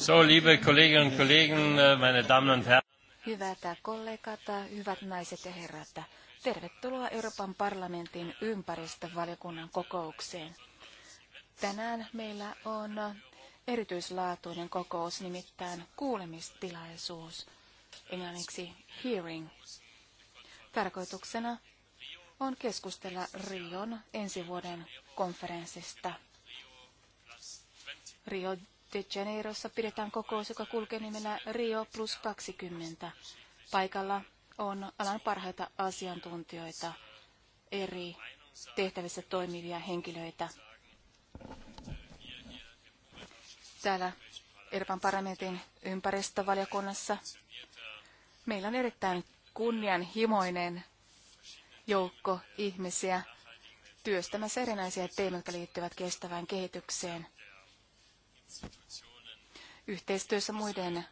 So, liebe Kolleginnen und Kollegen, äh, meine Damen und Herren. Hyvät kollegat, hyvät naiset ja herrat. Tervetuloa Euroopan parlamentin ympäristövaliokunnan kokoukseen. Tänään meillä on erityislaatuinen kokous, nimittäin kuulemistilaisuus, englanniksi hearing. Tarkoituksena on keskustella Rion ensi vuoden konferenssista. Rio de Janeirossa pidetään kokous, joka kulkee nimellä Rio plus 20. Paikalla on alan parhaita asiantuntijoita, eri tehtävissä toimivia henkilöitä. Täällä Euroopan parlamentin ympäristövaliokunnassa meillä on erittäin kunnianhimoinen joukko ihmisiä työstämässä erinäisiä teemoja, jotka liittyvät kestävään kehitykseen – Yhteistyössä muiden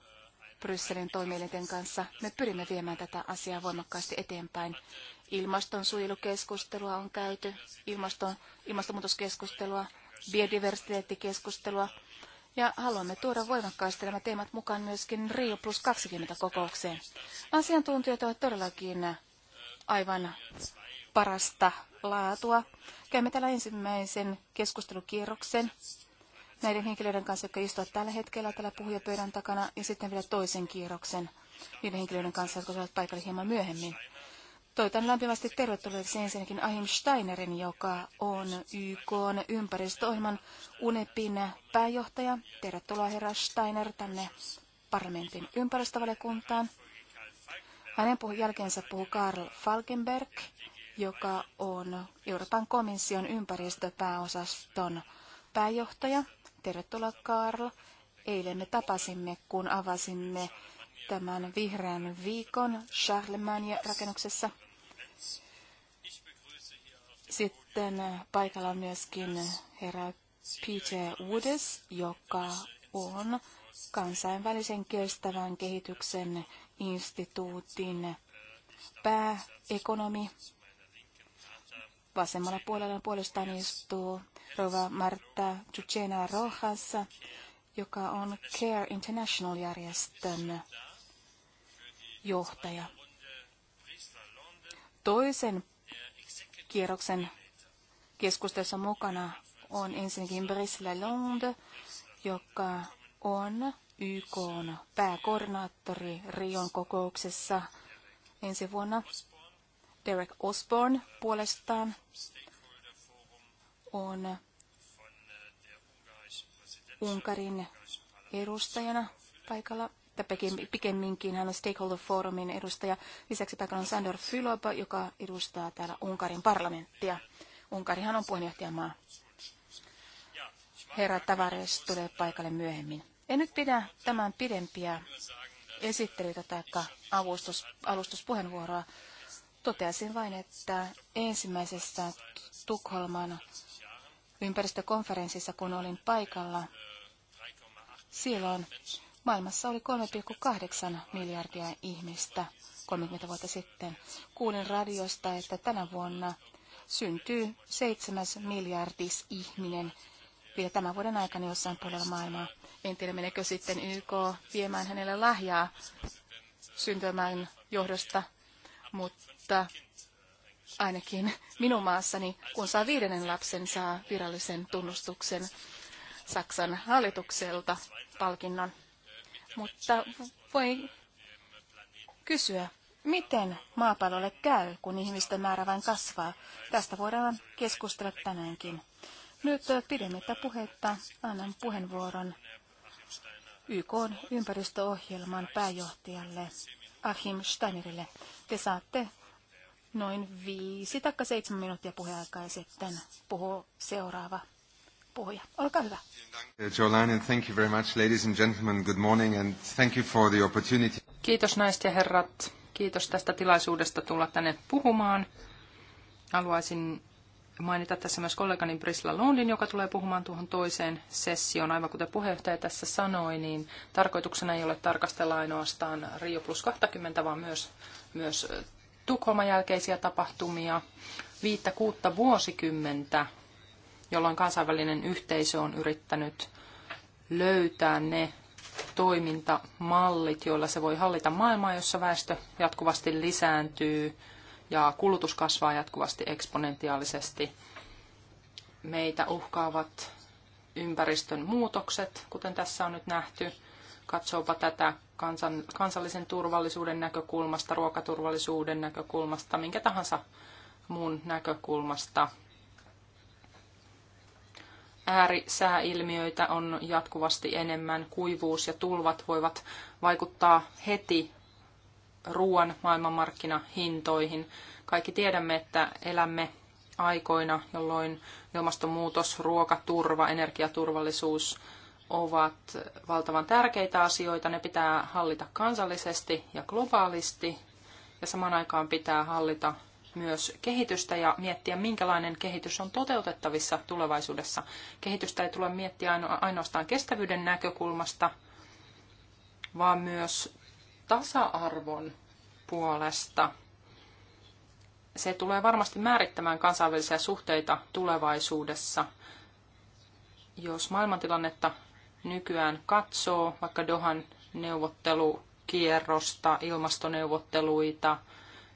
Brysselin toimielinten kanssa me pyrimme viemään tätä asiaa voimakkaasti eteenpäin. Ilmastonsuojelukeskustelua on käyty, ilmaston, ilmastonmuutoskeskustelua, biodiversiteettikeskustelua ja haluamme tuoda voimakkaasti nämä teemat mukaan myöskin Rio plus 20 kokoukseen. Asiantuntijat ovat todellakin aivan parasta laatua. Käymme täällä ensimmäisen keskustelukierroksen näiden henkilöiden kanssa, jotka istuvat tällä hetkellä tällä puhujapöydän takana, ja sitten vielä toisen kierroksen niiden henkilöiden kanssa, jotka saavat paikalle hieman myöhemmin. Toivotan lämpimästi tervetulleeksi ensinnäkin Ahim Steinerin, joka on YK ympäristöohjelman UNEPin pääjohtaja. Tervetuloa herra Steiner tänne parlamentin ympäristövaliokuntaan. Hänen jälkeensä puhuu Karl Falkenberg, joka on Euroopan komission ympäristöpääosaston pääjohtaja. Tervetuloa Karl. Eilen me tapasimme, kun avasimme tämän vihreän viikon Charlemagne rakennuksessa. Sitten paikalla on myöskin herra Peter Woodes, joka on kansainvälisen kestävän kehityksen instituutin pääekonomi. Vasemmalla puolella puolestaan istuu Rova Marta Chuchena Rojas, joka on Care International-järjestön johtaja. Toisen kierroksen keskustelussa mukana on ensinnäkin Brice Lund, joka on YK on pääkoordinaattori Rion kokouksessa ensi vuonna. Derek Osborne puolestaan on Unkarin edustajana paikalla, tai pikemminkin hän on Stakeholder Forumin edustaja. Lisäksi paikalla on Sandor Fylopa, joka edustaa täällä Unkarin parlamenttia. Unkarihan on puheenjohtajamaa. Herra Tavares tulee paikalle myöhemmin. En nyt pidä tämän pidempiä esittelyitä tai avustus, alustuspuheenvuoroa. Toteaisin vain, että ensimmäisestä Tukholman ympäristökonferenssissa, kun olin paikalla. Silloin maailmassa oli 3,8 miljardia ihmistä 30 vuotta sitten. Kuulin radiosta, että tänä vuonna syntyy seitsemäs miljardis ihminen vielä tämän vuoden aikana jossain puolella maailmaa. En tiedä, menekö sitten YK viemään hänelle lahjaa syntymään johdosta, mutta ainakin minun maassani, kun saa viidennen lapsen, saa virallisen tunnustuksen Saksan hallitukselta palkinnon. Mutta voi kysyä, miten maapallolle käy, kun ihmisten määrä vain kasvaa. Tästä voidaan keskustella tänäänkin. Nyt pidemmittä puhetta annan puheenvuoron YK ympäristöohjelman pääjohtajalle Achim Steinerille. Te saatte noin viisi tai seitsemän minuuttia puheaikaa ja sitten puhuu seuraava puhuja. Olkaa hyvä. Jolainen, thank you very much, ladies and gentlemen. Good morning and thank you for the opportunity. Kiitos naiset ja herrat. Kiitos tästä tilaisuudesta tulla tänne puhumaan. Haluaisin mainita tässä myös kollegani Prisla Lundin, joka tulee puhumaan tuohon toiseen sessioon. Aivan kuten puheenjohtaja tässä sanoi, niin tarkoituksena ei ole tarkastella ainoastaan Rio plus 20, vaan myös, myös Tukholman jälkeisiä tapahtumia viittä kuutta vuosikymmentä, jolloin kansainvälinen yhteisö on yrittänyt löytää ne toimintamallit, joilla se voi hallita maailmaa, jossa väestö jatkuvasti lisääntyy ja kulutus kasvaa jatkuvasti eksponentiaalisesti. Meitä uhkaavat ympäristön muutokset, kuten tässä on nyt nähty, katsoopa tätä kansan, kansallisen turvallisuuden näkökulmasta, ruokaturvallisuuden näkökulmasta, minkä tahansa muun näkökulmasta. Äärisääilmiöitä on jatkuvasti enemmän. Kuivuus ja tulvat voivat vaikuttaa heti ruoan maailmanmarkkinahintoihin. Kaikki tiedämme, että elämme aikoina, jolloin ilmastonmuutos, ruokaturva, energiaturvallisuus – ovat valtavan tärkeitä asioita. Ne pitää hallita kansallisesti ja globaalisti ja saman aikaan pitää hallita myös kehitystä ja miettiä, minkälainen kehitys on toteutettavissa tulevaisuudessa. Kehitystä ei tule miettiä ainoastaan kestävyyden näkökulmasta, vaan myös tasa-arvon puolesta. Se tulee varmasti määrittämään kansainvälisiä suhteita tulevaisuudessa. Jos maailmantilannetta nykyään katsoo vaikka Dohan neuvottelukierrosta, ilmastoneuvotteluita,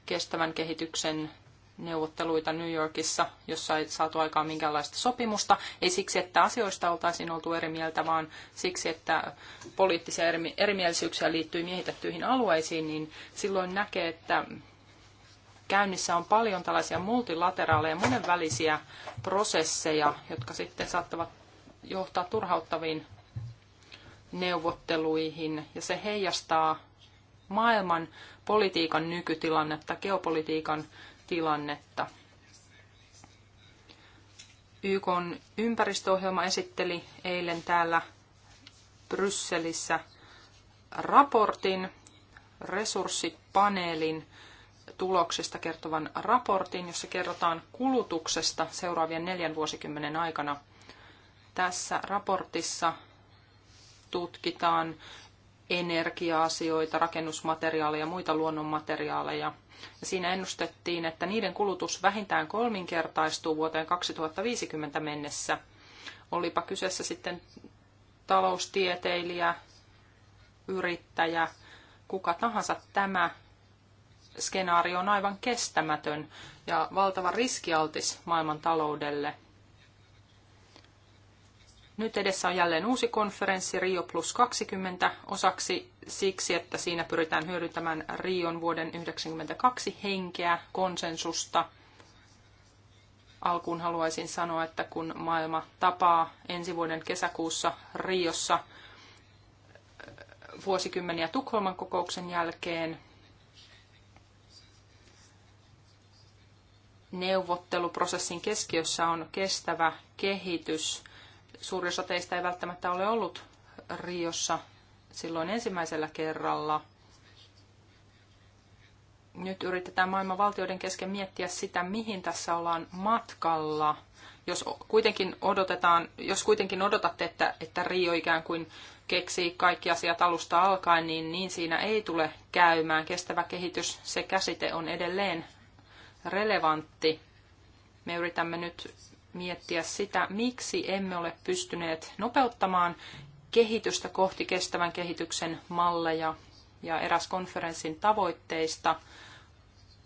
kestävän kehityksen neuvotteluita New Yorkissa, jossa ei saatu aikaan minkäänlaista sopimusta. Ei siksi, että asioista oltaisiin oltu eri mieltä, vaan siksi, että poliittisia erimielisyyksiä liittyy miehitettyihin alueisiin, niin silloin näkee, että käynnissä on paljon tällaisia multilateraaleja, monenvälisiä prosesseja, jotka sitten saattavat johtaa turhauttaviin neuvotteluihin ja se heijastaa maailman politiikan nykytilannetta, geopolitiikan tilannetta. YK ympäristöohjelma esitteli eilen täällä Brysselissä raportin, resurssipaneelin tuloksista kertovan raportin, jossa kerrotaan kulutuksesta seuraavien neljän vuosikymmenen aikana. Tässä raportissa tutkitaan energia-asioita, rakennusmateriaaleja ja muita luonnonmateriaaleja. Ja siinä ennustettiin, että niiden kulutus vähintään kolminkertaistuu vuoteen 2050 mennessä. Olipa kyseessä sitten taloustieteilijä, yrittäjä, kuka tahansa tämä skenaario on aivan kestämätön ja valtava riskialtis maailman taloudelle – nyt edessä on jälleen uusi konferenssi Rio plus 20 osaksi siksi, että siinä pyritään hyödyntämään Rion vuoden 1992 henkeä, konsensusta. Alkuun haluaisin sanoa, että kun maailma tapaa ensi vuoden kesäkuussa Riossa eh, vuosikymmeniä Tukholman kokouksen jälkeen, neuvotteluprosessin keskiössä on kestävä kehitys – suuri osa teistä ei välttämättä ole ollut Riossa silloin ensimmäisellä kerralla. Nyt yritetään maailman valtioiden kesken miettiä sitä, mihin tässä ollaan matkalla. Jos kuitenkin, odotetaan, jos kuitenkin odotatte, että, että Rio ikään kuin keksii kaikki asiat alusta alkaen, niin, niin siinä ei tule käymään. Kestävä kehitys, se käsite on edelleen relevantti. Me yritämme nyt miettiä sitä, miksi emme ole pystyneet nopeuttamaan kehitystä kohti kestävän kehityksen malleja. Ja eräs konferenssin tavoitteista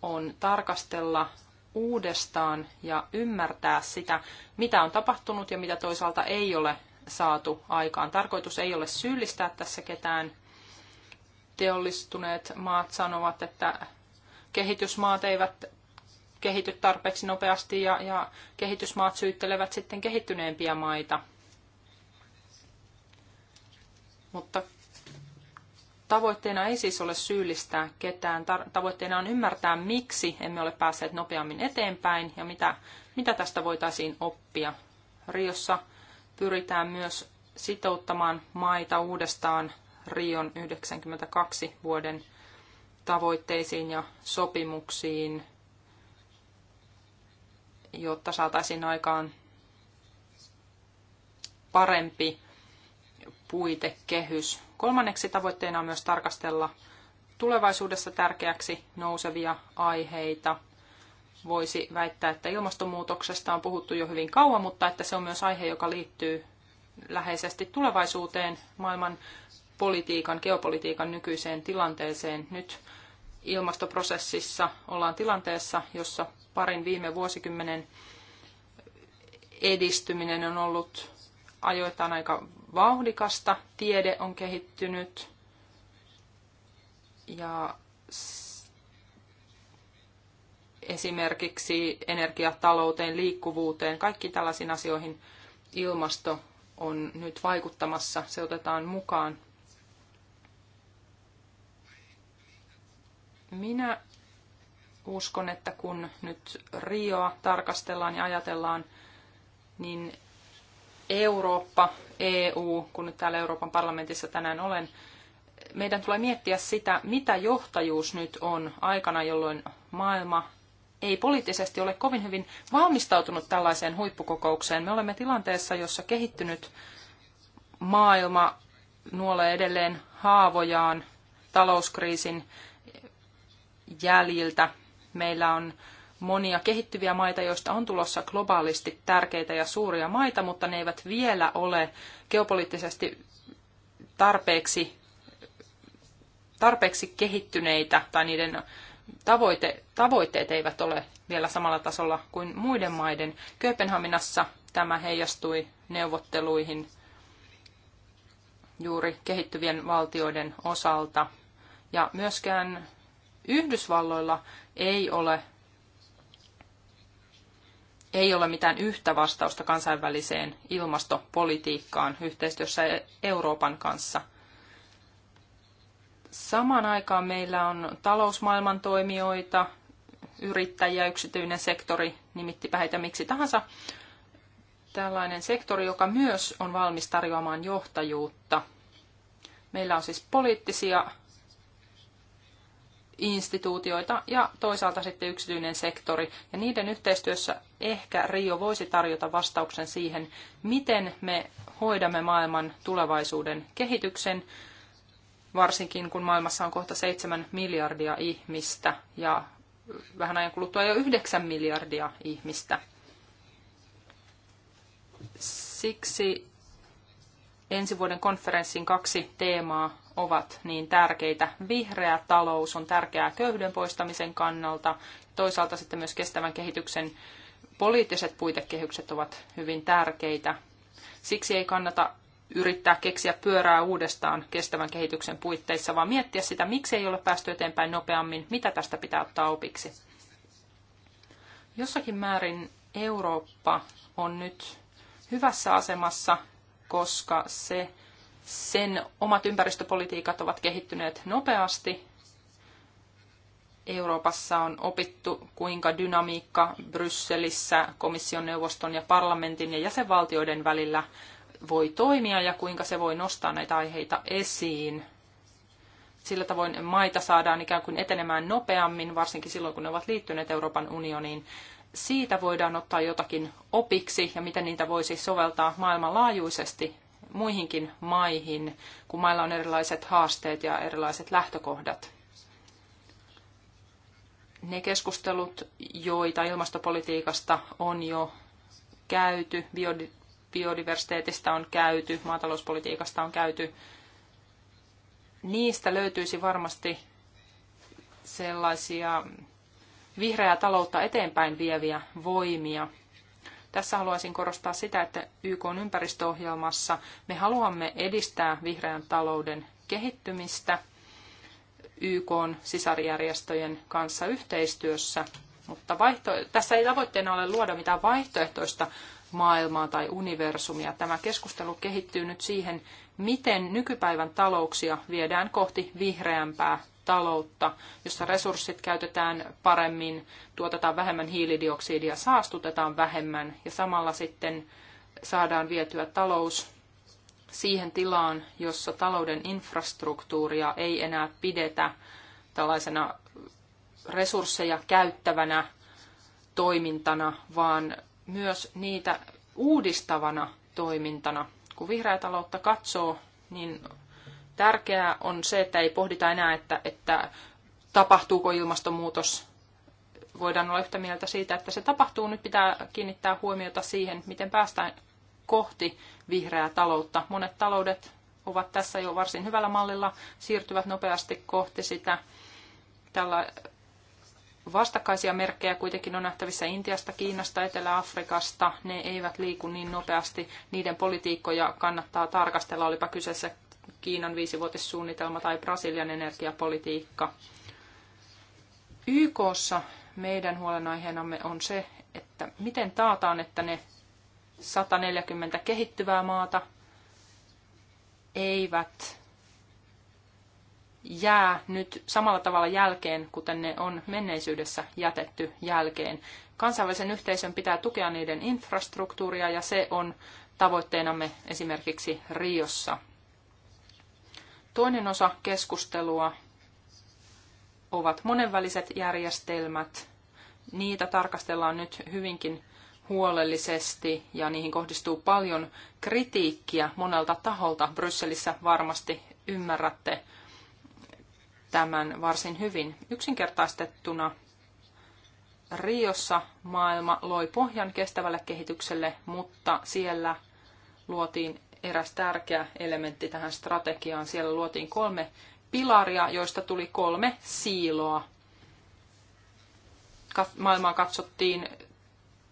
on tarkastella uudestaan ja ymmärtää sitä, mitä on tapahtunut ja mitä toisaalta ei ole saatu aikaan. Tarkoitus ei ole syyllistää tässä ketään. Teollistuneet maat sanovat, että kehitysmaat eivät kehity tarpeeksi nopeasti ja, ja kehitysmaat syyttelevät sitten kehittyneempiä maita. Mutta tavoitteena ei siis ole syyllistää ketään. Tavoitteena on ymmärtää, miksi emme ole päässeet nopeammin eteenpäin ja mitä, mitä tästä voitaisiin oppia. Riossa pyritään myös sitouttamaan maita uudestaan Rion 92 vuoden tavoitteisiin ja sopimuksiin – jotta saataisiin aikaan parempi puitekehys. Kolmanneksi tavoitteena on myös tarkastella tulevaisuudessa tärkeäksi nousevia aiheita. Voisi väittää, että ilmastonmuutoksesta on puhuttu jo hyvin kauan, mutta että se on myös aihe, joka liittyy läheisesti tulevaisuuteen, maailman politiikan, geopolitiikan nykyiseen tilanteeseen. Nyt ilmastoprosessissa ollaan tilanteessa, jossa parin viime vuosikymmenen edistyminen on ollut ajoittain aika vauhdikasta. Tiede on kehittynyt ja esimerkiksi energiatalouteen, liikkuvuuteen, kaikki tällaisiin asioihin ilmasto on nyt vaikuttamassa, se otetaan mukaan. Minä uskon, että kun nyt Rioa tarkastellaan ja ajatellaan, niin Eurooppa, EU, kun nyt täällä Euroopan parlamentissa tänään olen, meidän tulee miettiä sitä, mitä johtajuus nyt on aikana, jolloin maailma ei poliittisesti ole kovin hyvin valmistautunut tällaiseen huippukokoukseen. Me olemme tilanteessa, jossa kehittynyt maailma nuolee edelleen haavojaan talouskriisin jäljiltä Meillä on monia kehittyviä maita, joista on tulossa globaalisti tärkeitä ja suuria maita, mutta ne eivät vielä ole geopoliittisesti tarpeeksi, tarpeeksi kehittyneitä tai niiden tavoite, tavoitteet eivät ole vielä samalla tasolla kuin muiden maiden. Kööpenhaminassa tämä heijastui neuvotteluihin juuri kehittyvien valtioiden osalta. Ja myöskään Yhdysvalloilla ei ole, ei ole mitään yhtä vastausta kansainväliseen ilmastopolitiikkaan yhteistyössä Euroopan kanssa. Samaan aikaan meillä on talousmaailman toimijoita, yrittäjiä, yksityinen sektori, nimitti heitä miksi tahansa, tällainen sektori, joka myös on valmis tarjoamaan johtajuutta. Meillä on siis poliittisia instituutioita ja toisaalta sitten yksityinen sektori. Ja niiden yhteistyössä ehkä Rio voisi tarjota vastauksen siihen, miten me hoidamme maailman tulevaisuuden kehityksen, varsinkin kun maailmassa on kohta 7 miljardia ihmistä ja vähän ajan kuluttua jo 9 miljardia ihmistä. Siksi ensi vuoden konferenssin kaksi teemaa ovat niin tärkeitä. Vihreä talous on tärkeää köyhyyden poistamisen kannalta. Toisaalta sitten myös kestävän kehityksen poliittiset puitekehykset ovat hyvin tärkeitä. Siksi ei kannata yrittää keksiä pyörää uudestaan kestävän kehityksen puitteissa, vaan miettiä sitä, miksi ei ole päästy eteenpäin nopeammin, mitä tästä pitää ottaa opiksi. Jossakin määrin Eurooppa on nyt hyvässä asemassa, koska se sen omat ympäristöpolitiikat ovat kehittyneet nopeasti. Euroopassa on opittu, kuinka dynamiikka Brysselissä komission neuvoston ja parlamentin ja jäsenvaltioiden välillä voi toimia ja kuinka se voi nostaa näitä aiheita esiin. Sillä tavoin maita saadaan ikään kuin etenemään nopeammin, varsinkin silloin kun ne ovat liittyneet Euroopan unioniin. Siitä voidaan ottaa jotakin opiksi ja miten niitä voisi soveltaa maailmanlaajuisesti muihinkin maihin, kun mailla on erilaiset haasteet ja erilaiset lähtökohdat. Ne keskustelut, joita ilmastopolitiikasta on jo käyty, biodiversiteetistä on käyty, maatalouspolitiikasta on käyty, niistä löytyisi varmasti sellaisia vihreää taloutta eteenpäin vieviä voimia, tässä haluaisin korostaa sitä, että YK on ympäristöohjelmassa me haluamme edistää vihreän talouden kehittymistä YK on sisarjärjestöjen kanssa yhteistyössä, mutta vaihto- tässä ei tavoitteena ole luoda mitään vaihtoehtoista maailmaa tai universumia. Tämä keskustelu kehittyy nyt siihen, miten nykypäivän talouksia viedään kohti vihreämpää taloutta, jossa resurssit käytetään paremmin, tuotetaan vähemmän hiilidioksidia, saastutetaan vähemmän ja samalla sitten saadaan vietyä talous siihen tilaan, jossa talouden infrastruktuuria ei enää pidetä tällaisena resursseja käyttävänä toimintana, vaan myös niitä uudistavana toimintana. Kun vihreää taloutta katsoo, niin Tärkeää on se, että ei pohdita enää, että, että tapahtuuko ilmastonmuutos. Voidaan olla yhtä mieltä siitä, että se tapahtuu. Nyt pitää kiinnittää huomiota siihen, miten päästään kohti vihreää taloutta. Monet taloudet ovat tässä jo varsin hyvällä mallilla, siirtyvät nopeasti kohti sitä. Tällä vastakkaisia merkkejä kuitenkin on nähtävissä Intiasta, Kiinasta, Etelä-Afrikasta. Ne eivät liiku niin nopeasti. Niiden politiikkoja kannattaa tarkastella, olipa kyseessä Kiinan viisivuotissuunnitelma tai Brasilian energiapolitiikka. YKssa meidän huolenaiheenamme on se, että miten taataan, että ne 140 kehittyvää maata eivät jää nyt samalla tavalla jälkeen, kuten ne on menneisyydessä jätetty jälkeen. Kansainvälisen yhteisön pitää tukea niiden infrastruktuuria ja se on tavoitteenamme esimerkiksi Riossa. Toinen osa keskustelua ovat monenväliset järjestelmät. Niitä tarkastellaan nyt hyvinkin huolellisesti ja niihin kohdistuu paljon kritiikkiä monelta taholta. Brysselissä varmasti ymmärrätte tämän varsin hyvin. Yksinkertaistettuna Riossa maailma loi pohjan kestävälle kehitykselle, mutta siellä luotiin eräs tärkeä elementti tähän strategiaan. Siellä luotiin kolme pilaria, joista tuli kolme siiloa. Maailmaa katsottiin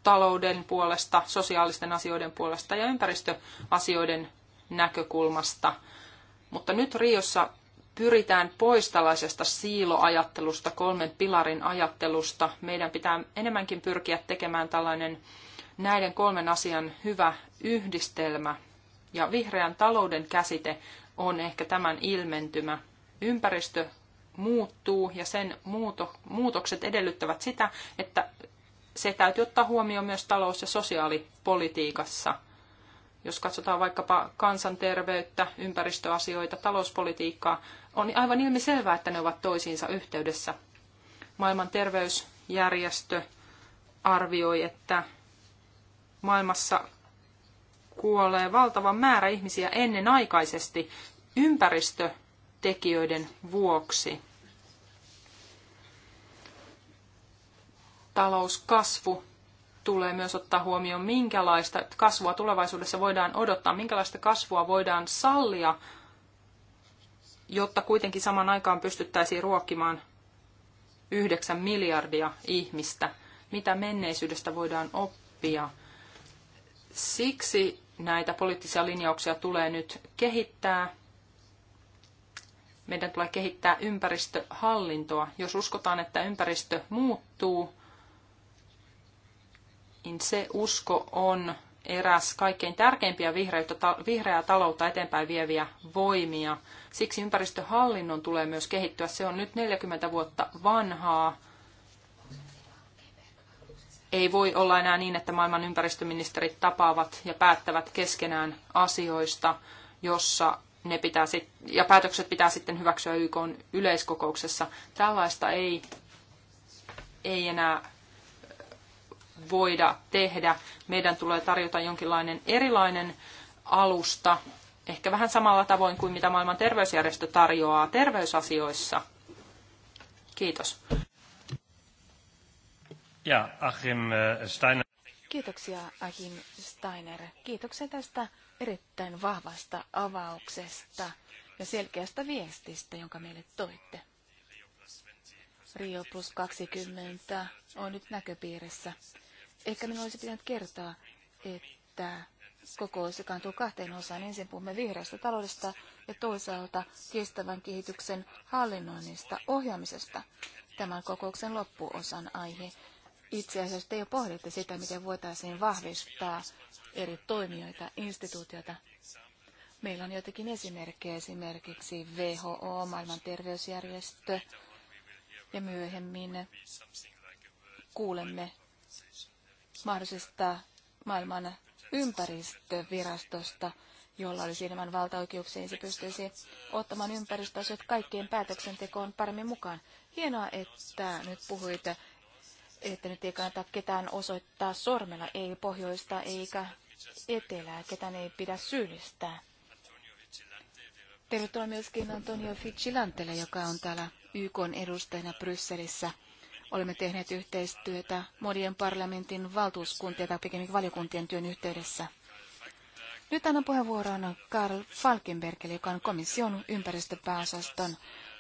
talouden puolesta, sosiaalisten asioiden puolesta ja ympäristöasioiden näkökulmasta. Mutta nyt Riossa pyritään pois tällaisesta siiloajattelusta, kolmen pilarin ajattelusta. Meidän pitää enemmänkin pyrkiä tekemään tällainen näiden kolmen asian hyvä yhdistelmä. Ja vihreän talouden käsite on ehkä tämän ilmentymä. Ympäristö muuttuu ja sen muuto, muutokset edellyttävät sitä, että se täytyy ottaa huomioon myös talous- ja sosiaalipolitiikassa. Jos katsotaan vaikkapa kansanterveyttä, ympäristöasioita, talouspolitiikkaa, on aivan ilmi selvää, että ne ovat toisiinsa yhteydessä. Maailman terveysjärjestö arvioi, että maailmassa kuolee valtava määrä ihmisiä ennenaikaisesti ympäristötekijöiden vuoksi. Talouskasvu tulee myös ottaa huomioon, minkälaista kasvua tulevaisuudessa voidaan odottaa, minkälaista kasvua voidaan sallia, jotta kuitenkin saman aikaan pystyttäisiin ruokkimaan 9 miljardia ihmistä. Mitä menneisyydestä voidaan oppia? Siksi näitä poliittisia linjauksia tulee nyt kehittää. Meidän tulee kehittää ympäristöhallintoa. Jos uskotaan, että ympäristö muuttuu, niin se usko on eräs kaikkein tärkeimpiä vihreää taloutta eteenpäin vieviä voimia. Siksi ympäristöhallinnon tulee myös kehittyä. Se on nyt 40 vuotta vanhaa ei voi olla enää niin, että maailman ympäristöministerit tapaavat ja päättävät keskenään asioista, jossa ne pitää sit, ja päätökset pitää sitten hyväksyä YK yleiskokouksessa. Tällaista ei, ei enää voida tehdä. Meidän tulee tarjota jonkinlainen erilainen alusta, ehkä vähän samalla tavoin kuin mitä maailman terveysjärjestö tarjoaa terveysasioissa. Kiitos. Ja Achim äh, Steiner. Kiitoksia Achim Steiner. Kiitoksia tästä erittäin vahvasta avauksesta ja selkeästä viestistä, jonka meille toitte. Rio plus 20 on nyt näköpiirissä. Ehkä minun olisi pitänyt kertoa, että kokous jakaantuu kahteen osaan. Ensin puhumme vihreästä taloudesta ja toisaalta kestävän kehityksen hallinnoinnista, ohjaamisesta. Tämän kokouksen loppuosan aihe itse asiassa te jo pohditte sitä, miten voitaisiin vahvistaa eri toimijoita, instituutioita. Meillä on joitakin esimerkkejä, esimerkiksi WHO, maailman terveysjärjestö, ja myöhemmin kuulemme mahdollisesta maailman ympäristövirastosta, jolla olisi enemmän valtaoikeuksia, niin se pystyisi ottamaan ympäristöasiat kaikkien päätöksentekoon paremmin mukaan. Hienoa, että nyt puhuit että nyt ei kannata ketään osoittaa sormella, ei pohjoista eikä etelää, ketään ei pidä syyllistää. Tervetuloa myöskin Antonio Ficilantele, joka on täällä YK edustajana Brysselissä. Olemme tehneet yhteistyötä monien parlamentin valtuuskuntien tai pikemminkin valiokuntien työn yhteydessä. Nyt annan puheenvuoron Karl Falkenbergille, joka on komission ympäristöpääosaston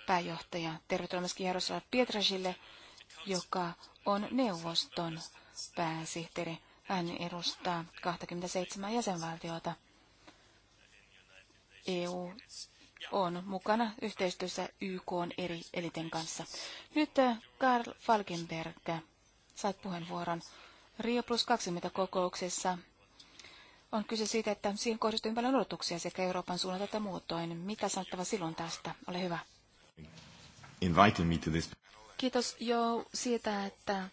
pääjohtaja. Tervetuloa myöskin Jaroslav Pietrasille, joka on neuvoston pääsihteeri. Hän edustaa 27 jäsenvaltiota. EU on mukana yhteistyössä YK eri eliten kanssa. Nyt äh, Karl Falkenberg, sai puheenvuoron Rio plus 20 kokouksessa. On kyse siitä, että siihen kohdistuu paljon odotuksia sekä Euroopan suunnalta että muutoin. Mitä sanottava silloin tästä? Ole hyvä. Kiitos jo siitä, että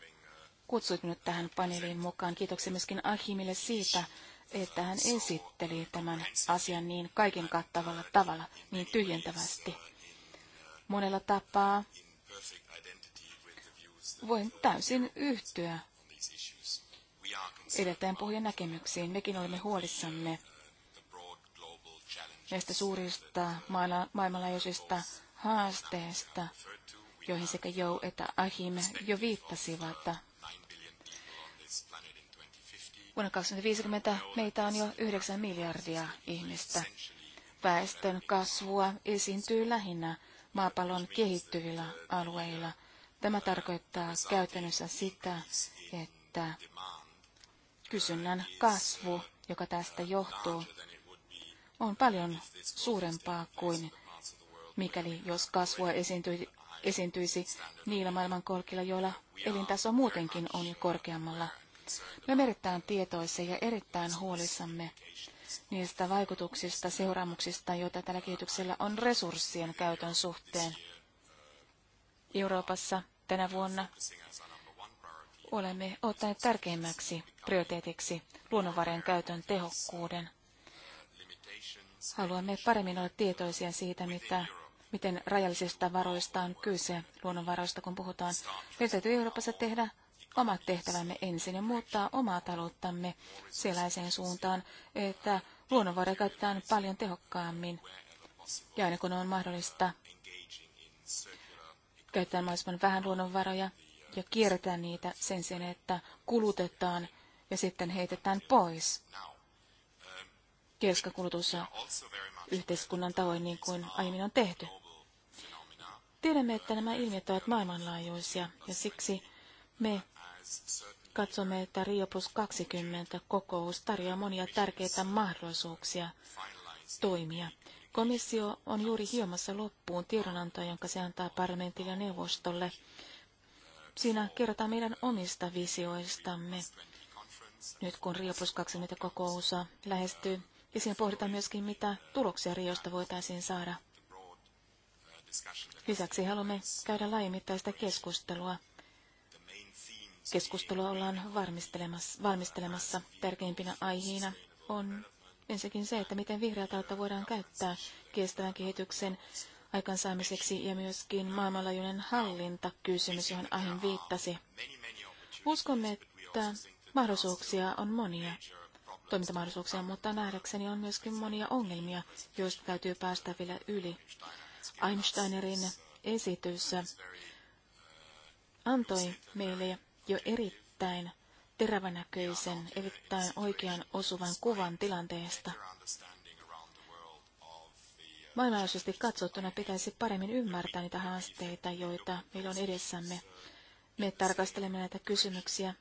kutsuit minut tähän paneeliin mukaan. Kiitoksia myöskin Ahimille siitä, että hän esitteli tämän asian niin kaiken kattavalla tavalla, niin tyhjentävästi. Monella tapaa voin täysin yhtyä edeltäjän pohjan näkemyksiin. Mekin olemme huolissamme näistä suurista maailmanlaajuisista haasteista, joihin sekä Jou että Ahim jo viittasivat. Vuonna 2050 meitä on jo 9 miljardia ihmistä. Väestön kasvua esiintyy lähinnä maapallon kehittyvillä alueilla. Tämä tarkoittaa käytännössä sitä, että kysynnän kasvu, joka tästä johtuu, on paljon suurempaa kuin mikäli jos kasvua esiintyy esiintyisi niillä maailmankolkilla, joilla elintaso muutenkin on jo korkeammalla. Me olemme erittäin tietoisia ja erittäin huolissamme niistä vaikutuksista, seuraamuksista, joita tällä kehityksellä on resurssien käytön suhteen. Euroopassa tänä vuonna olemme ottaneet tärkeimmäksi prioriteetiksi luonnonvarojen käytön tehokkuuden. Haluamme paremmin olla tietoisia siitä, mitä miten rajallisista varoista on kyse, luonnonvaroista kun puhutaan. Meidän täytyy Euroopassa tehdä omat tehtävämme ensin ja muuttaa omaa talouttamme sellaiseen suuntaan, että luonnonvaroja käytetään paljon tehokkaammin. Ja aina kun on mahdollista, käyttää mahdollisimman vähän luonnonvaroja ja kierretään niitä sen sijaan, että kulutetaan ja sitten heitetään pois. Kerskakulutus on yhteiskunnan tavoin niin kuin aiemmin on tehty. Tiedämme, että nämä ilmiöt ovat maailmanlaajuisia ja siksi me katsomme, että Rio plus 20 kokous tarjoaa monia tärkeitä mahdollisuuksia toimia. Komissio on juuri hiomassa loppuun tiedonantoa, jonka se antaa parlamentille ja neuvostolle. Siinä kerrotaan meidän omista visioistamme. Nyt kun Rio plus 20 kokous lähestyy, ja siinä pohditaan myöskin, mitä tuloksia Riosta voitaisiin saada Lisäksi haluamme käydä laajamittaista keskustelua. Keskustelua ollaan valmistelemassa. valmistelemassa. Tärkeimpinä aiheina on ensinnäkin se, että miten vihreää taloutta voidaan käyttää kestävän kehityksen aikansaamiseksi ja myöskin maailmanlaajuinen hallintakysymys, johon Ahin viittasi. Uskomme, että mahdollisuuksia on monia toimintamahdollisuuksia, mutta nähdäkseni on myöskin monia ongelmia, joista täytyy päästä vielä yli. Einsteinerin esitys antoi meille jo erittäin terävänäköisen, erittäin oikean osuvan kuvan tilanteesta. Maailmanlaajuisesti katsottuna pitäisi paremmin ymmärtää niitä haasteita, joita meillä on edessämme. Me tarkastelemme näitä kysymyksiä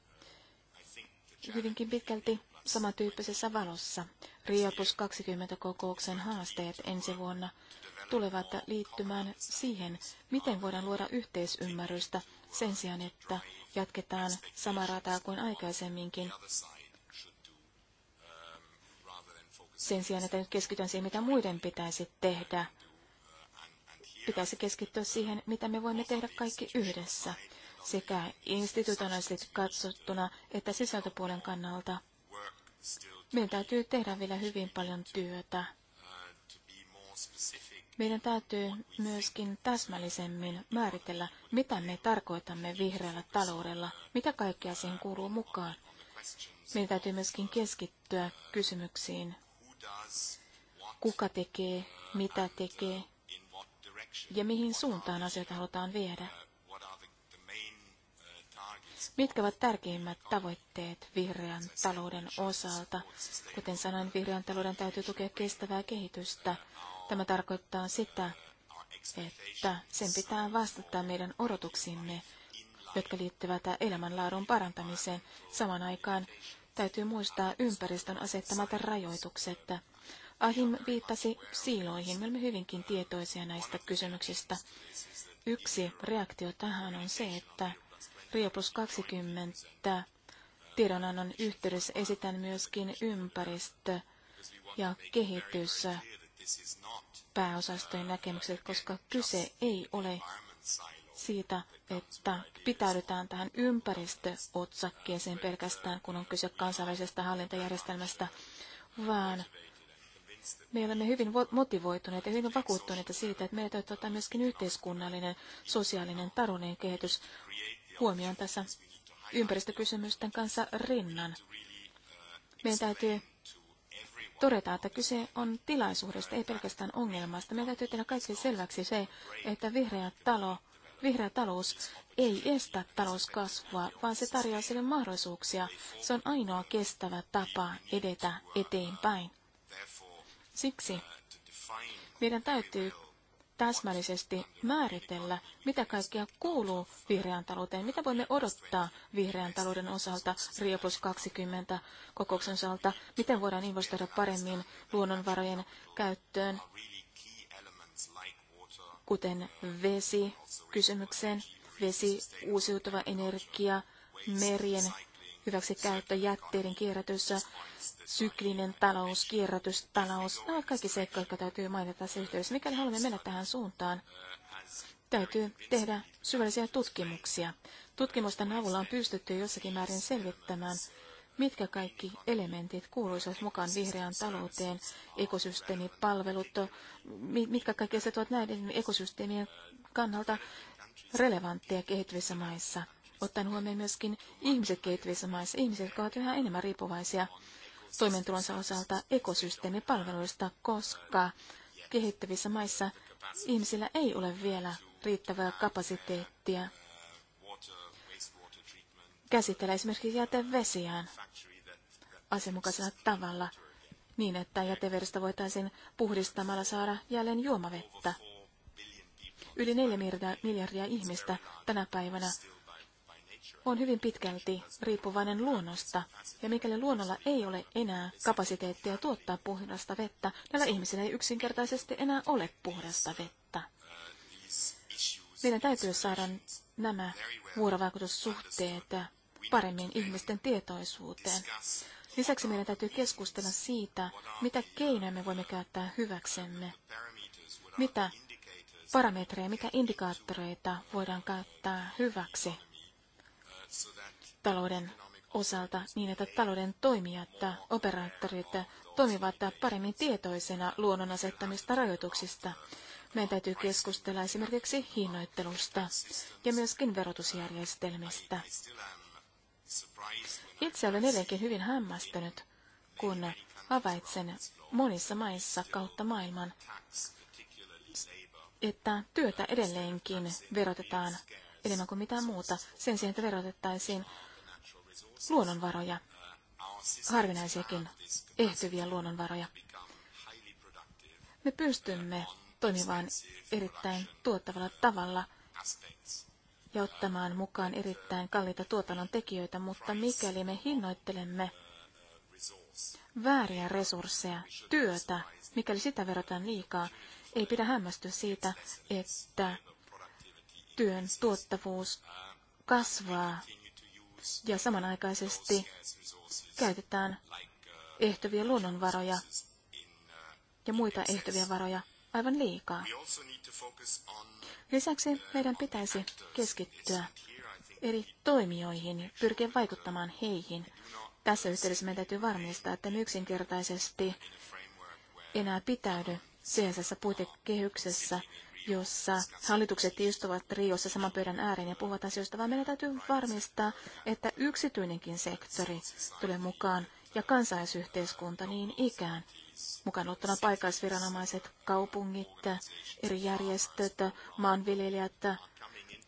hyvinkin pitkälti samantyyppisessä valossa. Riopus 20 kokouksen haasteet ensi vuonna tulevat liittymään siihen, miten voidaan luoda yhteisymmärrystä sen sijaan, että jatketaan samaa rataa kuin aikaisemminkin. Sen sijaan, että nyt keskitytään siihen, mitä muiden pitäisi tehdä. Pitäisi keskittyä siihen, mitä me voimme tehdä kaikki yhdessä, sekä institutionaalisesti katsottuna että sisältöpuolen kannalta. Meidän täytyy tehdä vielä hyvin paljon työtä. Meidän täytyy myöskin täsmällisemmin määritellä, mitä me tarkoitamme vihreällä taloudella, mitä kaikkea siihen kuuluu mukaan. Meidän täytyy myöskin keskittyä kysymyksiin, kuka tekee, mitä tekee ja mihin suuntaan asioita halutaan viedä. Mitkä ovat tärkeimmät tavoitteet vihreän talouden osalta? Kuten sanoin, vihreän talouden täytyy tukea kestävää kehitystä, Tämä tarkoittaa sitä, että sen pitää vastata meidän odotuksimme, jotka liittyvät elämänlaadun parantamiseen. Saman aikaan täytyy muistaa ympäristön asettamat rajoitukset. Ahim viittasi siiloihin. Me olemme hyvinkin tietoisia näistä kysymyksistä. Yksi reaktio tähän on se, että Rio plus 20 tiedonannon yhteydessä esitän myöskin ympäristö- ja kehitys pääosastojen näkemykset, koska kyse ei ole siitä, että pitäydytään tähän ympäristöotsakkeeseen pelkästään, kun on kyse kansainvälisestä hallintajärjestelmästä, vaan me olemme hyvin motivoituneet ja hyvin vakuuttuneita siitä, että meidän täytyy ottaa myöskin yhteiskunnallinen, sosiaalinen, taruneen kehitys huomioon tässä ympäristökysymysten kanssa rinnan. Meidän täytyy todetaan, että kyse on tilaisuudesta, ei pelkästään ongelmasta. Meidän täytyy tehdä kaikki selväksi se, että vihreä, talo, vihreä talous ei estä talouskasvua, vaan se tarjoaa sille mahdollisuuksia. Se on ainoa kestävä tapa edetä eteenpäin. Siksi meidän täytyy täsmällisesti määritellä, mitä kaikkea kuuluu vihreään talouteen, mitä voimme odottaa vihreän talouden osalta, Rio plus 20 kokouksen osalta, miten voidaan investoida paremmin luonnonvarojen käyttöön, kuten vesi kysymykseen, vesi, uusiutuva energia, merien käyttö jätteiden kierrätys, syklinen talous, kierrätystalous. Nämä ovat kaikki seikkoja, jotka täytyy mainita tässä yhteydessä. Mikäli haluamme mennä tähän suuntaan, täytyy tehdä syvällisiä tutkimuksia. Tutkimusten avulla on pystytty jossakin määrin selvittämään, mitkä kaikki elementit kuuluisivat mukaan vihreään talouteen, ekosysteemipalvelut, mitkä kaikki asiat ovat näiden ekosysteemien kannalta relevantteja kehittyvissä maissa ottaen huomioon myöskin ihmiset kehittyvissä maissa, ihmiset, jotka ovat yhä enemmän riippuvaisia toimeentulonsa osalta ekosysteemipalveluista, koska kehittyvissä maissa ihmisillä ei ole vielä riittävää kapasiteettia käsitellä esimerkiksi jätevesiään asianmukaisella tavalla niin, että jäteverestä voitaisiin puhdistamalla saada jälleen juomavettä. Yli neljä miljardia ihmistä tänä päivänä on hyvin pitkälti riippuvainen luonnosta, ja mikäli luonnolla ei ole enää kapasiteettia tuottaa puhdasta vettä, näillä ihmisillä ei yksinkertaisesti enää ole puhdasta vettä. Meidän täytyy saada nämä vuorovaikutussuhteet paremmin ihmisten tietoisuuteen. Lisäksi meidän täytyy keskustella siitä, mitä keinoja me voimme käyttää hyväksemme, mitä parametreja, mitä indikaattoreita voidaan käyttää hyväksi talouden osalta niin, että talouden toimijat, operaattorit toimivat paremmin tietoisena luonnon asettamista rajoituksista. Meidän täytyy keskustella esimerkiksi hinnoittelusta ja myöskin verotusjärjestelmistä. Itse olen edelleenkin hyvin hämmästynyt, kun havaitsen monissa maissa kautta maailman, että työtä edelleenkin verotetaan enemmän kuin mitään muuta, sen sijaan, että verotettaisiin luonnonvaroja, harvinaisiakin ehtyviä luonnonvaroja. Me pystymme toimimaan erittäin tuottavalla tavalla ja ottamaan mukaan erittäin kalliita tuotannon tekijöitä, mutta mikäli me hinnoittelemme vääriä resursseja, työtä, mikäli sitä verotaan liikaa, ei pidä hämmästyä siitä, että työn tuottavuus kasvaa ja samanaikaisesti käytetään ehtyviä luonnonvaroja ja muita ehtyviä varoja aivan liikaa. Lisäksi meidän pitäisi keskittyä eri toimijoihin, pyrkiä vaikuttamaan heihin. Tässä yhteydessä meidän täytyy varmistaa, että me yksinkertaisesti enää pitäydy sijaisessa puitekehyksessä, jossa hallitukset istuvat riossa saman pöydän ääreen ja puhuvat asioista, vaan meidän täytyy varmistaa, että yksityinenkin sektori tulee mukaan ja kansalaisyhteiskunta niin ikään. Mukaan ottana paikallisviranomaiset, kaupungit, eri järjestöt, maanviljelijät,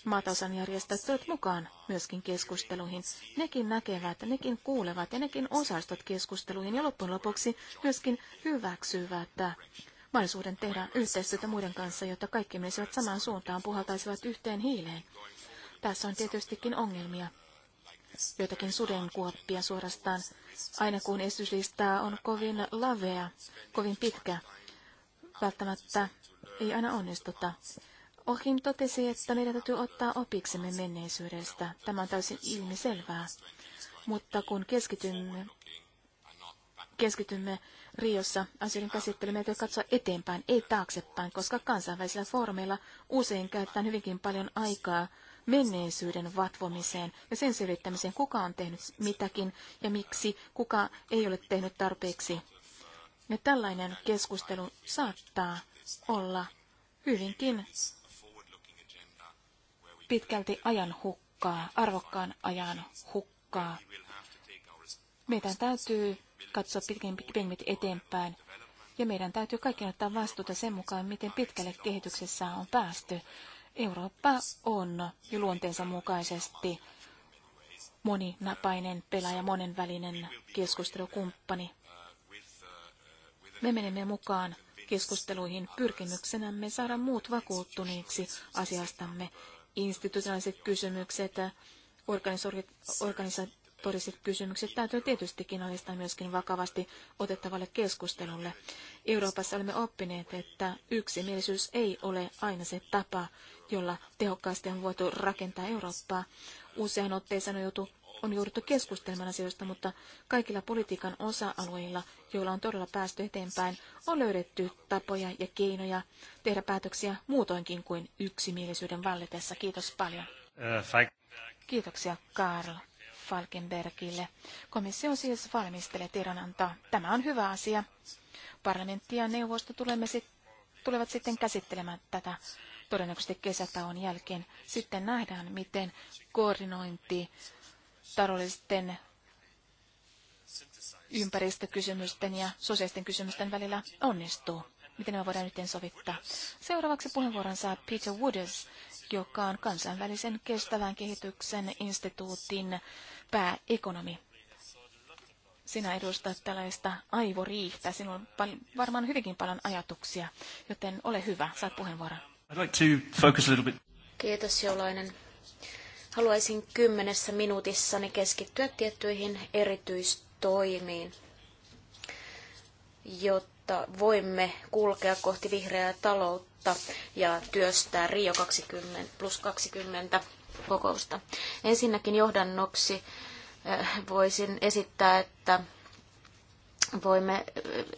maatasan järjestöt tulevat mukaan myöskin keskusteluihin. Nekin näkevät, nekin kuulevat ja nekin osallistuvat keskusteluihin ja loppujen lopuksi myöskin hyväksyvät mahdollisuuden tehdä yhteistyötä muiden kanssa, jotta kaikki menisivät samaan suuntaan, puhaltaisivat yhteen hiileen. Tässä on tietystikin ongelmia. Joitakin sudenkuoppia suorastaan. Aina kun esityslistaa on kovin lavea, kovin pitkä, välttämättä ei aina onnistuta. Ohin totesi, että meidän täytyy ottaa opiksemme menneisyydestä. Tämä on täysin ilmiselvää. Mutta kun keskitymme, keskitymme Riossa asioiden käsittely meidän katsoa eteenpäin, ei taaksepäin, koska kansainvälisillä foorumeilla usein käytetään hyvinkin paljon aikaa menneisyyden vatvomiseen ja sen selvittämiseen, kuka on tehnyt mitäkin ja miksi, kuka ei ole tehnyt tarpeeksi. Ja tällainen keskustelu saattaa olla hyvinkin pitkälti ajan hukkaa, arvokkaan ajan hukkaa. Meidän täytyy katsoa pidemmät eteenpäin. Ja meidän täytyy kaikki ottaa vastuuta sen mukaan, miten pitkälle kehityksessä on päästy. Eurooppa on jo luonteensa mukaisesti moninapainen pelaaja, monenvälinen keskustelukumppani. Me menemme mukaan keskusteluihin pyrkimyksenämme saada muut vakuuttuneiksi asiastamme. Institutionaaliset kysymykset, organisa- organisa- motoriset kysymykset täytyy tietystikin alistaa myöskin vakavasti otettavalle keskustelulle. Euroopassa olemme oppineet, että yksimielisyys ei ole aina se tapa, jolla tehokkaasti on voitu rakentaa Eurooppaa. Usein otteeseen on, on jouduttu keskustelemaan asioista, mutta kaikilla politiikan osa-alueilla, joilla on todella päästy eteenpäin, on löydetty tapoja ja keinoja tehdä päätöksiä muutoinkin kuin yksimielisyyden vallitessa. Kiitos paljon. Äh, Kiitoksia, Karl. Falkenbergille. Komissio siis valmistelee tiedonantoa. Tämä on hyvä asia. Parlamentti ja neuvosto tulemme sit, tulevat sitten käsittelemään tätä todennäköisesti kesätauon jälkeen. Sitten nähdään, miten koordinointi taloudellisten ympäristökysymysten ja sosiaalisten kysymysten välillä onnistuu. Miten me voidaan yhteensovittaa? Seuraavaksi puheenvuoron saa Peter Wooders, joka on kansainvälisen kestävän kehityksen instituutin pääekonomi. Sinä edustat tällaista aivoriihtä. Sinulla on pal- varmaan hyvinkin paljon ajatuksia, joten ole hyvä, saat puheenvuoron. Kiitos Jolainen. Haluaisin kymmenessä minuutissani keskittyä tiettyihin erityistoimiin, jotta jotta voimme kulkea kohti vihreää taloutta ja työstää Rio 20 plus 20 kokousta. Ensinnäkin johdannoksi äh, voisin esittää, että voimme äh,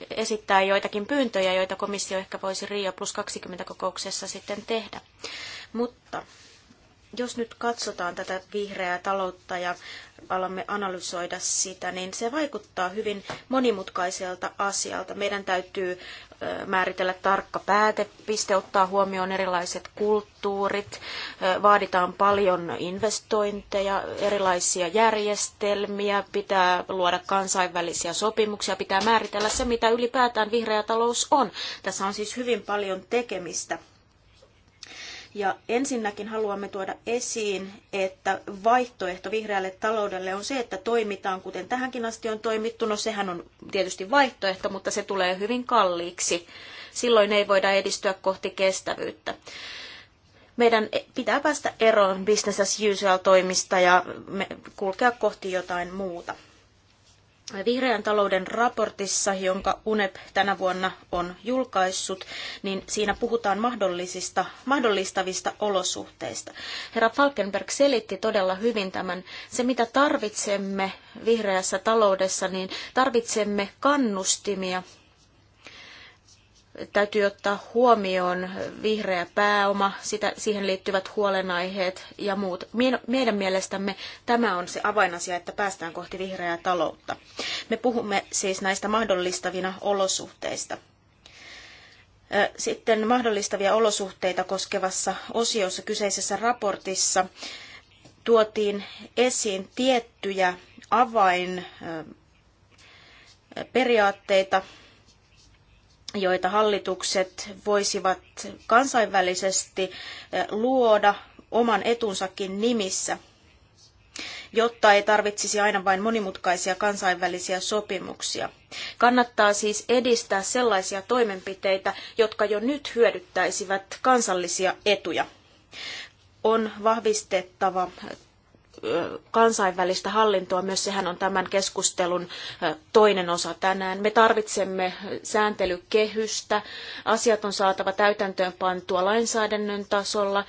esittää joitakin pyyntöjä, joita komissio ehkä voisi Rio plus 20 kokouksessa sitten tehdä. Mutta jos nyt katsotaan tätä vihreää taloutta ja alamme analysoida sitä, niin se vaikuttaa hyvin monimutkaiselta asialta. Meidän täytyy määritellä tarkka päätepiste, ottaa huomioon erilaiset kulttuurit, vaaditaan paljon investointeja, erilaisia järjestelmiä, pitää luoda kansainvälisiä sopimuksia, pitää määritellä se, mitä ylipäätään vihreä talous on. Tässä on siis hyvin paljon tekemistä. Ja ensinnäkin haluamme tuoda esiin, että vaihtoehto vihreälle taloudelle on se, että toimitaan kuten tähänkin asti on toimittu. No sehän on tietysti vaihtoehto, mutta se tulee hyvin kalliiksi. Silloin ei voida edistyä kohti kestävyyttä meidän pitää päästä eroon business as usual toimista ja kulkea kohti jotain muuta. Vihreän talouden raportissa, jonka UNEP tänä vuonna on julkaissut, niin siinä puhutaan mahdollisista, mahdollistavista olosuhteista. Herra Falkenberg selitti todella hyvin tämän. Se, mitä tarvitsemme vihreässä taloudessa, niin tarvitsemme kannustimia täytyy ottaa huomioon vihreä pääoma, sitä, siihen liittyvät huolenaiheet ja muut. Meidän mielestämme tämä on se avainasia, että päästään kohti vihreää taloutta. Me puhumme siis näistä mahdollistavina olosuhteista. Sitten mahdollistavia olosuhteita koskevassa osiossa kyseisessä raportissa tuotiin esiin tiettyjä avainperiaatteita, joita hallitukset voisivat kansainvälisesti eh, luoda oman etunsakin nimissä, jotta ei tarvitsisi aina vain monimutkaisia kansainvälisiä sopimuksia. Kannattaa siis edistää sellaisia toimenpiteitä, jotka jo nyt hyödyttäisivät kansallisia etuja. On vahvistettava kansainvälistä hallintoa, myös sehän on tämän keskustelun toinen osa tänään. Me tarvitsemme sääntelykehystä, asiat on saatava täytäntöön pantua lainsäädännön tasolla,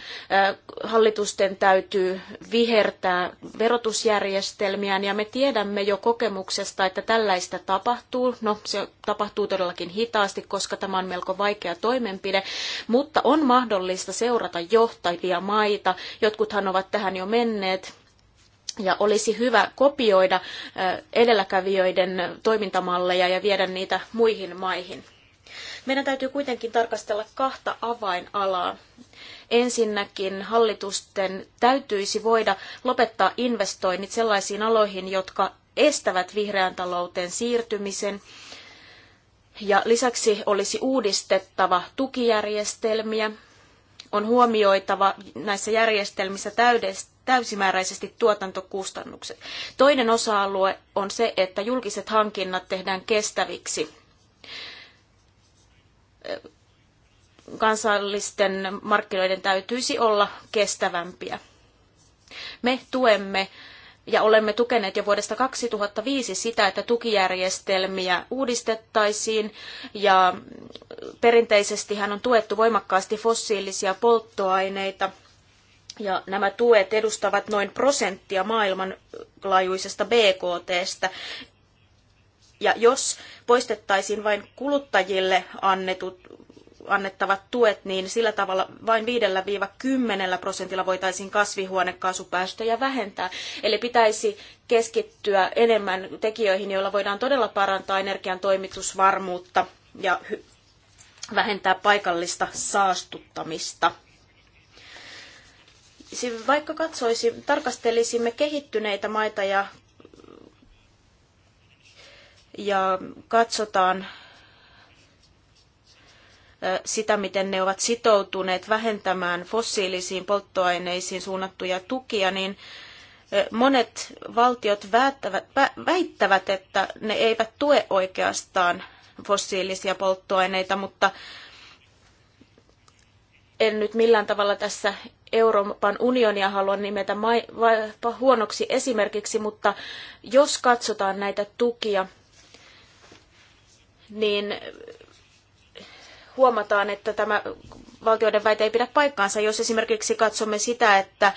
hallitusten täytyy vihertää verotusjärjestelmiään ja me tiedämme jo kokemuksesta, että tällaista tapahtuu. No, se tapahtuu todellakin hitaasti, koska tämä on melko vaikea toimenpide, mutta on mahdollista seurata johtajia maita. Jotkuthan ovat tähän jo menneet ja olisi hyvä kopioida edelläkävijöiden toimintamalleja ja viedä niitä muihin maihin. Meidän täytyy kuitenkin tarkastella kahta avainalaa. Ensinnäkin hallitusten täytyisi voida lopettaa investoinnit sellaisiin aloihin, jotka estävät vihreän talouteen siirtymisen. Ja lisäksi olisi uudistettava tukijärjestelmiä, on huomioitava näissä järjestelmissä täysimääräisesti tuotantokustannukset. Toinen osa-alue on se, että julkiset hankinnat tehdään kestäviksi kansallisten markkinoiden täytyisi olla kestävämpiä. Me tuemme ja olemme tukeneet jo vuodesta 2005 sitä, että tukijärjestelmiä uudistettaisiin ja perinteisesti hän on tuettu voimakkaasti fossiilisia polttoaineita ja nämä tuet edustavat noin prosenttia maailmanlaajuisesta BKTstä. Ja jos poistettaisiin vain kuluttajille annetut annettavat tuet, niin sillä tavalla vain 5-10 prosentilla voitaisiin kasvihuonekaasupäästöjä vähentää. Eli pitäisi keskittyä enemmän tekijöihin, joilla voidaan todella parantaa energian toimitusvarmuutta ja vähentää paikallista saastuttamista. Vaikka katsoisi, tarkastelisimme kehittyneitä maita ja, ja katsotaan sitä, miten ne ovat sitoutuneet vähentämään fossiilisiin polttoaineisiin suunnattuja tukia, niin monet valtiot väittävät, että ne eivät tue oikeastaan fossiilisia polttoaineita, mutta en nyt millään tavalla tässä Euroopan unionia halua nimetä huonoksi esimerkiksi, mutta jos katsotaan näitä tukia, niin huomataan, että tämä valtioiden väite ei pidä paikkaansa, jos esimerkiksi katsomme sitä, että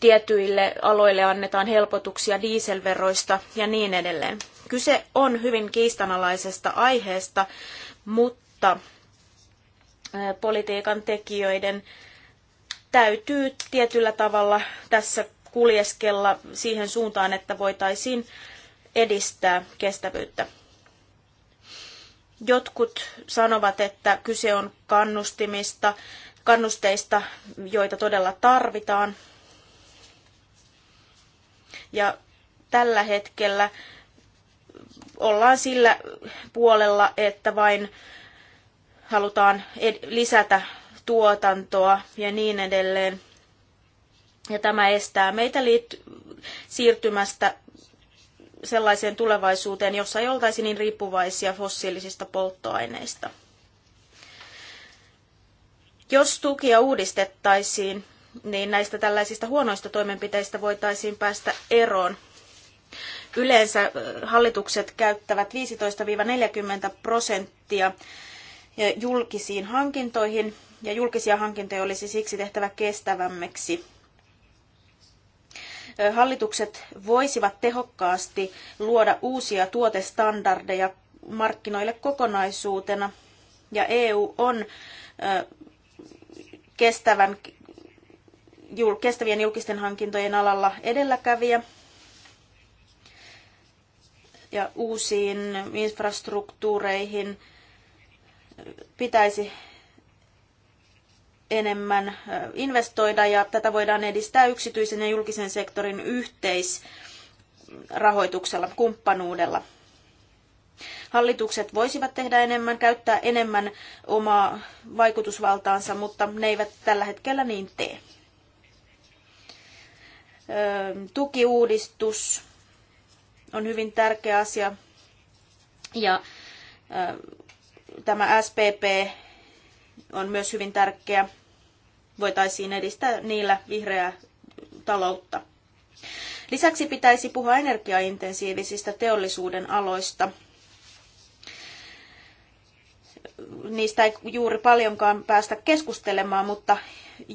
tietyille aloille annetaan helpotuksia dieselveroista ja niin edelleen. Kyse on hyvin kiistanalaisesta aiheesta, mutta politiikan tekijöiden täytyy tietyllä tavalla tässä kuljeskella siihen suuntaan, että voitaisiin edistää kestävyyttä. Jotkut sanovat, että kyse on kannustimista, kannusteista, joita todella tarvitaan. Ja tällä hetkellä ollaan sillä puolella, että vain halutaan lisätä tuotantoa ja niin edelleen. Ja tämä estää meitä liit- siirtymästä sellaiseen tulevaisuuteen, jossa ei oltaisi niin riippuvaisia fossiilisista polttoaineista. Jos tukia uudistettaisiin, niin näistä tällaisista huonoista toimenpiteistä voitaisiin päästä eroon. Yleensä hallitukset käyttävät 15-40 prosenttia julkisiin hankintoihin, ja julkisia hankintoja olisi siksi tehtävä kestävämmiksi hallitukset voisivat tehokkaasti luoda uusia tuotestandardeja markkinoille kokonaisuutena. Ja EU on kestävän, kestävien julkisten hankintojen alalla edelläkävijä ja uusiin infrastruktuureihin pitäisi enemmän investoida ja tätä voidaan edistää yksityisen ja julkisen sektorin yhteisrahoituksella, kumppanuudella. Hallitukset voisivat tehdä enemmän, käyttää enemmän omaa vaikutusvaltaansa, mutta ne eivät tällä hetkellä niin tee. Tukiuudistus on hyvin tärkeä asia ja tämä SPP on myös hyvin tärkeä voitaisiin edistää niillä vihreää taloutta. Lisäksi pitäisi puhua energiaintensiivisistä teollisuuden aloista. Niistä ei juuri paljonkaan päästä keskustelemaan, mutta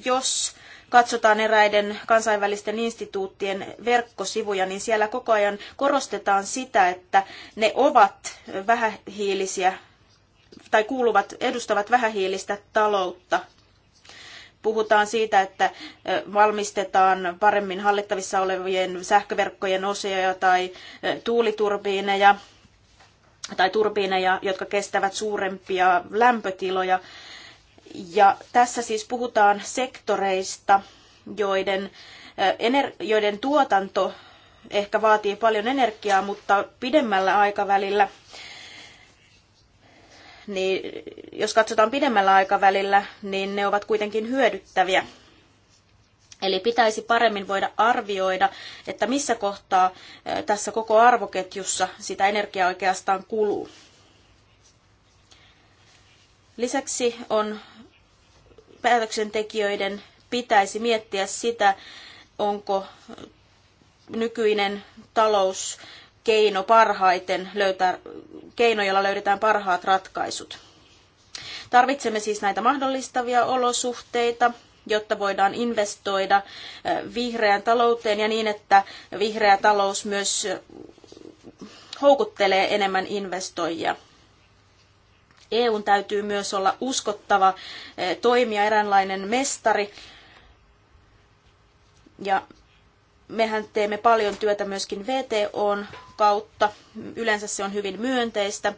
jos katsotaan eräiden kansainvälisten instituuttien verkkosivuja, niin siellä koko ajan korostetaan sitä, että ne ovat vähähiilisiä tai kuuluvat, edustavat vähähiilistä taloutta puhutaan siitä, että valmistetaan paremmin hallittavissa olevien sähköverkkojen osia tai tuuliturbiineja tai turbiineja, jotka kestävät suurempia lämpötiloja. Ja tässä siis puhutaan sektoreista, joiden, joiden tuotanto ehkä vaatii paljon energiaa, mutta pidemmällä aikavälillä niin jos katsotaan pidemmällä aikavälillä, niin ne ovat kuitenkin hyödyttäviä. Eli pitäisi paremmin voida arvioida, että missä kohtaa tässä koko arvoketjussa sitä energiaa oikeastaan kuluu. Lisäksi on päätöksentekijöiden pitäisi miettiä sitä, onko nykyinen talous keino parhaiten löytää, keino, jolla löydetään parhaat ratkaisut. Tarvitsemme siis näitä mahdollistavia olosuhteita, jotta voidaan investoida vihreään talouteen ja niin, että vihreä talous myös houkuttelee enemmän investoijia. EUn täytyy myös olla uskottava toimija, eräänlainen mestari. Ja mehän teemme paljon työtä myöskin VTOn kautta. Yleensä se on hyvin myönteistä.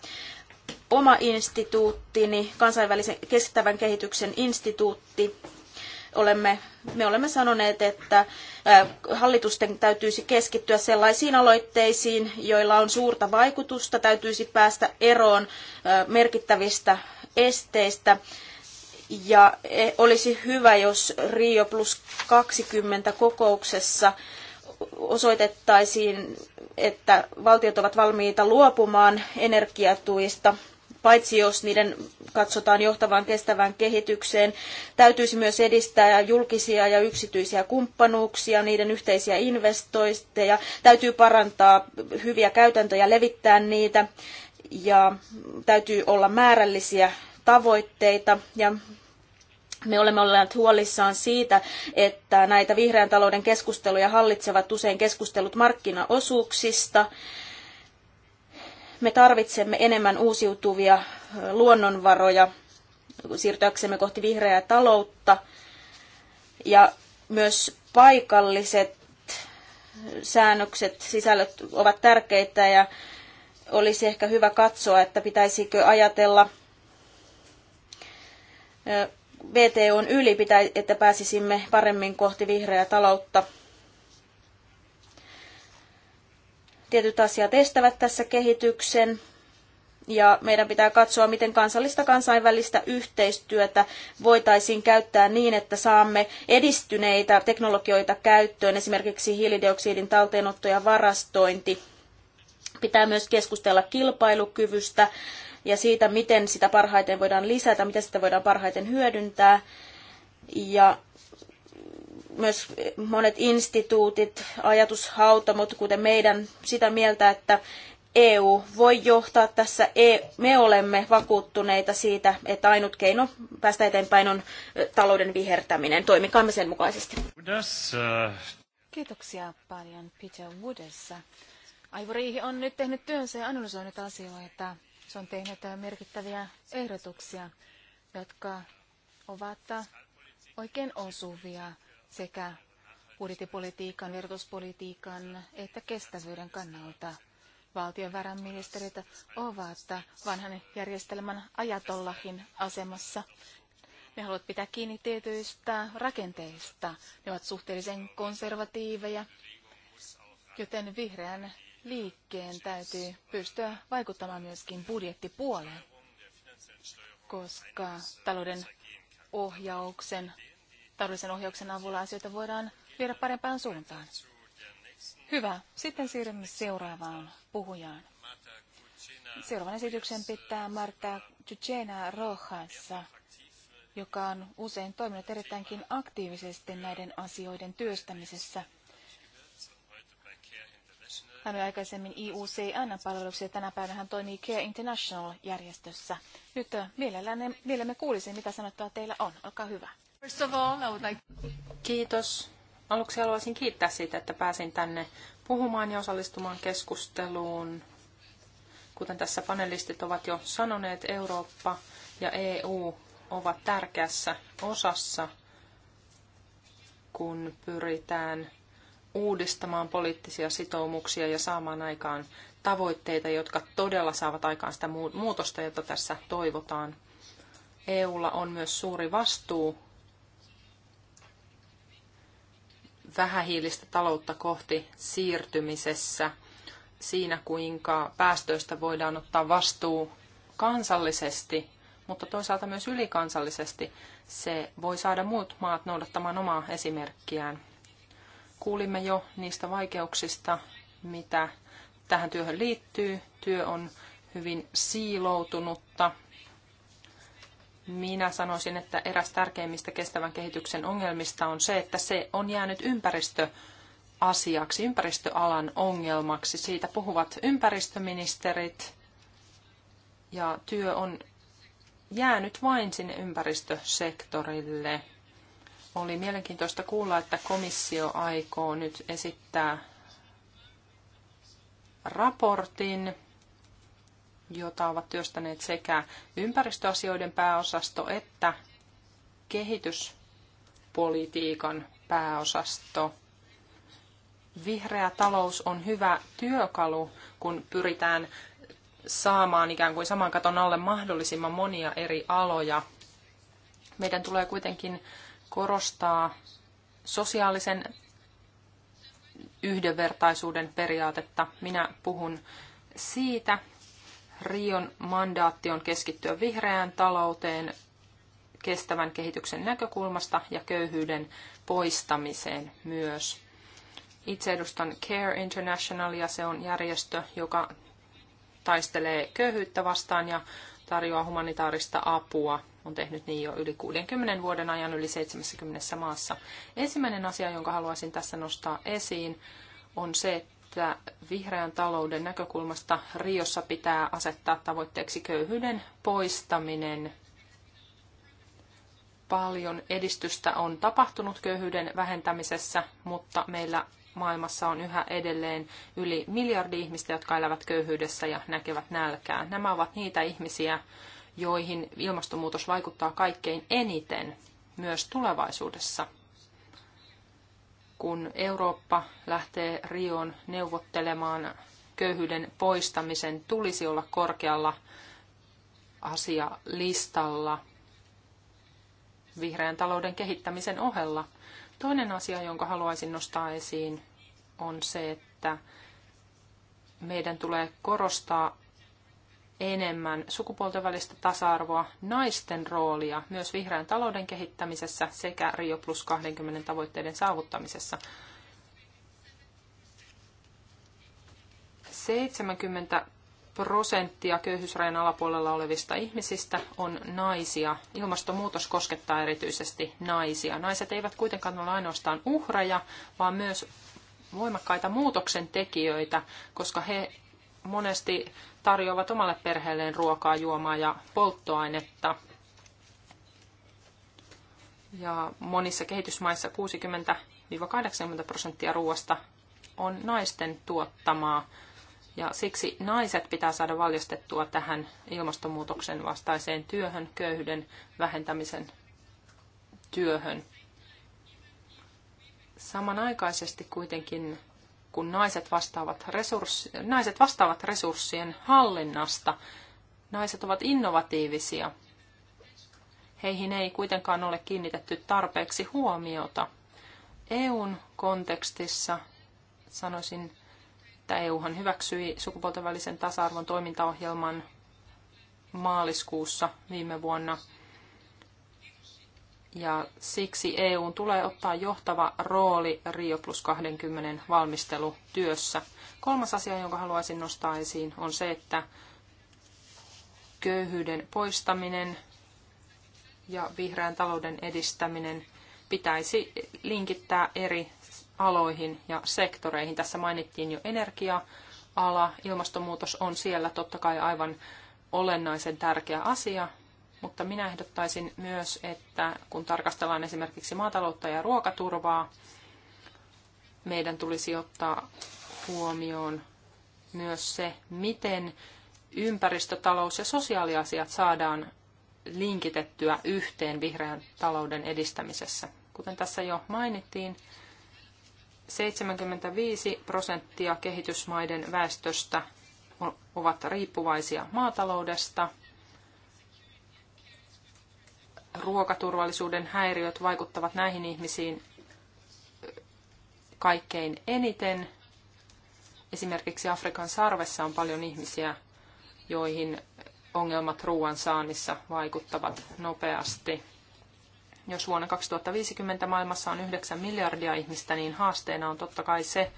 Oma instituuttini, kansainvälisen kestävän kehityksen instituutti, olemme, me olemme sanoneet, että hallitusten täytyisi keskittyä sellaisiin aloitteisiin, joilla on suurta vaikutusta, täytyisi päästä eroon merkittävistä esteistä ja e, olisi hyvä, jos Rio plus 20 kokouksessa osoitettaisiin, että valtiot ovat valmiita luopumaan energiatuista, paitsi jos niiden katsotaan johtavan kestävään kehitykseen. Täytyisi myös edistää julkisia ja yksityisiä kumppanuuksia, niiden yhteisiä investointeja. Täytyy parantaa hyviä käytäntöjä, levittää niitä ja täytyy olla määrällisiä tavoitteita ja me olemme olleet huolissaan siitä, että näitä vihreän talouden keskusteluja hallitsevat usein keskustelut markkinaosuuksista. Me tarvitsemme enemmän uusiutuvia luonnonvaroja siirtyäksemme kohti vihreää taloutta. Ja myös paikalliset säännökset, sisällöt ovat tärkeitä ja olisi ehkä hyvä katsoa, että pitäisikö ajatella VTOn yli, että pääsisimme paremmin kohti vihreää taloutta. Tietyt asiat estävät tässä kehityksen ja meidän pitää katsoa, miten kansallista kansainvälistä yhteistyötä voitaisiin käyttää niin, että saamme edistyneitä teknologioita käyttöön, esimerkiksi hiilidioksidin talteenotto ja varastointi. Pitää myös keskustella kilpailukyvystä ja siitä, miten sitä parhaiten voidaan lisätä, miten sitä voidaan parhaiten hyödyntää. Ja myös monet instituutit, ajatushautamot, kuten meidän, sitä mieltä, että EU voi johtaa tässä. E, me olemme vakuuttuneita siitä, että ainut keino päästä eteenpäin on talouden vihertäminen. Toimikaamme sen mukaisesti. Äh. Kiitoksia paljon Peter Woodessa. Aivoriihi on nyt tehnyt työnsä ja analysoinut asioita se on tehnyt äh, merkittäviä ehdotuksia, jotka ovat äh, oikein osuvia sekä budjettipolitiikan, verotuspolitiikan että kestävyyden kannalta. Valtiovarainministerit ovat äh, vanhan järjestelmän ajatollahin asemassa. Ne haluavat pitää kiinni tietyistä rakenteista. Ne ovat suhteellisen konservatiiveja, joten vihreän liikkeen täytyy pystyä vaikuttamaan myöskin budjettipuoleen, koska talouden ohjauksen, taloudellisen ohjauksen avulla asioita voidaan viedä parempaan suuntaan. Hyvä. Sitten siirrymme seuraavaan puhujaan. Seuraavan esityksen pitää Marta Chuchena Rojassa, joka on usein toiminut erittäinkin aktiivisesti näiden asioiden työstämisessä – hän oli aikaisemmin IUCN-palveluksi ja tänä päivänä hän toimii Care International-järjestössä. Nyt äh, mielellämme, mielellämme kuulisin, mitä sanottua teillä on. Olkaa hyvä. First of all, I would like... Kiitos. Aluksi haluaisin kiittää siitä, että pääsin tänne puhumaan ja osallistumaan keskusteluun. Kuten tässä panelistit ovat jo sanoneet, Eurooppa ja EU ovat tärkeässä osassa, kun pyritään uudistamaan poliittisia sitoumuksia ja saamaan aikaan tavoitteita, jotka todella saavat aikaan sitä muutosta, jota tässä toivotaan. EUlla on myös suuri vastuu vähähiilistä taloutta kohti siirtymisessä, siinä kuinka päästöistä voidaan ottaa vastuu kansallisesti, mutta toisaalta myös ylikansallisesti. Se voi saada muut maat noudattamaan omaa esimerkkiään. Kuulimme jo niistä vaikeuksista, mitä tähän työhön liittyy. Työ on hyvin siiloutunutta. Minä sanoisin, että eräs tärkeimmistä kestävän kehityksen ongelmista on se, että se on jäänyt ympäristöasiaksi, ympäristöalan ongelmaksi. Siitä puhuvat ympäristöministerit ja työ on jäänyt vain sinne ympäristösektorille. Oli mielenkiintoista kuulla, että komissio aikoo nyt esittää raportin, jota ovat työstäneet sekä ympäristöasioiden pääosasto että kehityspolitiikan pääosasto. Vihreä talous on hyvä työkalu, kun pyritään saamaan ikään kuin saman katon alle mahdollisimman monia eri aloja. Meidän tulee kuitenkin korostaa sosiaalisen yhdenvertaisuuden periaatetta. Minä puhun siitä. Rion mandaatti on keskittyä vihreään talouteen kestävän kehityksen näkökulmasta ja köyhyyden poistamiseen myös. Itse edustan Care ja Se on järjestö, joka taistelee köyhyyttä vastaan ja tarjoaa humanitaarista apua on tehnyt niin jo yli 60 vuoden ajan yli 70 maassa. Ensimmäinen asia, jonka haluaisin tässä nostaa esiin, on se, että vihreän talouden näkökulmasta Riossa pitää asettaa tavoitteeksi köyhyyden poistaminen. Paljon edistystä on tapahtunut köyhyyden vähentämisessä, mutta meillä maailmassa on yhä edelleen yli miljardi ihmistä, jotka elävät köyhyydessä ja näkevät nälkää. Nämä ovat niitä ihmisiä, joihin ilmastonmuutos vaikuttaa kaikkein eniten myös tulevaisuudessa. Kun Eurooppa lähtee Rioon neuvottelemaan, köyhyyden poistamisen tulisi olla korkealla asialistalla vihreän talouden kehittämisen ohella. Toinen asia, jonka haluaisin nostaa esiin, on se, että meidän tulee korostaa enemmän sukupuolten välistä tasa-arvoa, naisten roolia myös vihreän talouden kehittämisessä sekä Rio plus 20 tavoitteiden saavuttamisessa. 70 prosenttia köyhyysrajan alapuolella olevista ihmisistä on naisia. Ilmastonmuutos koskettaa erityisesti naisia. Naiset eivät kuitenkaan ole ainoastaan uhreja, vaan myös voimakkaita muutoksen tekijöitä, koska he monesti tarjoavat omalle perheelleen ruokaa, juomaa ja polttoainetta. Ja monissa kehitysmaissa 60-80 prosenttia ruoasta on naisten tuottamaa. Ja siksi naiset pitää saada valjastettua tähän ilmastonmuutoksen vastaiseen työhön, köyhyyden vähentämisen työhön. Samanaikaisesti kuitenkin kun naiset vastaavat, resurssi, naiset vastaavat resurssien hallinnasta. Naiset ovat innovatiivisia. Heihin ei kuitenkaan ole kiinnitetty tarpeeksi huomiota. EUn kontekstissa sanoisin, että EUhan hyväksyi sukupuolten välisen tasa-arvon toimintaohjelman maaliskuussa viime vuonna – ja siksi EU tulee ottaa johtava rooli Rio plus 20 valmistelutyössä. Kolmas asia, jonka haluaisin nostaa esiin, on se, että köyhyyden poistaminen ja vihreän talouden edistäminen pitäisi linkittää eri aloihin ja sektoreihin. Tässä mainittiin jo energia-ala. Ilmastonmuutos on siellä totta kai aivan olennaisen tärkeä asia, mutta minä ehdottaisin myös, että kun tarkastellaan esimerkiksi maataloutta ja ruokaturvaa, meidän tulisi ottaa huomioon myös se, miten ympäristötalous ja sosiaaliasiat saadaan linkitettyä yhteen vihreän talouden edistämisessä. Kuten tässä jo mainittiin, 75 prosenttia kehitysmaiden väestöstä ovat riippuvaisia maataloudesta ruokaturvallisuuden häiriöt vaikuttavat näihin ihmisiin kaikkein eniten. Esimerkiksi Afrikan sarvessa on paljon ihmisiä, joihin ongelmat ruoan saannissa vaikuttavat nopeasti. Jos vuonna 2050 maailmassa on 9 miljardia ihmistä, niin haasteena on totta kai se,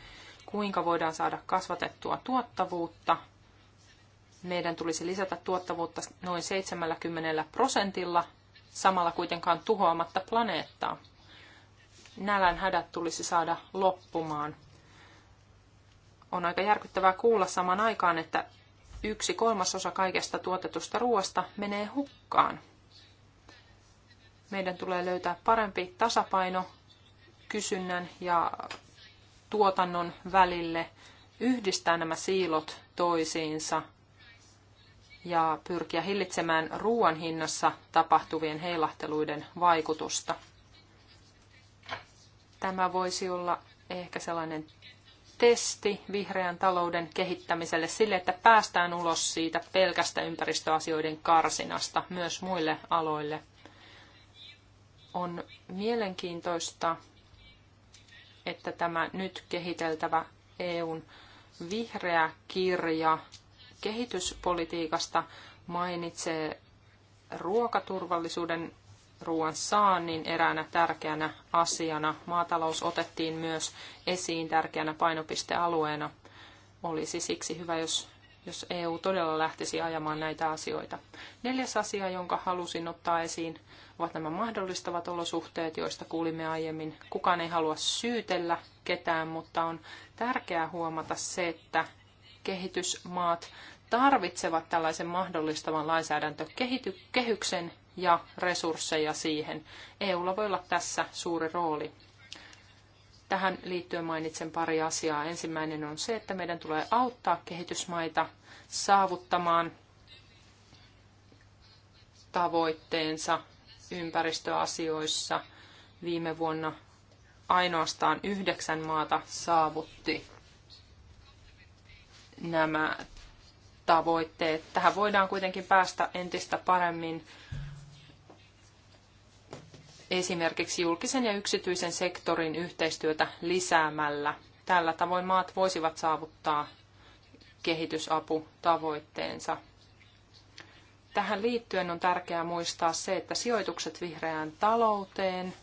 kuinka voidaan saada kasvatettua tuottavuutta. Meidän tulisi lisätä tuottavuutta noin 70 prosentilla samalla kuitenkaan tuhoamatta planeettaa. Nälän hädät tulisi saada loppumaan. On aika järkyttävää kuulla saman aikaan, että yksi kolmasosa kaikesta tuotetusta ruoasta menee hukkaan. Meidän tulee löytää parempi tasapaino kysynnän ja tuotannon välille, yhdistää nämä siilot toisiinsa – ja pyrkiä hillitsemään ruoan hinnassa tapahtuvien heilahteluiden vaikutusta. Tämä voisi olla ehkä sellainen testi vihreän talouden kehittämiselle sille, että päästään ulos siitä pelkästä ympäristöasioiden karsinasta myös muille aloille. On mielenkiintoista, että tämä nyt kehiteltävä EUn vihreä kirja – kehityspolitiikasta mainitsee ruokaturvallisuuden ruoan saannin eräänä tärkeänä asiana. Maatalous otettiin myös esiin tärkeänä painopistealueena. Olisi siksi hyvä, jos, jos EU todella lähtisi ajamaan näitä asioita. Neljäs asia, jonka halusin ottaa esiin, ovat nämä mahdollistavat olosuhteet, joista kuulimme aiemmin. Kukaan ei halua syytellä ketään, mutta on tärkeää huomata se, että kehitysmaat tarvitsevat tällaisen mahdollistavan lainsäädäntökehyksen ja resursseja siihen. EUlla voi olla tässä suuri rooli. Tähän liittyen mainitsen pari asiaa. Ensimmäinen on se, että meidän tulee auttaa kehitysmaita saavuttamaan tavoitteensa ympäristöasioissa. Viime vuonna ainoastaan yhdeksän maata saavutti nämä tavoitteet. Tähän voidaan kuitenkin päästä entistä paremmin esimerkiksi julkisen ja yksityisen sektorin yhteistyötä lisäämällä. Tällä tavoin maat voisivat saavuttaa kehitysaputavoitteensa. Tähän liittyen on tärkeää muistaa se, että sijoitukset vihreään talouteen,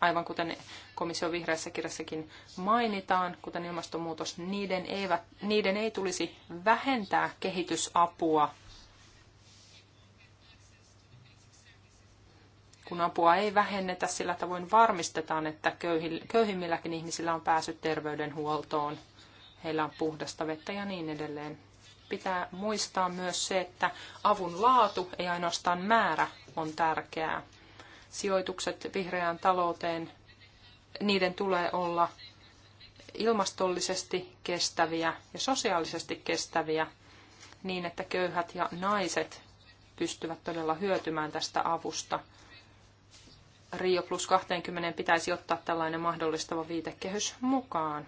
aivan kuten komission vihreässä kirjassakin mainitaan, kuten ilmastonmuutos, niiden, eivät, niiden ei tulisi vähentää kehitysapua, kun apua ei vähennetä, sillä tavoin varmistetaan, että köyhimmilläkin ihmisillä on pääsy terveydenhuoltoon, heillä on puhdasta vettä ja niin edelleen. Pitää muistaa myös se, että avun laatu, ei ainoastaan määrä, on tärkeää. Sijoitukset vihreään talouteen niiden tulee olla ilmastollisesti kestäviä ja sosiaalisesti kestäviä niin, että köyhät ja naiset pystyvät todella hyötymään tästä avusta. Rio plus 20 pitäisi ottaa tällainen mahdollistava viitekehys mukaan.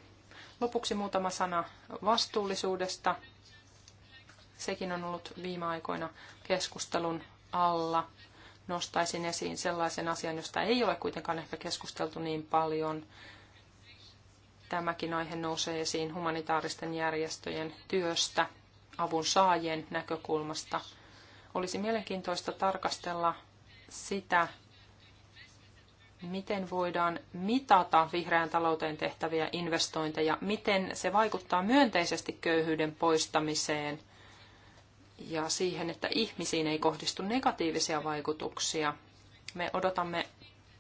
Lopuksi muutama sana vastuullisuudesta. Sekin on ollut viime aikoina keskustelun alla nostaisin esiin sellaisen asian, josta ei ole kuitenkaan ehkä keskusteltu niin paljon. Tämäkin aihe nousee esiin humanitaaristen järjestöjen työstä, avun saajien näkökulmasta. Olisi mielenkiintoista tarkastella sitä, miten voidaan mitata vihreän talouteen tehtäviä investointeja, miten se vaikuttaa myönteisesti köyhyyden poistamiseen – ja siihen, että ihmisiin ei kohdistu negatiivisia vaikutuksia. Me odotamme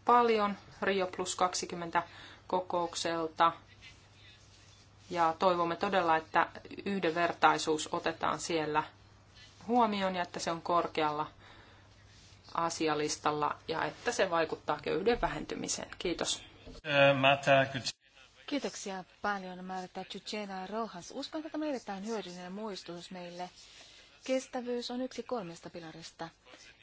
paljon Rio Plus 20 kokoukselta ja toivomme todella, että yhdenvertaisuus otetaan siellä huomioon ja että se on korkealla asialistalla ja että se vaikuttaa köyhyyden vähentymiseen. Kiitos. Kiitoksia paljon Marta Chuchena Rohas. Uskon, että meidät on hyödyllinen muistutus meille Kestävyys on yksi kolmesta pilarista,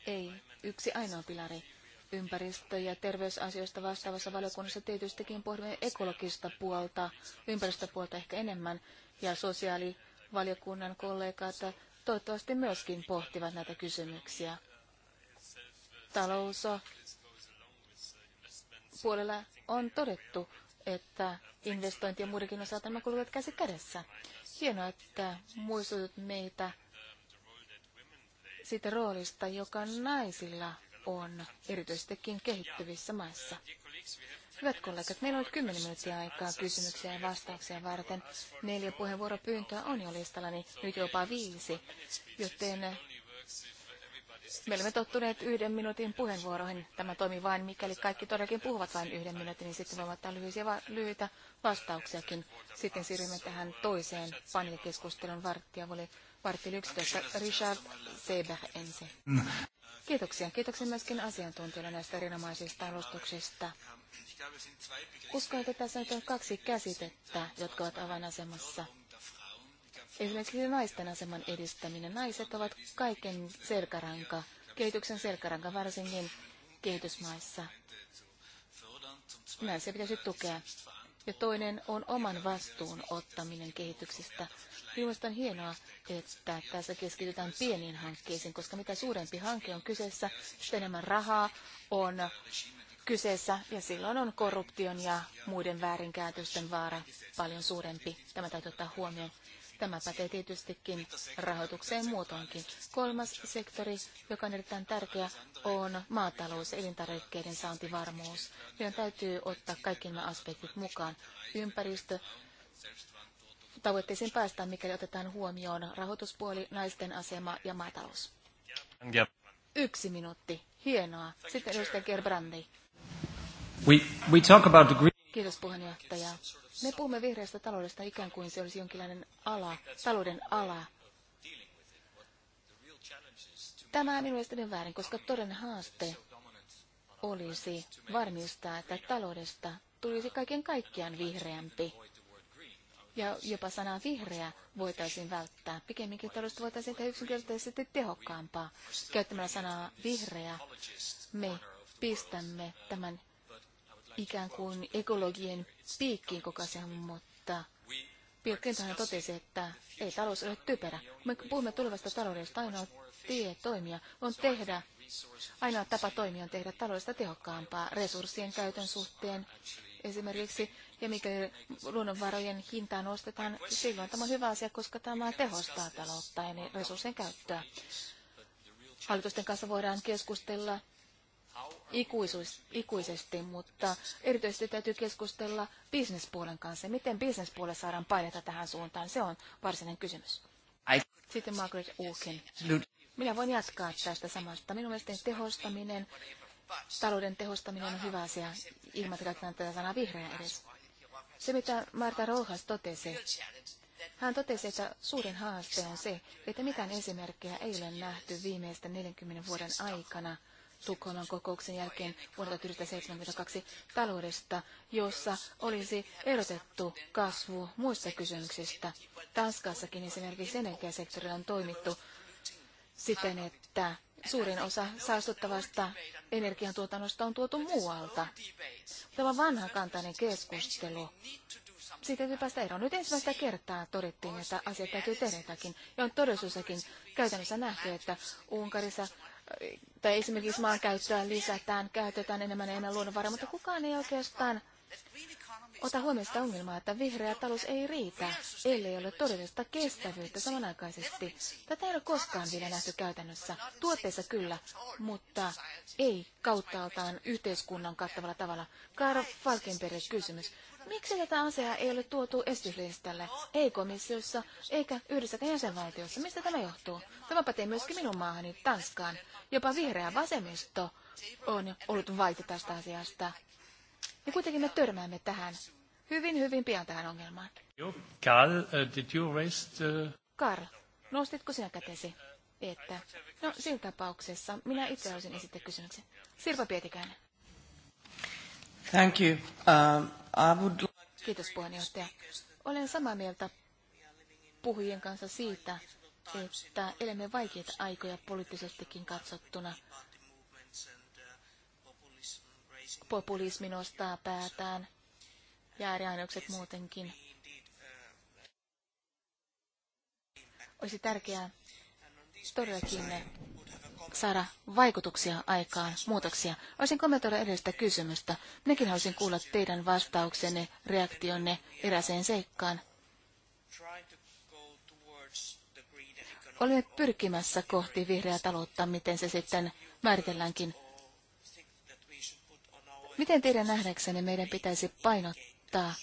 ei yksi ainoa pilari. Ympäristö- ja terveysasioista vastaavassa valiokunnassa tietystikin pohdimme ekologista puolta, ympäristöpuolta ehkä enemmän, ja sosiaalivaliokunnan kollegat toivottavasti myöskin pohtivat näitä kysymyksiä. Talous puolella on todettu, että investointi ja muidenkin osalta nämä kuluvat käsi kädessä. Hienoa, että muistutut meitä siitä roolista, joka naisilla on, erityisestikin kehittyvissä maissa. Hyvät kollegat, meillä on kymmenen minuuttia aikaa kysymyksiä ja vastauksia varten. Neljä puheenvuoropyyntöä on jo listallani, nyt jopa viisi, joten me olemme tottuneet yhden minuutin puheenvuoroihin. Tämä toimii vain, mikäli kaikki todellakin puhuvat vain yhden minuutin, niin sitten voimme ottaa lyhyisiä, va- lyhyitä vastauksiakin. Sitten siirrymme tähän toiseen paneelikeskustelun varttia. Varttili 11. Richard Seber ensin. Mm. Kiitoksia. Kiitoksia myöskin asiantuntijoille näistä erinomaisista alustuksista. Uskon, että tässä on kaksi käsitettä, jotka ovat avainasemassa. Esimerkiksi naisten aseman edistäminen. Naiset ovat kaiken selkäranka, kehityksen selkäranka, varsinkin kehitysmaissa. Naisia pitäisi tukea. Ja toinen on oman vastuun ottaminen kehityksestä. Minusta on hienoa, että tässä keskitytään pieniin hankkeisiin, koska mitä suurempi hanke on kyseessä, sitä enemmän rahaa on kyseessä ja silloin on korruption ja muiden väärinkäytösten vaara paljon suurempi. Tämä täytyy ottaa huomioon. Tämä pätee tietystikin rahoitukseen muutoinkin. Kolmas sektori, joka on erittäin tärkeä, on maatalous ja elintarvikkeiden saantivarmuus. Meidän täytyy ottaa kaikki nämä aspektit mukaan. Ympäristö, tavoitteisiin päästään, mikäli otetaan huomioon rahoituspuoli, naisten asema ja maatalous. Yksi minuutti. Hienoa. Sitten edustaja Gerbrandi. We, we talk about the... Kiitos puheenjohtaja. Me puhumme vihreästä taloudesta ikään kuin se olisi jonkinlainen ala, talouden ala. Tämä minun mielestäni on väärin, koska toden haaste olisi varmistaa, että taloudesta tulisi kaiken kaikkiaan vihreämpi ja jopa sanaa vihreä voitaisiin välttää. Pikemminkin taloudesta voitaisiin tehdä yksinkertaisesti tehokkaampaa. Käyttämällä sanaa vihreä me pistämme tämän ikään kuin ekologien piikkiin koko mutta Bill tähän totesi, että ei talous ole typerä. Kun me puhumme tulevasta taloudesta, ainoa tie toimia on tehdä, ainoa tapa toimia on tehdä taloudesta tehokkaampaa resurssien käytön suhteen. Esimerkiksi ja mikäli luonnonvarojen hintaa nostetaan, silloin tämä on hyvä asia, koska tämä tehostaa taloutta ja niin resurssien käyttöä. Hallitusten kanssa voidaan keskustella ikuisuus, ikuisesti, mutta erityisesti täytyy keskustella bisnespuolen kanssa. Miten bisnespuolella saadaan paineta tähän suuntaan? Se on varsinainen kysymys. Sitten Margaret Ukin. Minä voin jatkaa tästä samasta. Minun mielestäni tehostaminen, talouden tehostaminen on hyvä asia. Ilman, käytetään tätä sanaa vihreä edes. Se, mitä Marta Rouhas totesi, hän totesi, että suurin haaste on se, että mitään esimerkkejä ei ole nähty viimeisten 40 vuoden aikana Tukholman kokouksen jälkeen vuonna 1972 taloudesta, jossa olisi erotettu kasvu muista kysymyksistä. Tanskassakin esimerkiksi energiasektorilla on toimittu siten, että Suurin osa saastuttavasta energiantuotannosta on tuotu muualta. Tämä vanhakantainen keskustelu. Siitä täytyy päästä eroon. Nyt ensimmäistä kertaa todettiin, että asiat täytyy tehdä jotakin. Ja on todellisuussakin käytännössä nähty, että Unkarissa äh, tai esimerkiksi maankäyttöä lisätään, käytetään enemmän ja enemmän luonnonvaraa, mutta kukaan ei oikeastaan ota huomioon sitä ongelmaa, että vihreä talous ei riitä, ellei ole todellista kestävyyttä samanaikaisesti. Tätä ei ole koskaan vielä nähty käytännössä. Tuotteissa kyllä, mutta ei kauttaaltaan yhteiskunnan kattavalla tavalla. Kaara Falkenberg kysymys. Miksi tätä asiaa ei ole tuotu esityslistalle, ei komissiossa, eikä yhdessäkään jäsenvaltiossa? Mistä tämä johtuu? Tämä pätee myöskin minun maahani, Tanskaan. Jopa vihreä vasemmisto on ollut vaiti tästä asiasta. Ja kuitenkin me törmäämme tähän hyvin, hyvin pian tähän ongelmaan. Karl, uh, did you raise nostitko sinä kätesi? Että, no siinä tapauksessa minä itse olisin esittää kysymyksen. Sirpa Pietikäinen. Thank you. Uh, I would like to... Kiitos puheenjohtaja. Olen samaa mieltä puhujien kanssa siitä, että elämme vaikeita aikoja poliittisestikin katsottuna. Populismi nostaa päätään ja muutenkin. Olisi tärkeää todellakin saada vaikutuksia aikaan, muutoksia. Olisin kommentoida edellistä kysymystä. Minäkin haluaisin kuulla teidän vastauksenne, reaktionne eräseen seikkaan. Olemme pyrkimässä kohti vihreää taloutta, miten se sitten määritelläänkin. Miten teidän nähdäksenne meidän pitäisi painottaa? ottaa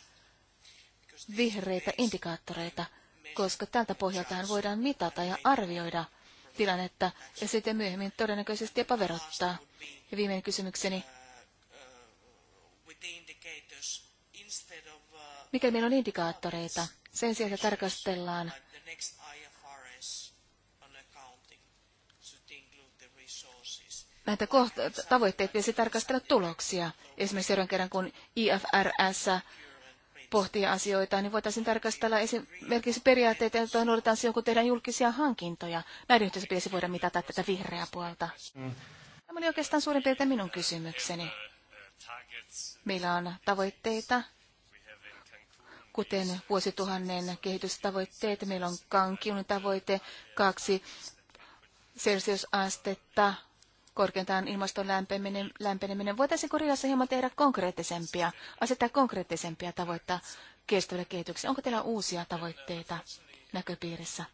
vihreitä indikaattoreita, koska tältä pohjalta voidaan mitata ja arvioida tilannetta ja sitten myöhemmin todennäköisesti jopa verottaa. Ja viimeinen kysymykseni. Mikä meillä on indikaattoreita? Sen sijaan, että tarkastellaan näitä kohta- tavoitteita pitäisi tarkastella tuloksia. Esimerkiksi seuraavan kerran, kun IFRS pohtii asioita, niin voitaisiin tarkastella esimerkiksi periaatteita, joita noudatetaan silloin, kun tehdään julkisia hankintoja. Näiden yhteydessä pitäisi voida mitata tätä vihreää puolta. Tämä oli oikeastaan suurin piirtein minun kysymykseni. Meillä on tavoitteita, kuten vuosituhannen kehitystavoitteet. Meillä on kankiun tavoite, kaksi Celsius-astetta, korkeintaan ilmaston lämpeneminen, lämpeneminen. Voitaisiinko Riassa hieman tehdä konkreettisempia, asettaa konkreettisempia tavoitteita kestävälle kehitykselle? Onko teillä uusia tavoitteita näköpiirissä?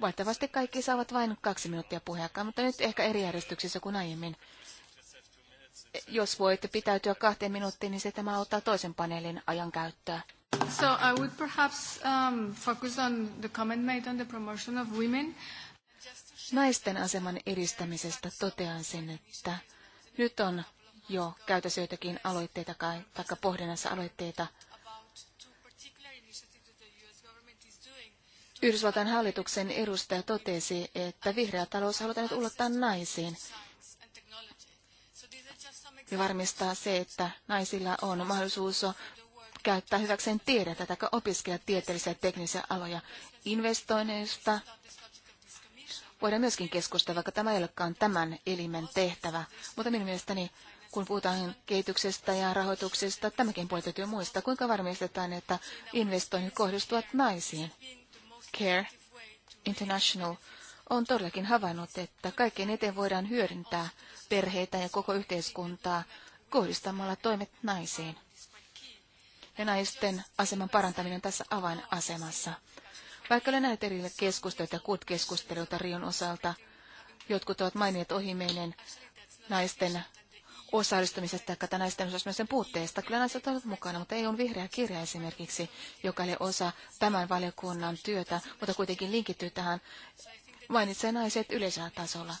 Valtavasti kaikki saavat vain kaksi minuuttia puheaikaa, mutta nyt ehkä eri järjestyksessä kuin aiemmin. Jos voitte pitäytyä kahteen minuuttiin, niin se tämä auttaa toisen paneelin ajan käyttöä. So I would perhaps um, focus on the comment made on the promotion of women. Naisten aseman edistämisestä totean sen, että nyt on jo käytössä joitakin aloitteita tai pohdinnassa aloitteita. Yhdysvaltain hallituksen edustaja totesi, että vihreä talous halutaan nyt ulottaa naisiin ja varmistaa se, että naisilla on mahdollisuus käyttää hyväkseen tiedettä tai opiskella tieteellisiä ja teknisiä aloja investoinneista voidaan myöskin keskustella, vaikka tämä ei olekaan tämän elimen tehtävä. Mutta minun mielestäni, kun puhutaan kehityksestä ja rahoituksesta, tämäkin puoli täytyy muistaa, kuinka varmistetaan, että investoinnit kohdistuvat naisiin. Care International on todellakin havainnut, että kaikkein eteen voidaan hyödyntää perheitä ja koko yhteiskuntaa kohdistamalla toimet naisiin. Ja naisten aseman parantaminen tässä avainasemassa. Vaikka olen nähnyt erille keskusteluita ja kuut-keskusteluita Rion osalta, jotkut ovat maininneet ohimeinen naisten osallistumisesta tai naisten osallistumisen puutteesta. Kyllä naiset ovat mukana, mutta ei ole vihreä kirja esimerkiksi, joka ei osa tämän valiokunnan työtä, mutta kuitenkin linkittyy tähän. Mainitsee naiset yleisellä tasolla.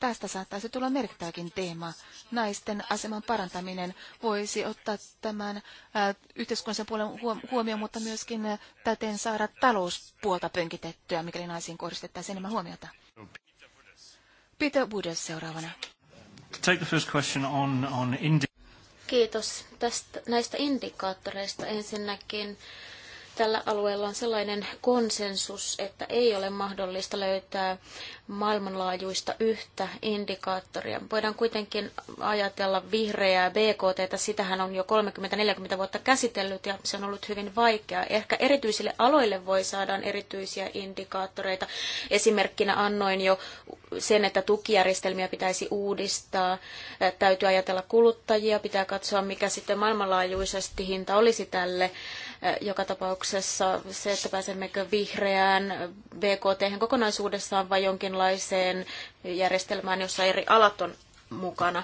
Tästä saattaisi tulla merkittäväkin teema. Naisten aseman parantaminen voisi ottaa tämän yhteiskunnallisen puolen huomioon, mutta myöskin täten saada talouspuolta pönkitettyä, mikäli naisiin kohdistettaisiin enemmän huomiota. Peter Budes seuraavana. Take the first question on, on Kiitos tästä, näistä indikaattoreista ensinnäkin tällä alueella on sellainen konsensus, että ei ole mahdollista löytää maailmanlaajuista yhtä indikaattoria. Voidaan kuitenkin ajatella vihreää BKT, että sitähän on jo 30-40 vuotta käsitellyt ja se on ollut hyvin vaikeaa. Ehkä erityisille aloille voi saada erityisiä indikaattoreita. Esimerkkinä annoin jo sen, että tukijärjestelmiä pitäisi uudistaa, täytyy ajatella kuluttajia, pitää katsoa mikä sitten maailmanlaajuisesti hinta olisi tälle joka tapauksessa se, että pääsemmekö vihreään BKT kokonaisuudessaan vai jonkinlaiseen järjestelmään, jossa eri alat on mukana.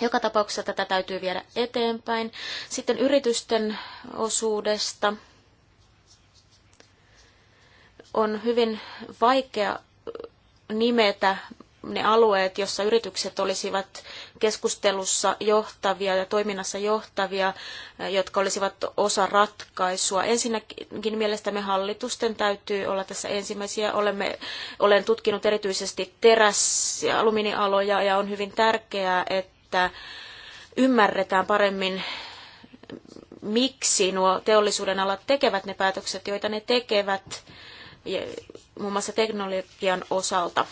Joka tapauksessa tätä täytyy viedä eteenpäin. Sitten yritysten osuudesta on hyvin vaikea nimetä ne alueet, jossa yritykset olisivat keskustelussa johtavia ja toiminnassa johtavia, eh, jotka olisivat osa ratkaisua. Ensinnäkin mielestämme hallitusten täytyy olla tässä ensimmäisiä. Olemme, olen tutkinut erityisesti teräs- ja alumiinialoja ja on hyvin tärkeää, että ymmärretään paremmin miksi nuo teollisuuden alat tekevät ne päätökset, joita ne tekevät muun muassa teknologian osalta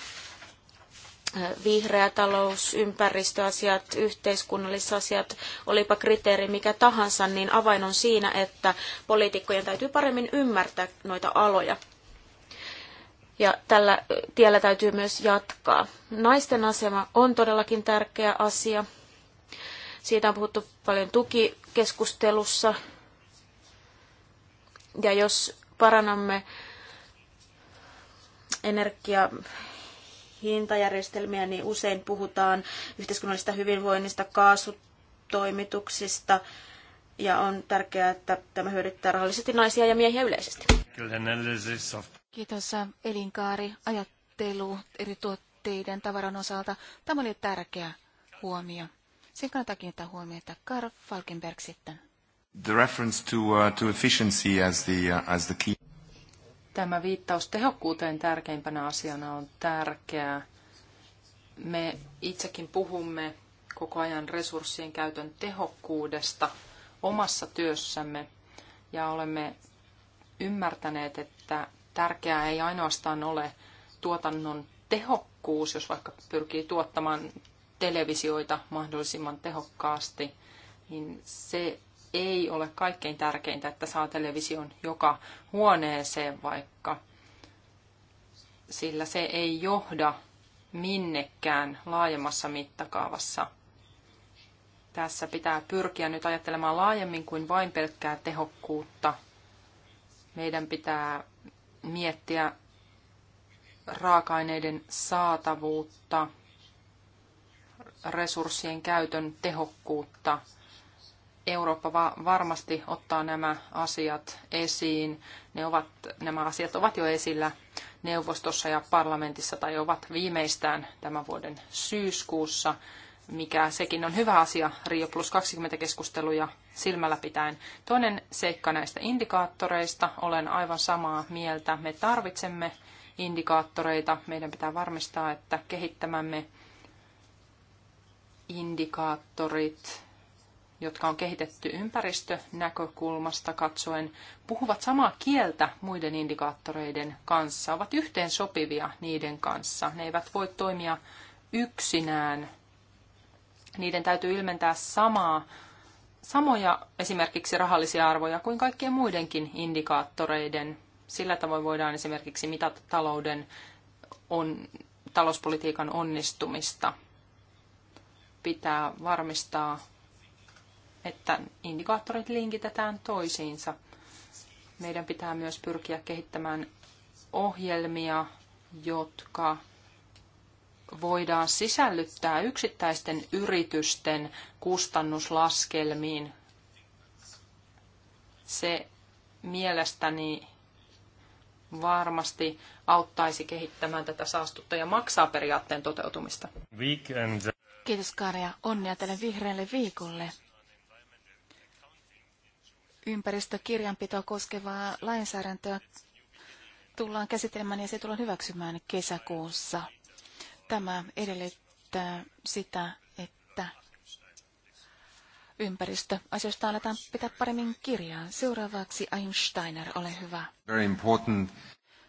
vihreä talous, ympäristöasiat, yhteiskunnalliset asiat, olipa kriteeri mikä tahansa, niin avain on siinä, että poliitikkojen täytyy paremmin ymmärtää noita aloja. Ja tällä tiellä täytyy myös jatkaa. Naisten asema on todellakin tärkeä asia. Siitä on puhuttu paljon tukikeskustelussa. Ja jos parannamme energia- hintajärjestelmiä, niin usein puhutaan yhteiskunnallisesta hyvinvoinnista, kaasutoimituksista, ja on tärkeää, että tämä hyödyttää rahallisesti naisia ja miehiä yleisesti. Kiitos äh, elinkaari, ajattelu eri tuotteiden tavaran osalta. Tämä oli tärkeä huomio. Sen kannattaa kiinnittää huomiota. Karl Falkenberg sitten. The reference to, uh, to efficiency as the, uh, as the key. Tämä viittaus tehokkuuteen tärkeimpänä asiana on tärkeää. Me itsekin puhumme koko ajan resurssien käytön tehokkuudesta omassa työssämme ja olemme ymmärtäneet, että tärkeää ei ainoastaan ole tuotannon tehokkuus, jos vaikka pyrkii tuottamaan televisioita mahdollisimman tehokkaasti, niin se ei ole kaikkein tärkeintä, että saa television joka huoneeseen vaikka, sillä se ei johda minnekään laajemmassa mittakaavassa. Tässä pitää pyrkiä nyt ajattelemaan laajemmin kuin vain pelkkää tehokkuutta. Meidän pitää miettiä raaka-aineiden saatavuutta, resurssien käytön tehokkuutta – Eurooppa varmasti ottaa nämä asiat esiin. Ne ovat, nämä asiat ovat jo esillä neuvostossa ja parlamentissa tai ovat viimeistään tämän vuoden syyskuussa, mikä sekin on hyvä asia Rio plus 20 keskusteluja silmällä pitäen. Toinen seikka näistä indikaattoreista, olen aivan samaa mieltä. Me tarvitsemme indikaattoreita. Meidän pitää varmistaa, että kehittämämme indikaattorit jotka on kehitetty ympäristönäkökulmasta katsoen, puhuvat samaa kieltä muiden indikaattoreiden kanssa, ovat yhteen sopivia niiden kanssa. Ne eivät voi toimia yksinään. Niiden täytyy ilmentää samaa, samoja esimerkiksi rahallisia arvoja kuin kaikkien muidenkin indikaattoreiden. Sillä tavoin voidaan esimerkiksi mitata talouden on, talouspolitiikan onnistumista. Pitää varmistaa että indikaattorit linkitetään toisiinsa. Meidän pitää myös pyrkiä kehittämään ohjelmia, jotka voidaan sisällyttää yksittäisten yritysten kustannuslaskelmiin. Se mielestäni varmasti auttaisi kehittämään tätä saastuttaja maksaa periaatteen toteutumista. Kiitos Karja. Onnea tälle vihreälle viikolle ympäristökirjanpitoa koskevaa lainsäädäntöä tullaan käsittelemään ja se tullaan hyväksymään kesäkuussa. Tämä edellyttää sitä, että ympäristöasioista aletaan pitää paremmin kirjaa. Seuraavaksi Einsteiner, ole hyvä. Very important.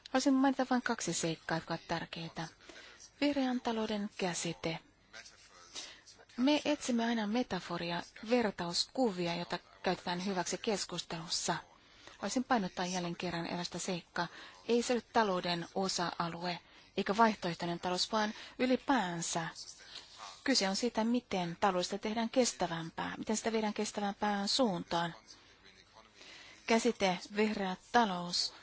Haluaisin mainita vain kaksi seikkaa, jotka ovat tärkeitä. Vihreän talouden käsite me etsimme aina metaforia, vertauskuvia, jota käytetään hyväksi keskustelussa. Voisin painottaa jälleen kerran erästä seikkaa. Ei se ole talouden osa-alue, eikä vaihtoehtoinen talous, vaan ylipäänsä. Kyse on siitä, miten taloudesta tehdään kestävämpää, miten sitä viedään kestävämpään suuntaan. Käsite vihreä talous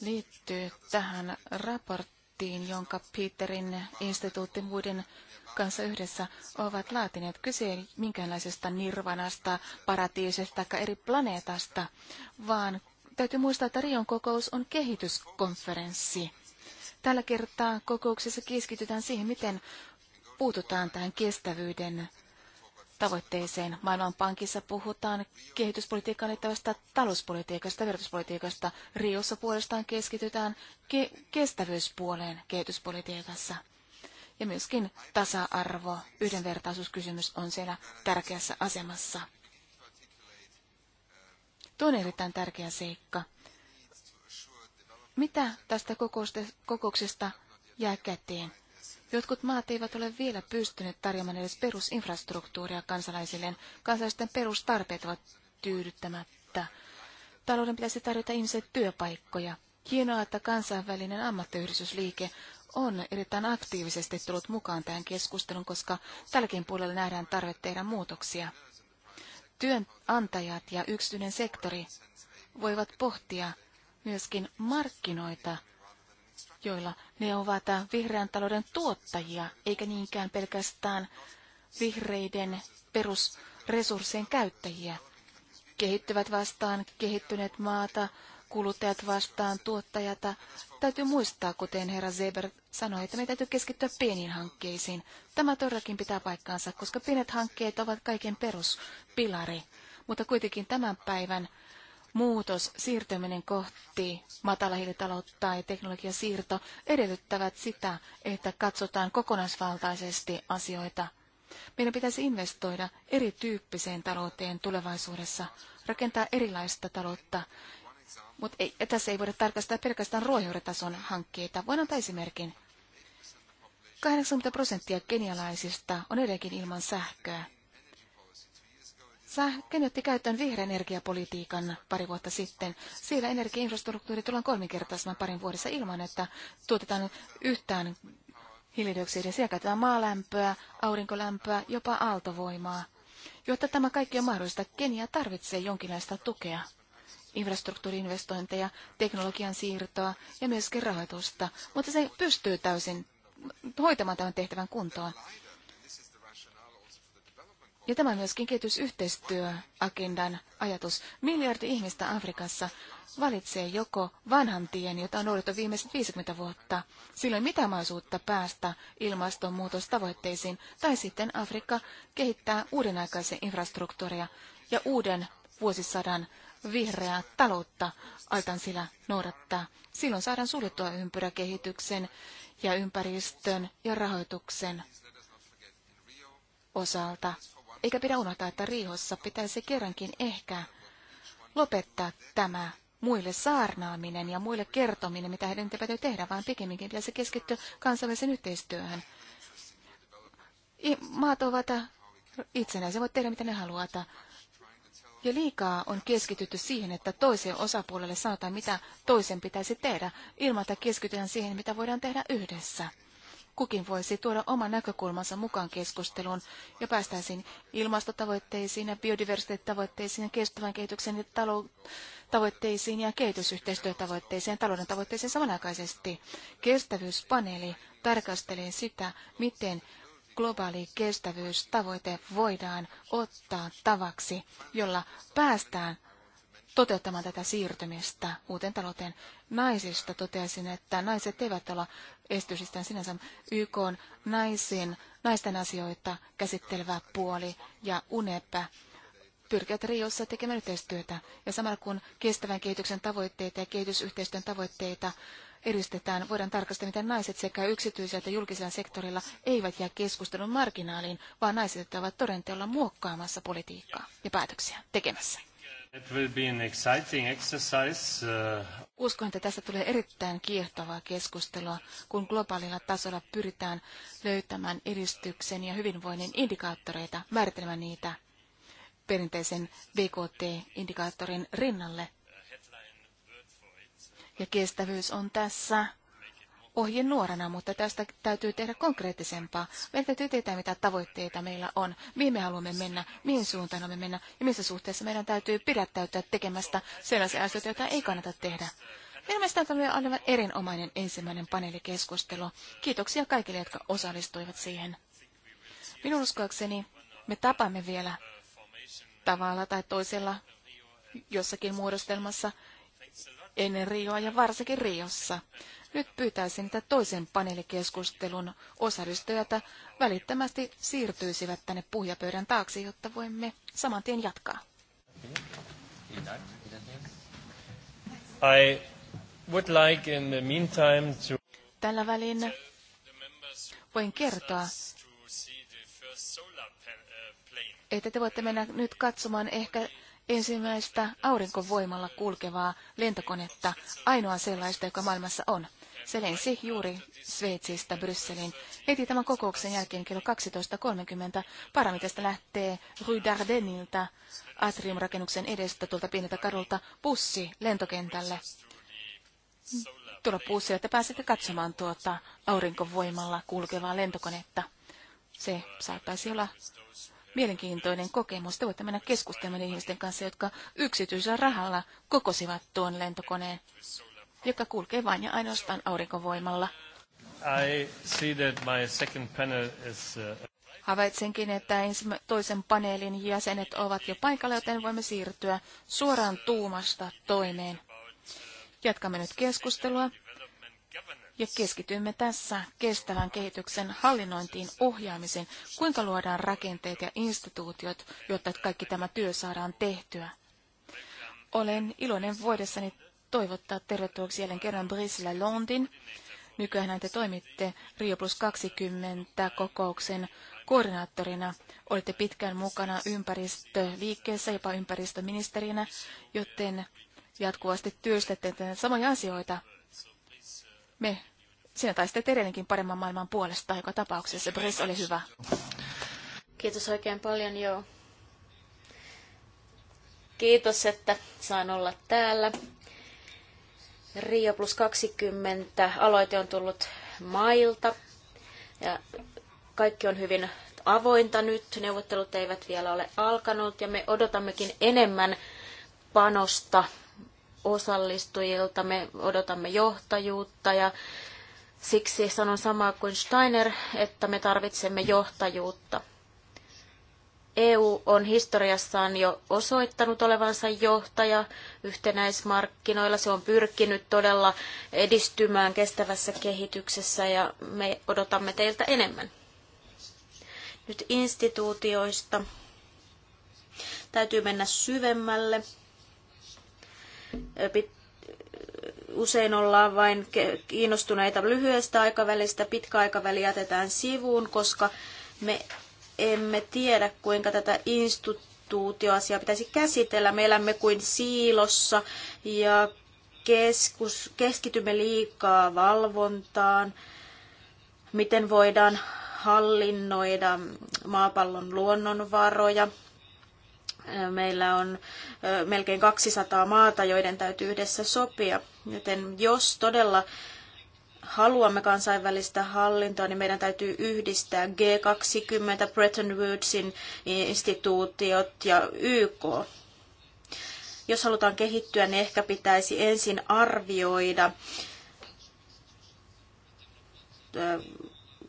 liittyy tähän raporttiin raporttiin, jonka Peterin instituutti muiden kanssa yhdessä ovat laatineet. Kyse ei minkäänlaisesta nirvanasta, paratiisesta tai eri planeetasta, vaan täytyy muistaa, että Rion kokous on kehityskonferenssi. Tällä kertaa kokouksessa keskitytään siihen, miten puututaan tähän kestävyyden tavoitteeseen. Maailmanpankissa puhutaan kehityspolitiikkaan liittyvästä talouspolitiikasta, verotuspolitiikasta. Riossa puolestaan keskitytään ke- kestävyyspuoleen kehityspolitiikassa. Ja myöskin tasa-arvo, yhdenvertaisuuskysymys on siellä tärkeässä asemassa. Toinen erittäin tärkeä seikka. Mitä tästä kokouksesta jää käteen? Jotkut maat eivät ole vielä pystyneet tarjoamaan edes perusinfrastruktuuria kansalaisilleen. Kansalaisten perustarpeet ovat tyydyttämättä. Talouden pitäisi tarjota ihmisille työpaikkoja. Hienoa, että kansainvälinen ammattiyhdistysliike on erittäin aktiivisesti tullut mukaan tähän keskusteluun, koska tälläkin puolella nähdään tarve tehdä muutoksia. Työnantajat ja yksityinen sektori voivat pohtia myöskin markkinoita joilla ne ovat vihreän talouden tuottajia, eikä niinkään pelkästään vihreiden perusresurssien käyttäjiä. Kehittyvät vastaan kehittyneet maata, kuluttajat vastaan tuottajata. Täytyy muistaa, kuten herra Zeber sanoi, että meidän täytyy keskittyä pieniin hankkeisiin. Tämä todellakin pitää paikkaansa, koska pienet hankkeet ovat kaiken peruspilari. Mutta kuitenkin tämän päivän muutos, siirtyminen kohti matalahiilitaloutta tai teknologiasiirto edellyttävät sitä, että katsotaan kokonaisvaltaisesti asioita. Meidän pitäisi investoida erityyppiseen talouteen tulevaisuudessa, rakentaa erilaista taloutta, mutta ei, tässä ei voida tarkastaa pelkästään ruohonjuuritason hankkeita. Voin antaa esimerkin. 80 prosenttia kenialaisista on edelleenkin ilman sähköä. Sähkön otti käyttöön vihreän energiapolitiikan pari vuotta sitten. Siellä energiainfrastruktuuri tullaan kolminkertaisemaan parin vuodessa ilman, että tuotetaan yhtään hiilidioksidia. Siellä käytetään maalämpöä, aurinkolämpöä, jopa aaltovoimaa. Jotta tämä kaikki on mahdollista, Kenia tarvitsee jonkinlaista tukea infrastruktuuriinvestointeja, teknologian siirtoa ja myöskin rahoitusta, mutta se pystyy täysin hoitamaan tämän tehtävän kuntoon. Ja tämä on myöskin kehitysyhteistyöagendan ajatus. Miljardi ihmistä Afrikassa valitsee joko vanhan tien, jota on noudattu viimeiset 50 vuotta, sillä mitä mahdollisuutta päästä ilmastonmuutostavoitteisiin, tai sitten Afrikka kehittää uudenaikaisen infrastruktuuria ja uuden vuosisadan vihreää taloutta altan sillä noudattaa. Silloin saadaan suljettua ympyräkehityksen ja ympäristön ja rahoituksen osalta. Eikä pidä unohtaa, että Riihossa pitäisi kerrankin ehkä lopettaa tämä muille saarnaaminen ja muille kertominen, mitä heidän täytyy tehdä, vaan pikemminkin pitäisi keskittyä kansallisen yhteistyöhön. Maat ovat itsenäisiä, voivat tehdä mitä ne haluavat. Ja liikaa on keskitytty siihen, että toisen osapuolelle sanotaan, mitä toisen pitäisi tehdä, ilman että keskitytään siihen, mitä voidaan tehdä yhdessä kukin voisi tuoda oman näkökulmansa mukaan keskusteluun ja päästäisiin ilmastotavoitteisiin ja biodiversiteettitavoitteisiin ja kestävän kehityksen ja talou- tavoitteisiin ja kehitysyhteistyötavoitteisiin ja talouden tavoitteisiin samanaikaisesti. Kestävyyspaneeli tarkastelee sitä, miten globaali kestävyystavoite voidaan ottaa tavaksi, jolla päästään toteuttamaan tätä siirtymistä uuteen talouteen. Naisista toteaisin, että naiset eivät ole estysistään sinänsä YK naisin, naisten asioita käsittelevä puoli ja UNEP pyrkivät Riossa tekemään yhteistyötä. Ja samalla kun kestävän kehityksen tavoitteita ja kehitysyhteistyön tavoitteita edistetään, voidaan tarkastella, miten naiset sekä yksityisellä että julkisella sektorilla eivät jää keskustelun marginaaliin, vaan naiset ovat todenteolla muokkaamassa politiikkaa ja päätöksiä tekemässä. It will be an exciting exercise. Uh, Uskon, että tästä tulee erittäin kiehtovaa keskustelua, kun globaalilla tasolla pyritään löytämään edistyksen ja hyvinvoinnin indikaattoreita, määritelmään niitä perinteisen BKT-indikaattorin rinnalle. Ja kestävyys on tässä ohjenuorana, mutta tästä täytyy tehdä konkreettisempaa. Meidän täytyy tietää, mitä tavoitteita meillä on, mihin me haluamme mennä, mihin suuntaan me mennä ja missä suhteessa meidän täytyy pidättäytyä tekemästä sellaisia asioita, joita ei kannata tehdä. Minun mielestäni tämä oli aivan erinomainen ensimmäinen paneelikeskustelu. Kiitoksia kaikille, jotka osallistuivat siihen. Minun uskoakseni me tapaamme vielä tavalla tai toisella jossakin muodostelmassa ennen Rioa ja varsinkin Riossa. Nyt pyytäisin, että toisen paneelikeskustelun osallistujat välittömästi siirtyisivät tänne puhjapöydän taakse, jotta voimme saman tien jatkaa. I would like in the meantime to... Tällä välin voin kertoa, että te voitte mennä nyt katsomaan ehkä ensimmäistä aurinkovoimalla kulkevaa lentokonetta, ainoa sellaista, joka maailmassa on. Se lensi juuri Sveitsistä Brysselin. Heti tämän kokouksen jälkeen kello 12.30 paramitesta lähtee Rue Dardenilta Atrium-rakennuksen edestä tuolta pieneltä kadulta bussi lentokentälle. Tulla bussi, että pääsette katsomaan tuota aurinkovoimalla kulkevaa lentokonetta. Se saattaisi olla mielenkiintoinen kokemus. Te voitte mennä keskustelemaan ihmisten kanssa, jotka yksityisellä rahalla kokosivat tuon lentokoneen joka kulkee vain ja ainoastaan aurinkovoimalla. I see that my second panel is, uh... Havaitsenkin, että toisen paneelin jäsenet ovat jo paikalla, joten voimme siirtyä suoraan tuumasta toimeen. Jatkamme nyt keskustelua ja keskitymme tässä kestävän kehityksen hallinnointiin ohjaamiseen, kuinka luodaan rakenteet ja instituutiot, jotta kaikki tämä työ saadaan tehtyä. Olen iloinen voidessani toivottaa tervetulleeksi jälleen kerran Brisla Londin. Nykyään te toimitte Rio Plus 20 kokouksen koordinaattorina. Olette pitkään mukana ympäristöliikkeessä, jopa ympäristöministerinä, joten jatkuvasti työstätte samoja asioita. Me, sinä taistet edelleenkin paremman maailman puolesta, joka tapauksessa. Bris, oli hyvä. Kiitos oikein paljon, joo. Kiitos, että saan olla täällä. Rio plus 20 aloite on tullut mailta ja kaikki on hyvin avointa nyt. Neuvottelut eivät vielä ole alkanut ja me odotammekin enemmän panosta osallistujilta. Me odotamme johtajuutta ja siksi sanon samaa kuin Steiner, että me tarvitsemme johtajuutta – EU on historiassaan jo osoittanut olevansa johtaja yhtenäismarkkinoilla. Se on pyrkinyt todella edistymään kestävässä kehityksessä ja me odotamme teiltä enemmän. Nyt instituutioista. Täytyy mennä syvemmälle. Usein ollaan vain kiinnostuneita lyhyestä aikavälistä, pitkä aikaväli jätetään sivuun, koska me emme tiedä, kuinka tätä instituutioasiaa pitäisi käsitellä. Me elämme kuin siilossa ja keskus, keskitymme liikaa valvontaan, miten voidaan hallinnoida maapallon luonnonvaroja. Meillä on melkein 200 maata, joiden täytyy yhdessä sopia. Joten jos todella haluamme kansainvälistä hallintoa, niin meidän täytyy yhdistää G20, Bretton Woodsin instituutiot ja YK. Jos halutaan kehittyä, niin ehkä pitäisi ensin arvioida,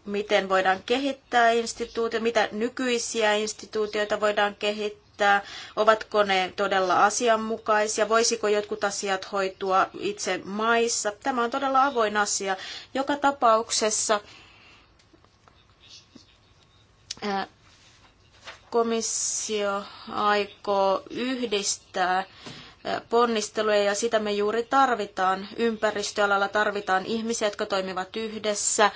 miten voidaan kehittää instituutioita, mitä nykyisiä instituutioita voidaan kehittää päättää, ovatko ne todella asianmukaisia, voisiko jotkut asiat hoitua itse maissa. Tämä on todella avoin asia. Joka tapauksessa komissio aikoo yhdistää ponnisteluja ja sitä me juuri tarvitaan. Ympäristöalalla tarvitaan ihmisiä, jotka toimivat yhdessä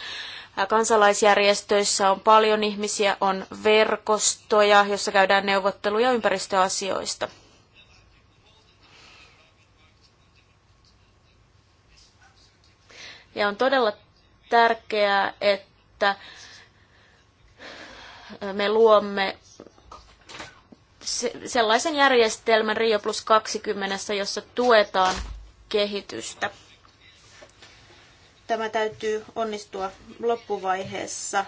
Kansalaisjärjestöissä on paljon ihmisiä, on verkostoja, jossa käydään neuvotteluja ympäristöasioista. Ja on todella tärkeää, että me luomme sellaisen järjestelmän Rio Plus 20, jossa tuetaan kehitystä. Tämä täytyy onnistua loppuvaiheessa.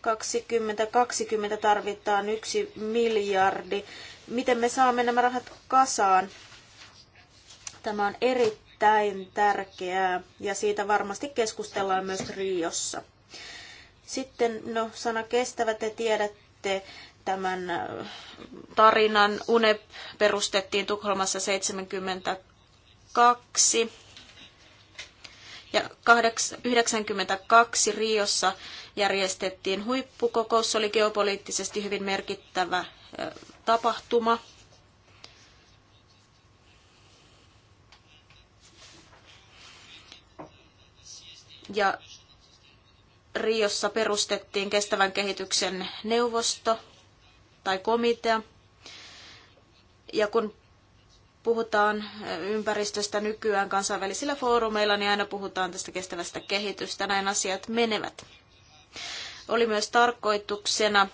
2020 tarvitaan yksi miljardi. Miten me saamme nämä rahat kasaan? Tämä on erittäin tärkeää ja siitä varmasti keskustellaan myös Riossa. Sitten no, sana kestävä, te tiedätte tämän äh, tarinan. UNEP perustettiin Tukholmassa 72 ja 1992 Riossa järjestettiin huippukokous. Se oli geopoliittisesti hyvin merkittävä tapahtuma. Ja Riossa perustettiin kestävän kehityksen neuvosto tai komitea. Ja kun puhutaan eh, ympäristöstä nykyään kansainvälisillä foorumeilla, niin aina puhutaan tästä kestävästä kehitystä. Näin asiat menevät. Oli myös tarkoituksena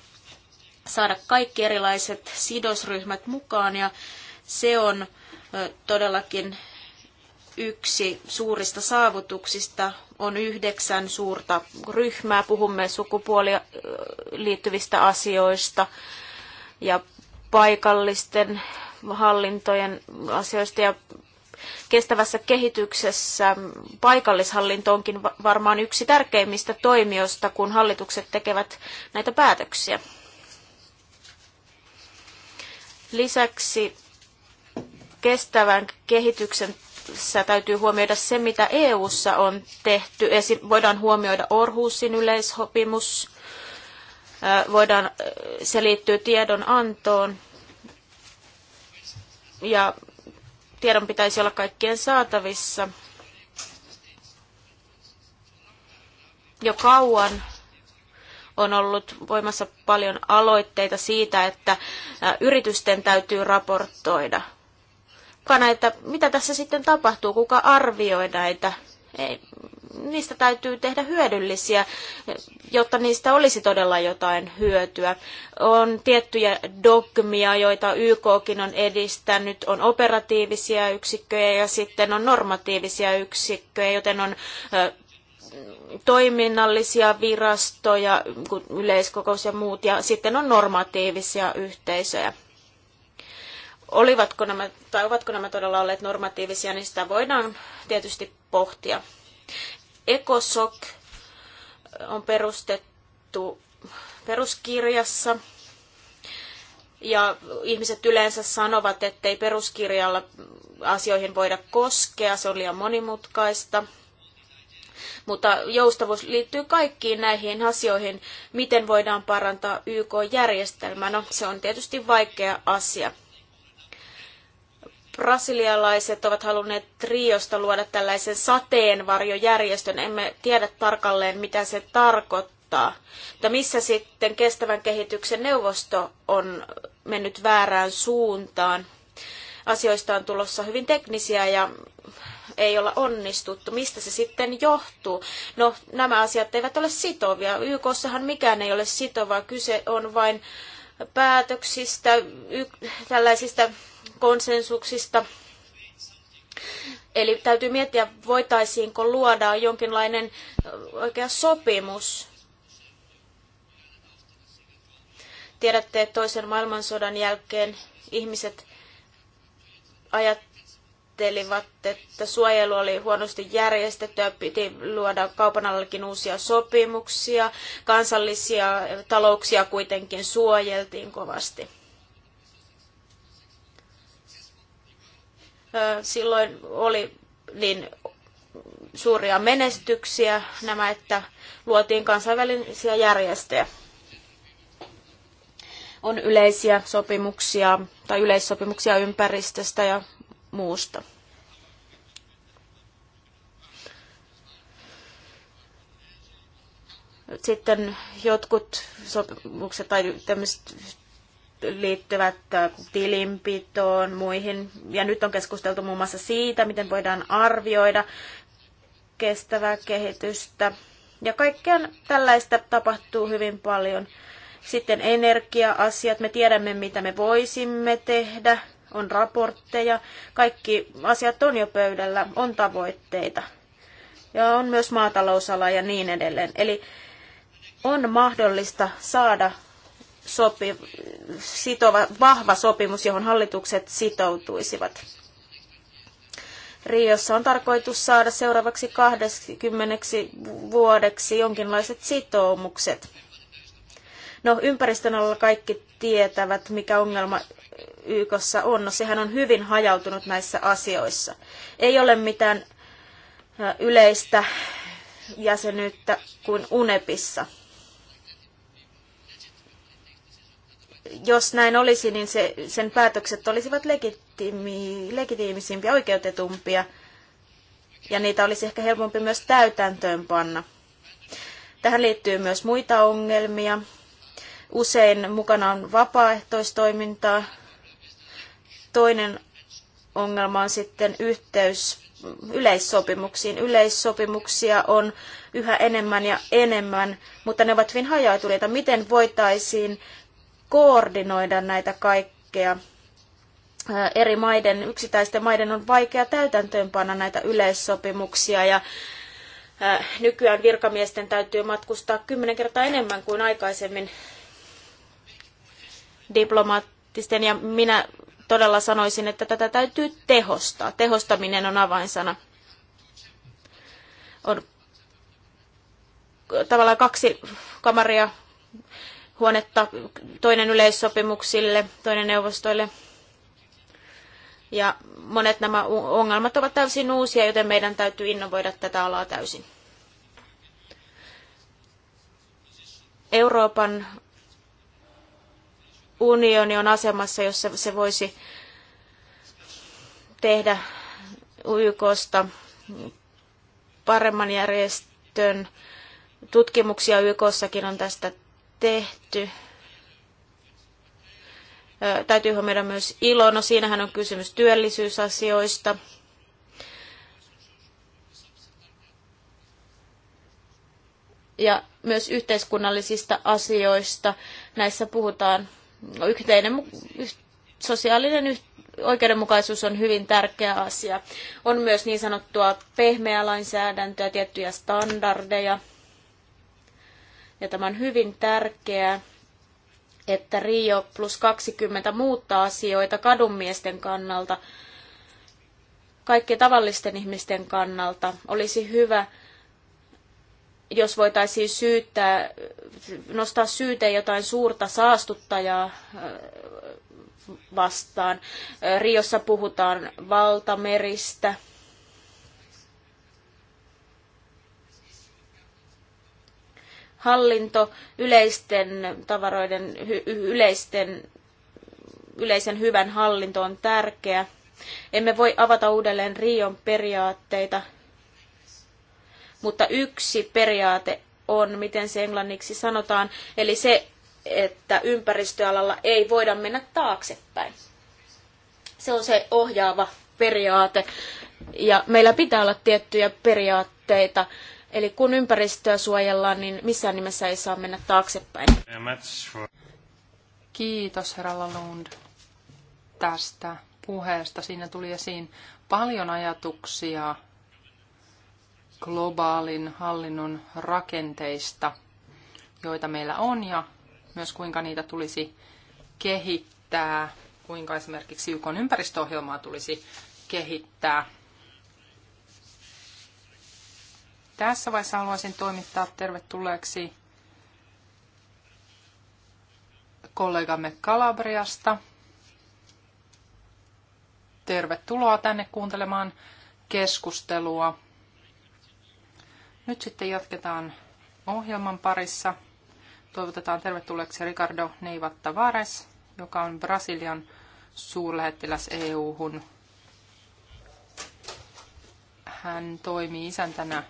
saada kaikki erilaiset sidosryhmät mukaan ja se on eh, todellakin yksi suurista saavutuksista. On yhdeksän suurta ryhmää. Puhumme sukupuolia eh, liittyvistä asioista ja paikallisten hallintojen asioista ja kestävässä kehityksessä paikallishallinto onkin varmaan yksi tärkeimmistä toimijoista, kun hallitukset tekevät näitä päätöksiä. Lisäksi kestävän kehityksen täytyy huomioida se, mitä EU:ssa on tehty. Esim. Voidaan huomioida Orhusin yleishopimus, voidaan, se liittyy tiedonantoon ja tiedon pitäisi olla kaikkien saatavissa. Jo kauan on ollut voimassa paljon aloitteita siitä, että yritysten täytyy raportoida. Kuka näitä, mitä tässä sitten tapahtuu, kuka arvioi näitä niistä täytyy tehdä hyödyllisiä, jotta niistä olisi todella jotain hyötyä. On tiettyjä dogmia, joita YKkin on edistänyt, on operatiivisia yksikköjä ja sitten on normatiivisia yksikköjä, joten on toiminnallisia virastoja, yleiskokous ja muut, ja sitten on normatiivisia yhteisöjä olivatko nämä, tai ovatko nämä todella olleet normatiivisia, niin sitä voidaan tietysti pohtia. Ekosok on perustettu peruskirjassa, ja ihmiset yleensä sanovat, ei peruskirjalla asioihin voida koskea, se on liian monimutkaista. Mutta joustavuus liittyy kaikkiin näihin asioihin, miten voidaan parantaa YK-järjestelmää. No, se on tietysti vaikea asia brasilialaiset ovat halunneet Triosta luoda tällaisen sateenvarjojärjestön. Emme tiedä tarkalleen, mitä se tarkoittaa. Mutta missä sitten kestävän kehityksen neuvosto on mennyt väärään suuntaan? Asioista on tulossa hyvin teknisiä ja ei olla onnistuttu. Mistä se sitten johtuu? No, nämä asiat eivät ole sitovia. YKssahan mikään ei ole sitovaa. Kyse on vain päätöksistä, tällaisista konsensuksista. Eli täytyy miettiä, voitaisiinko luoda jonkinlainen oikea sopimus. Tiedätte, että toisen maailmansodan jälkeen ihmiset ajattelivat, että suojelu oli huonosti järjestetty ja piti luoda kaupan allekin uusia sopimuksia. Kansallisia talouksia kuitenkin suojeltiin kovasti. silloin oli niin suuria menestyksiä nämä, että luotiin kansainvälisiä järjestöjä. On yleisiä sopimuksia tai yleissopimuksia ympäristöstä ja muusta. Sitten jotkut sopimukset tai tämmöiset liittyvät äh, tilinpitoon, muihin. Ja nyt on keskusteltu muun muassa siitä, miten voidaan arvioida kestävää kehitystä. Ja kaikkea tällaista tapahtuu hyvin paljon. Sitten energia-asiat, me tiedämme mitä me voisimme tehdä, on raportteja, kaikki asiat on jo pöydällä, on tavoitteita. Ja on myös maatalousala ja niin edelleen. Eli on mahdollista saada sopi, sitova, vahva sopimus, johon hallitukset sitoutuisivat. Riossa on tarkoitus saada seuraavaksi 20 vuodeksi jonkinlaiset sitoumukset. No, ympäristön alla kaikki tietävät, mikä ongelma YKssa on. No, sehän on hyvin hajautunut näissä asioissa. Ei ole mitään yleistä jäsenyyttä kuin UNEPissa. jos näin olisi, niin se, sen päätökset olisivat legitiimi, legitiimisimpiä, oikeutetumpia, ja niitä olisi ehkä helpompi myös täytäntöön panna. Tähän liittyy myös muita ongelmia. Usein mukana on vapaaehtoistoimintaa. Toinen ongelma on sitten yhteys yleissopimuksiin. Yleissopimuksia on yhä enemmän ja enemmän, mutta ne ovat hyvin hajautuneita. Miten voitaisiin koordinoida näitä kaikkea. Eri maiden, yksittäisten maiden on vaikea täytäntöönpanna näitä yleissopimuksia ja nykyään virkamiesten täytyy matkustaa kymmenen kertaa enemmän kuin aikaisemmin diplomaattisten ja minä todella sanoisin, että tätä täytyy tehostaa. Tehostaminen on avainsana. On tavallaan kaksi kamaria huonetta, toinen yleissopimuksille, toinen neuvostoille. Ja monet nämä ongelmat ovat täysin uusia, joten meidän täytyy innovoida tätä alaa täysin. Euroopan unioni on asemassa, jossa se voisi tehdä YKsta paremman järjestön. Tutkimuksia YKssakin on tästä tehty. Täytyy huomioida myös ilo. No siinähän on kysymys työllisyysasioista. Ja myös yhteiskunnallisista asioista. Näissä puhutaan. No, yhteinen, sosiaalinen oikeudenmukaisuus on hyvin tärkeä asia. On myös niin sanottua pehmeää lainsäädäntöä, tiettyjä standardeja, ja tämä on hyvin tärkeää, että Rio plus 20 muuttaa asioita kadunmiesten kannalta, kaikkien tavallisten ihmisten kannalta. Olisi hyvä, jos voitaisiin syyttää, nostaa syyteen jotain suurta saastuttajaa äh, vastaan. Riossa puhutaan valtameristä, hallinto, yleisten tavaroiden, yleisten, yleisen hyvän hallinto on tärkeä. Emme voi avata uudelleen Rion periaatteita, mutta yksi periaate on, miten se englanniksi sanotaan, eli se, että ympäristöalalla ei voida mennä taaksepäin. Se on se ohjaava periaate. Ja meillä pitää olla tiettyjä periaatteita Eli kun ympäristöä suojellaan, niin missään nimessä ei saa mennä taaksepäin. Kiitos herra Lalund tästä puheesta. Siinä tuli esiin paljon ajatuksia globaalin hallinnon rakenteista, joita meillä on ja myös kuinka niitä tulisi kehittää, kuinka esimerkiksi YK ympäristöohjelmaa tulisi kehittää. tässä vaiheessa haluaisin toimittaa tervetulleeksi kollegamme Kalabriasta. Tervetuloa tänne kuuntelemaan keskustelua. Nyt sitten jatketaan ohjelman parissa. Toivotetaan tervetulleeksi Ricardo Neivat Tavares, joka on Brasilian suurlähettiläs EU-hun. Hän toimii isäntänä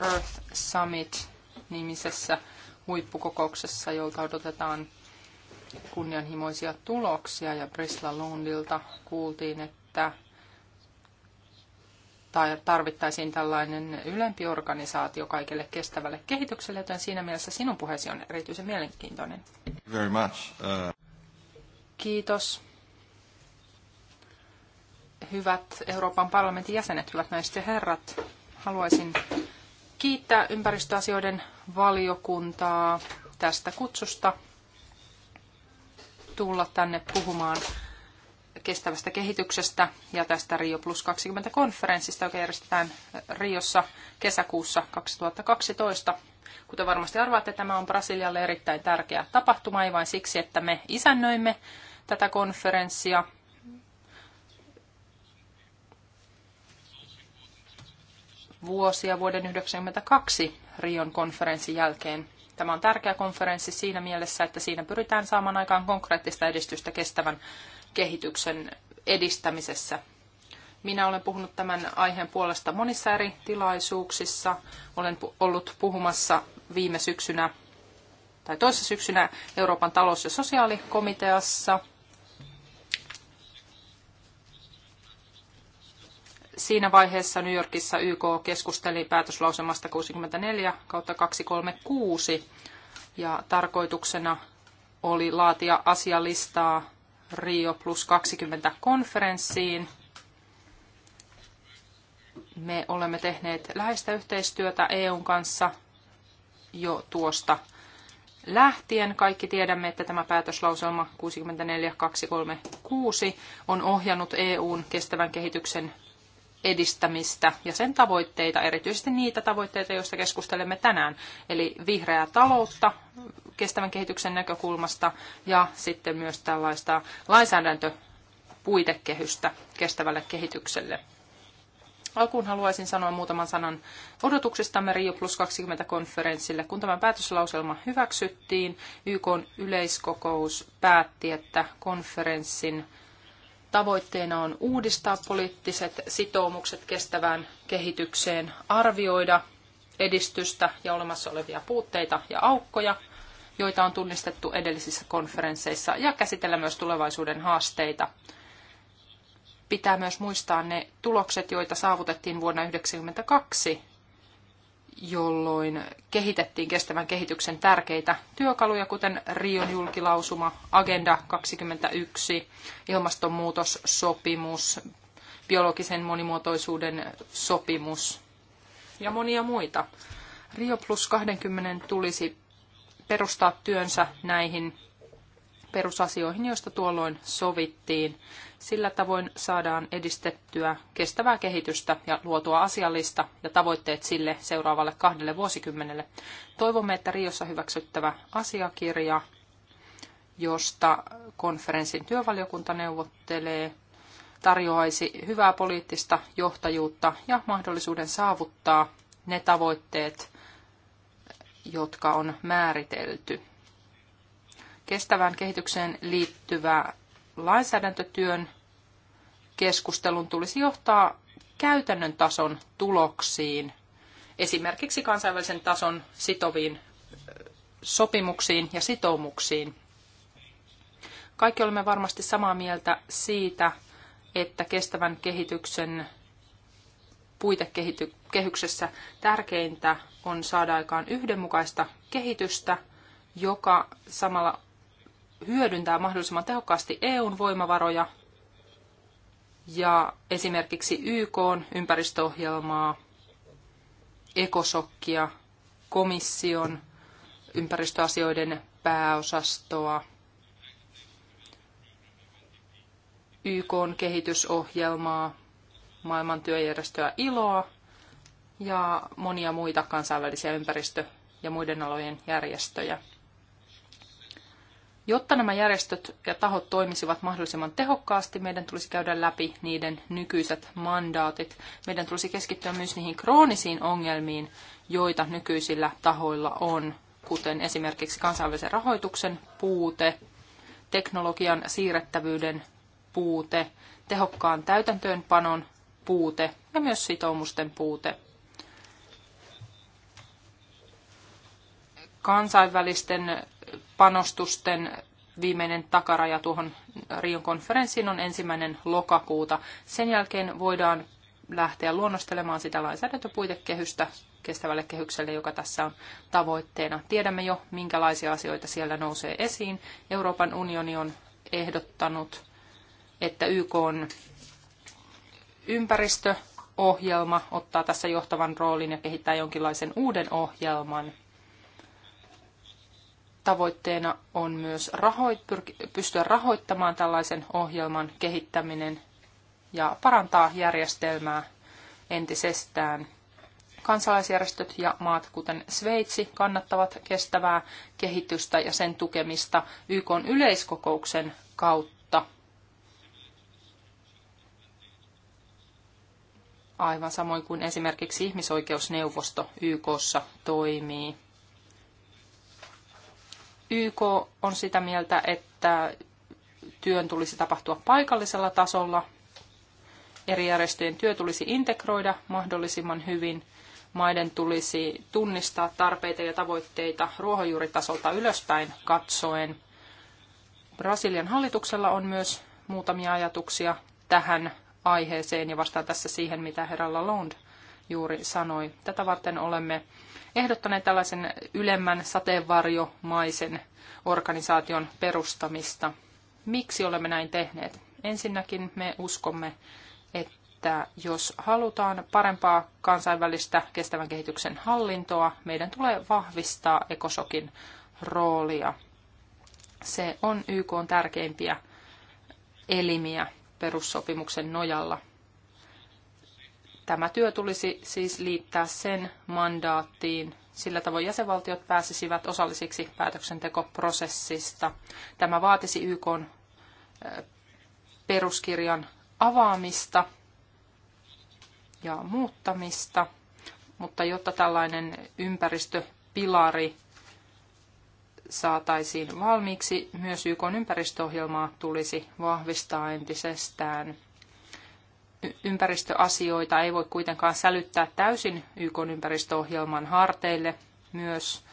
Earth Summit-nimisessä huippukokouksessa, jolta odotetaan kunnianhimoisia tuloksia. Ja Brisla Lundilta kuultiin, että tarvittaisiin tällainen ylempi organisaatio kaikille kestävälle kehitykselle, joten siinä mielessä sinun puheesi on erityisen mielenkiintoinen. Very much. Uh... Kiitos. Hyvät Euroopan parlamentin jäsenet, hyvät naiset ja herrat, haluaisin kiittää ympäristöasioiden valiokuntaa tästä kutsusta tulla tänne puhumaan kestävästä kehityksestä ja tästä Rio Plus 20 konferenssista, joka järjestetään Riossa kesäkuussa 2012. Kuten varmasti arvaatte, tämä on Brasilialle erittäin tärkeä tapahtuma, ei vain siksi, että me isännöimme tätä konferenssia, vuosia vuoden 1992 Rion konferenssin jälkeen. Tämä on tärkeä konferenssi siinä mielessä, että siinä pyritään saamaan aikaan konkreettista edistystä kestävän kehityksen edistämisessä. Minä olen puhunut tämän aiheen puolesta monissa eri tilaisuuksissa. Olen ollut puhumassa viime syksynä tai toisessa syksynä Euroopan talous- ja sosiaalikomiteassa – siinä vaiheessa New Yorkissa YK keskusteli päätöslausemasta 64 kautta 236 ja tarkoituksena oli laatia asialistaa Rio plus 20 konferenssiin. Me olemme tehneet läheistä yhteistyötä EUn kanssa jo tuosta lähtien. Kaikki tiedämme, että tämä päätöslauselma 64236 on ohjannut EUn kestävän kehityksen edistämistä ja sen tavoitteita, erityisesti niitä tavoitteita, joista keskustelemme tänään, eli vihreää taloutta kestävän kehityksen näkökulmasta ja sitten myös tällaista lainsäädäntöpuitekehystä kestävälle kehitykselle. Alkuun haluaisin sanoa muutaman sanan odotuksistamme Rio Plus 20-konferenssille. Kun tämä päätöslauselma hyväksyttiin, YK yleiskokous päätti, että konferenssin Tavoitteena on uudistaa poliittiset sitoumukset kestävään kehitykseen, arvioida edistystä ja olemassa olevia puutteita ja aukkoja, joita on tunnistettu edellisissä konferensseissa, ja käsitellä myös tulevaisuuden haasteita. Pitää myös muistaa ne tulokset, joita saavutettiin vuonna 1992 jolloin kehitettiin kestävän kehityksen tärkeitä työkaluja, kuten Rion julkilausuma, Agenda 21, ilmastonmuutossopimus, biologisen monimuotoisuuden sopimus ja monia muita. Rio plus 20 tulisi perustaa työnsä näihin perusasioihin, joista tuolloin sovittiin. Sillä tavoin saadaan edistettyä kestävää kehitystä ja luotua asiallista ja tavoitteet sille seuraavalle kahdelle vuosikymmenelle. Toivomme, että Riossa hyväksyttävä asiakirja, josta konferenssin työvaliokunta neuvottelee, tarjoaisi hyvää poliittista johtajuutta ja mahdollisuuden saavuttaa ne tavoitteet, jotka on määritelty kestävään kehitykseen liittyvä lainsäädäntötyön keskustelun tulisi johtaa käytännön tason tuloksiin, esimerkiksi kansainvälisen tason sitoviin sopimuksiin ja sitoumuksiin. Kaikki olemme varmasti samaa mieltä siitä, että kestävän kehityksen puitekehyksessä tärkeintä on saada aikaan yhdenmukaista kehitystä, joka samalla hyödyntää mahdollisimman tehokkaasti EUn voimavaroja ja esimerkiksi YK ympäristöohjelmaa, ekosokkia, komission ympäristöasioiden pääosastoa, YK kehitysohjelmaa, maailman työjärjestöä ILOa ja monia muita kansainvälisiä ympäristö- ja muiden alojen järjestöjä. Jotta nämä järjestöt ja tahot toimisivat mahdollisimman tehokkaasti, meidän tulisi käydä läpi niiden nykyiset mandaatit. Meidän tulisi keskittyä myös niihin kroonisiin ongelmiin, joita nykyisillä tahoilla on, kuten esimerkiksi kansainvälisen rahoituksen puute, teknologian siirrettävyyden puute, tehokkaan täytäntöönpanon puute ja myös sitoumusten puute. Kansainvälisten panostusten viimeinen takaraja tuohon Rion konferenssiin on ensimmäinen lokakuuta. Sen jälkeen voidaan lähteä luonnostelemaan sitä lainsäädäntöpuitekehystä kestävälle kehykselle, joka tässä on tavoitteena. Tiedämme jo, minkälaisia asioita siellä nousee esiin. Euroopan unioni on ehdottanut, että YK on ympäristöohjelma ottaa tässä johtavan roolin ja kehittää jonkinlaisen uuden ohjelman – Tavoitteena on myös rahoit, pystyä rahoittamaan tällaisen ohjelman kehittäminen ja parantaa järjestelmää entisestään. Kansalaisjärjestöt ja maat, kuten Sveitsi, kannattavat kestävää kehitystä ja sen tukemista YK yleiskokouksen kautta. Aivan samoin kuin esimerkiksi ihmisoikeusneuvosto YKssa toimii. YK on sitä mieltä, että työn tulisi tapahtua paikallisella tasolla. Eri järjestöjen työ tulisi integroida mahdollisimman hyvin. Maiden tulisi tunnistaa tarpeita ja tavoitteita ruohonjuuritasolta ylöspäin katsoen. Brasilian hallituksella on myös muutamia ajatuksia tähän aiheeseen ja vastaan tässä siihen, mitä herra Lalonde juuri sanoi. Tätä varten olemme ehdottaneet tällaisen ylemmän sateenvarjomaisen organisaation perustamista. Miksi olemme näin tehneet? Ensinnäkin me uskomme, että jos halutaan parempaa kansainvälistä kestävän kehityksen hallintoa, meidän tulee vahvistaa ekosokin roolia. Se on YK on tärkeimpiä elimiä perussopimuksen nojalla. Tämä työ tulisi siis liittää sen mandaattiin. Sillä tavoin jäsenvaltiot pääsisivät osallisiksi päätöksentekoprosessista. Tämä vaatisi YK peruskirjan avaamista ja muuttamista, mutta jotta tällainen ympäristöpilari saataisiin valmiiksi, myös YK ympäristöohjelmaa tulisi vahvistaa entisestään ympäristöasioita ei voi kuitenkaan sälyttää täysin YK ympäristöohjelman harteille. Myös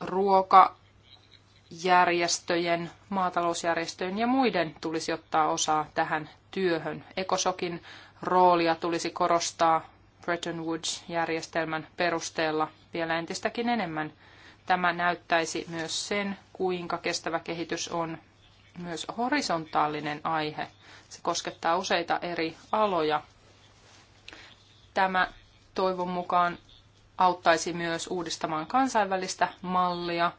ruokajärjestöjen, maatalousjärjestöjen ja muiden tulisi ottaa osaa tähän työhön. Ekosokin roolia tulisi korostaa Bretton Woods-järjestelmän perusteella vielä entistäkin enemmän. Tämä näyttäisi myös sen, kuinka kestävä kehitys on myös horisontaalinen aihe. Se koskettaa useita eri aloja. Tämä toivon mukaan auttaisi myös uudistamaan kansainvälistä mallia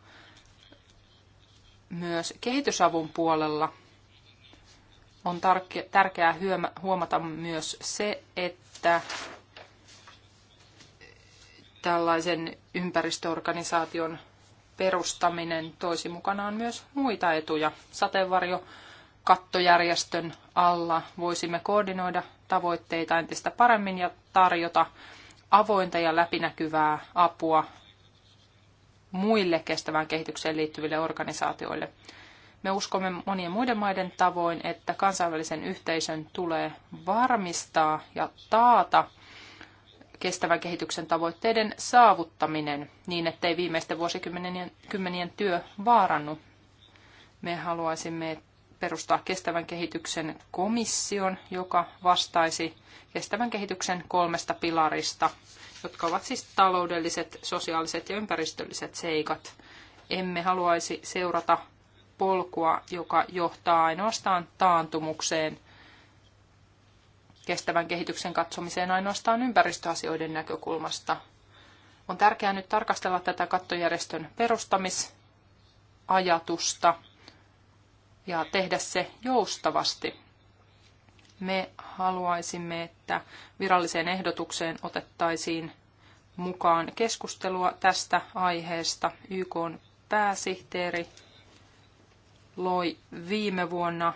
myös kehitysavun puolella. On tärkeää huomata myös se, että tällaisen ympäristöorganisaation perustaminen toisi mukanaan myös muita etuja. Sateenvarjo kattojärjestön alla voisimme koordinoida tavoitteita entistä paremmin ja tarjota avointa ja läpinäkyvää apua muille kestävään kehitykseen liittyville organisaatioille. Me uskomme monien muiden maiden tavoin, että kansainvälisen yhteisön tulee varmistaa ja taata kestävän kehityksen tavoitteiden saavuttaminen niin, ettei viimeisten vuosikymmenien kymmenien työ vaarannu. Me haluaisimme perustaa kestävän kehityksen komission, joka vastaisi kestävän kehityksen kolmesta pilarista, jotka ovat siis taloudelliset, sosiaaliset ja ympäristölliset seikat. Emme haluaisi seurata polkua, joka johtaa ainoastaan taantumukseen kestävän kehityksen katsomiseen ainoastaan ympäristöasioiden näkökulmasta. On tärkeää nyt tarkastella tätä kattojärjestön perustamisajatusta ja tehdä se joustavasti. Me haluaisimme, että viralliseen ehdotukseen otettaisiin mukaan keskustelua tästä aiheesta. YK pääsihteeri loi viime vuonna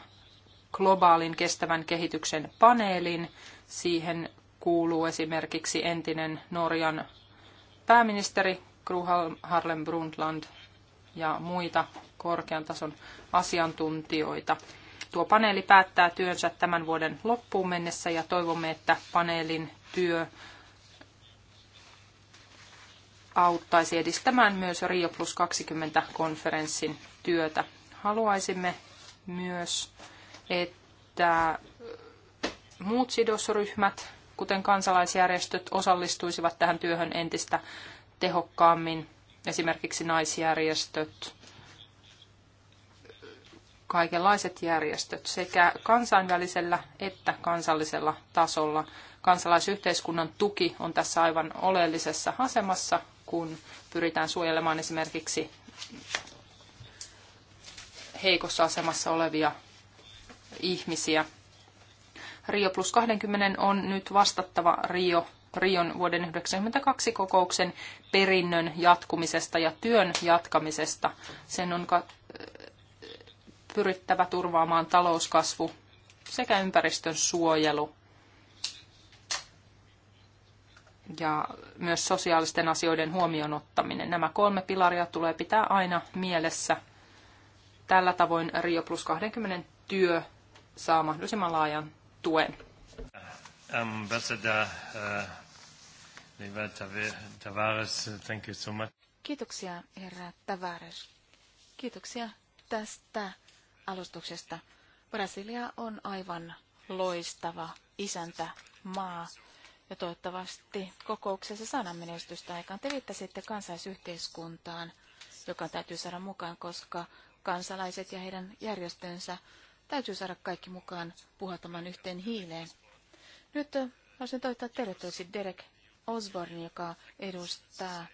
globaalin kestävän kehityksen paneelin. Siihen kuuluu esimerkiksi entinen Norjan pääministeri Gru Harlem Brundtland ja muita korkean tason asiantuntijoita. Tuo paneeli päättää työnsä tämän vuoden loppuun mennessä ja toivomme, että paneelin työ auttaisi edistämään myös Rio Plus 20 konferenssin työtä. Haluaisimme myös että muut sidosryhmät, kuten kansalaisjärjestöt, osallistuisivat tähän työhön entistä tehokkaammin, esimerkiksi naisjärjestöt, kaikenlaiset järjestöt sekä kansainvälisellä että kansallisella tasolla. Kansalaisyhteiskunnan tuki on tässä aivan oleellisessa asemassa, kun pyritään suojelemaan esimerkiksi heikossa asemassa olevia ihmisiä. Rio plus 20 on nyt vastattava Rio, Rion vuoden 1992 kokouksen perinnön jatkumisesta ja työn jatkamisesta. Sen on pyrittävä turvaamaan talouskasvu sekä ympäristön suojelu ja myös sosiaalisten asioiden huomioon ottaminen. Nämä kolme pilaria tulee pitää aina mielessä. Tällä tavoin Rio plus 20 työ saa mahdollisimman laajan tuen. Uh, Kiitoksia, herra Tavares. Kiitoksia tästä alustuksesta. Brasilia on aivan loistava isäntämaa ja toivottavasti kokouksessa sanan menestystä aikaan. Te viittasitte kansaisyhteiskuntaan, joka täytyy saada mukaan, koska kansalaiset ja heidän järjestönsä Täytyy saada kaikki mukaan puhaltamaan yhteen hiileen. Nyt äh, haluaisin toivottaa tervetulleeksi Derek Osborne, joka edustaa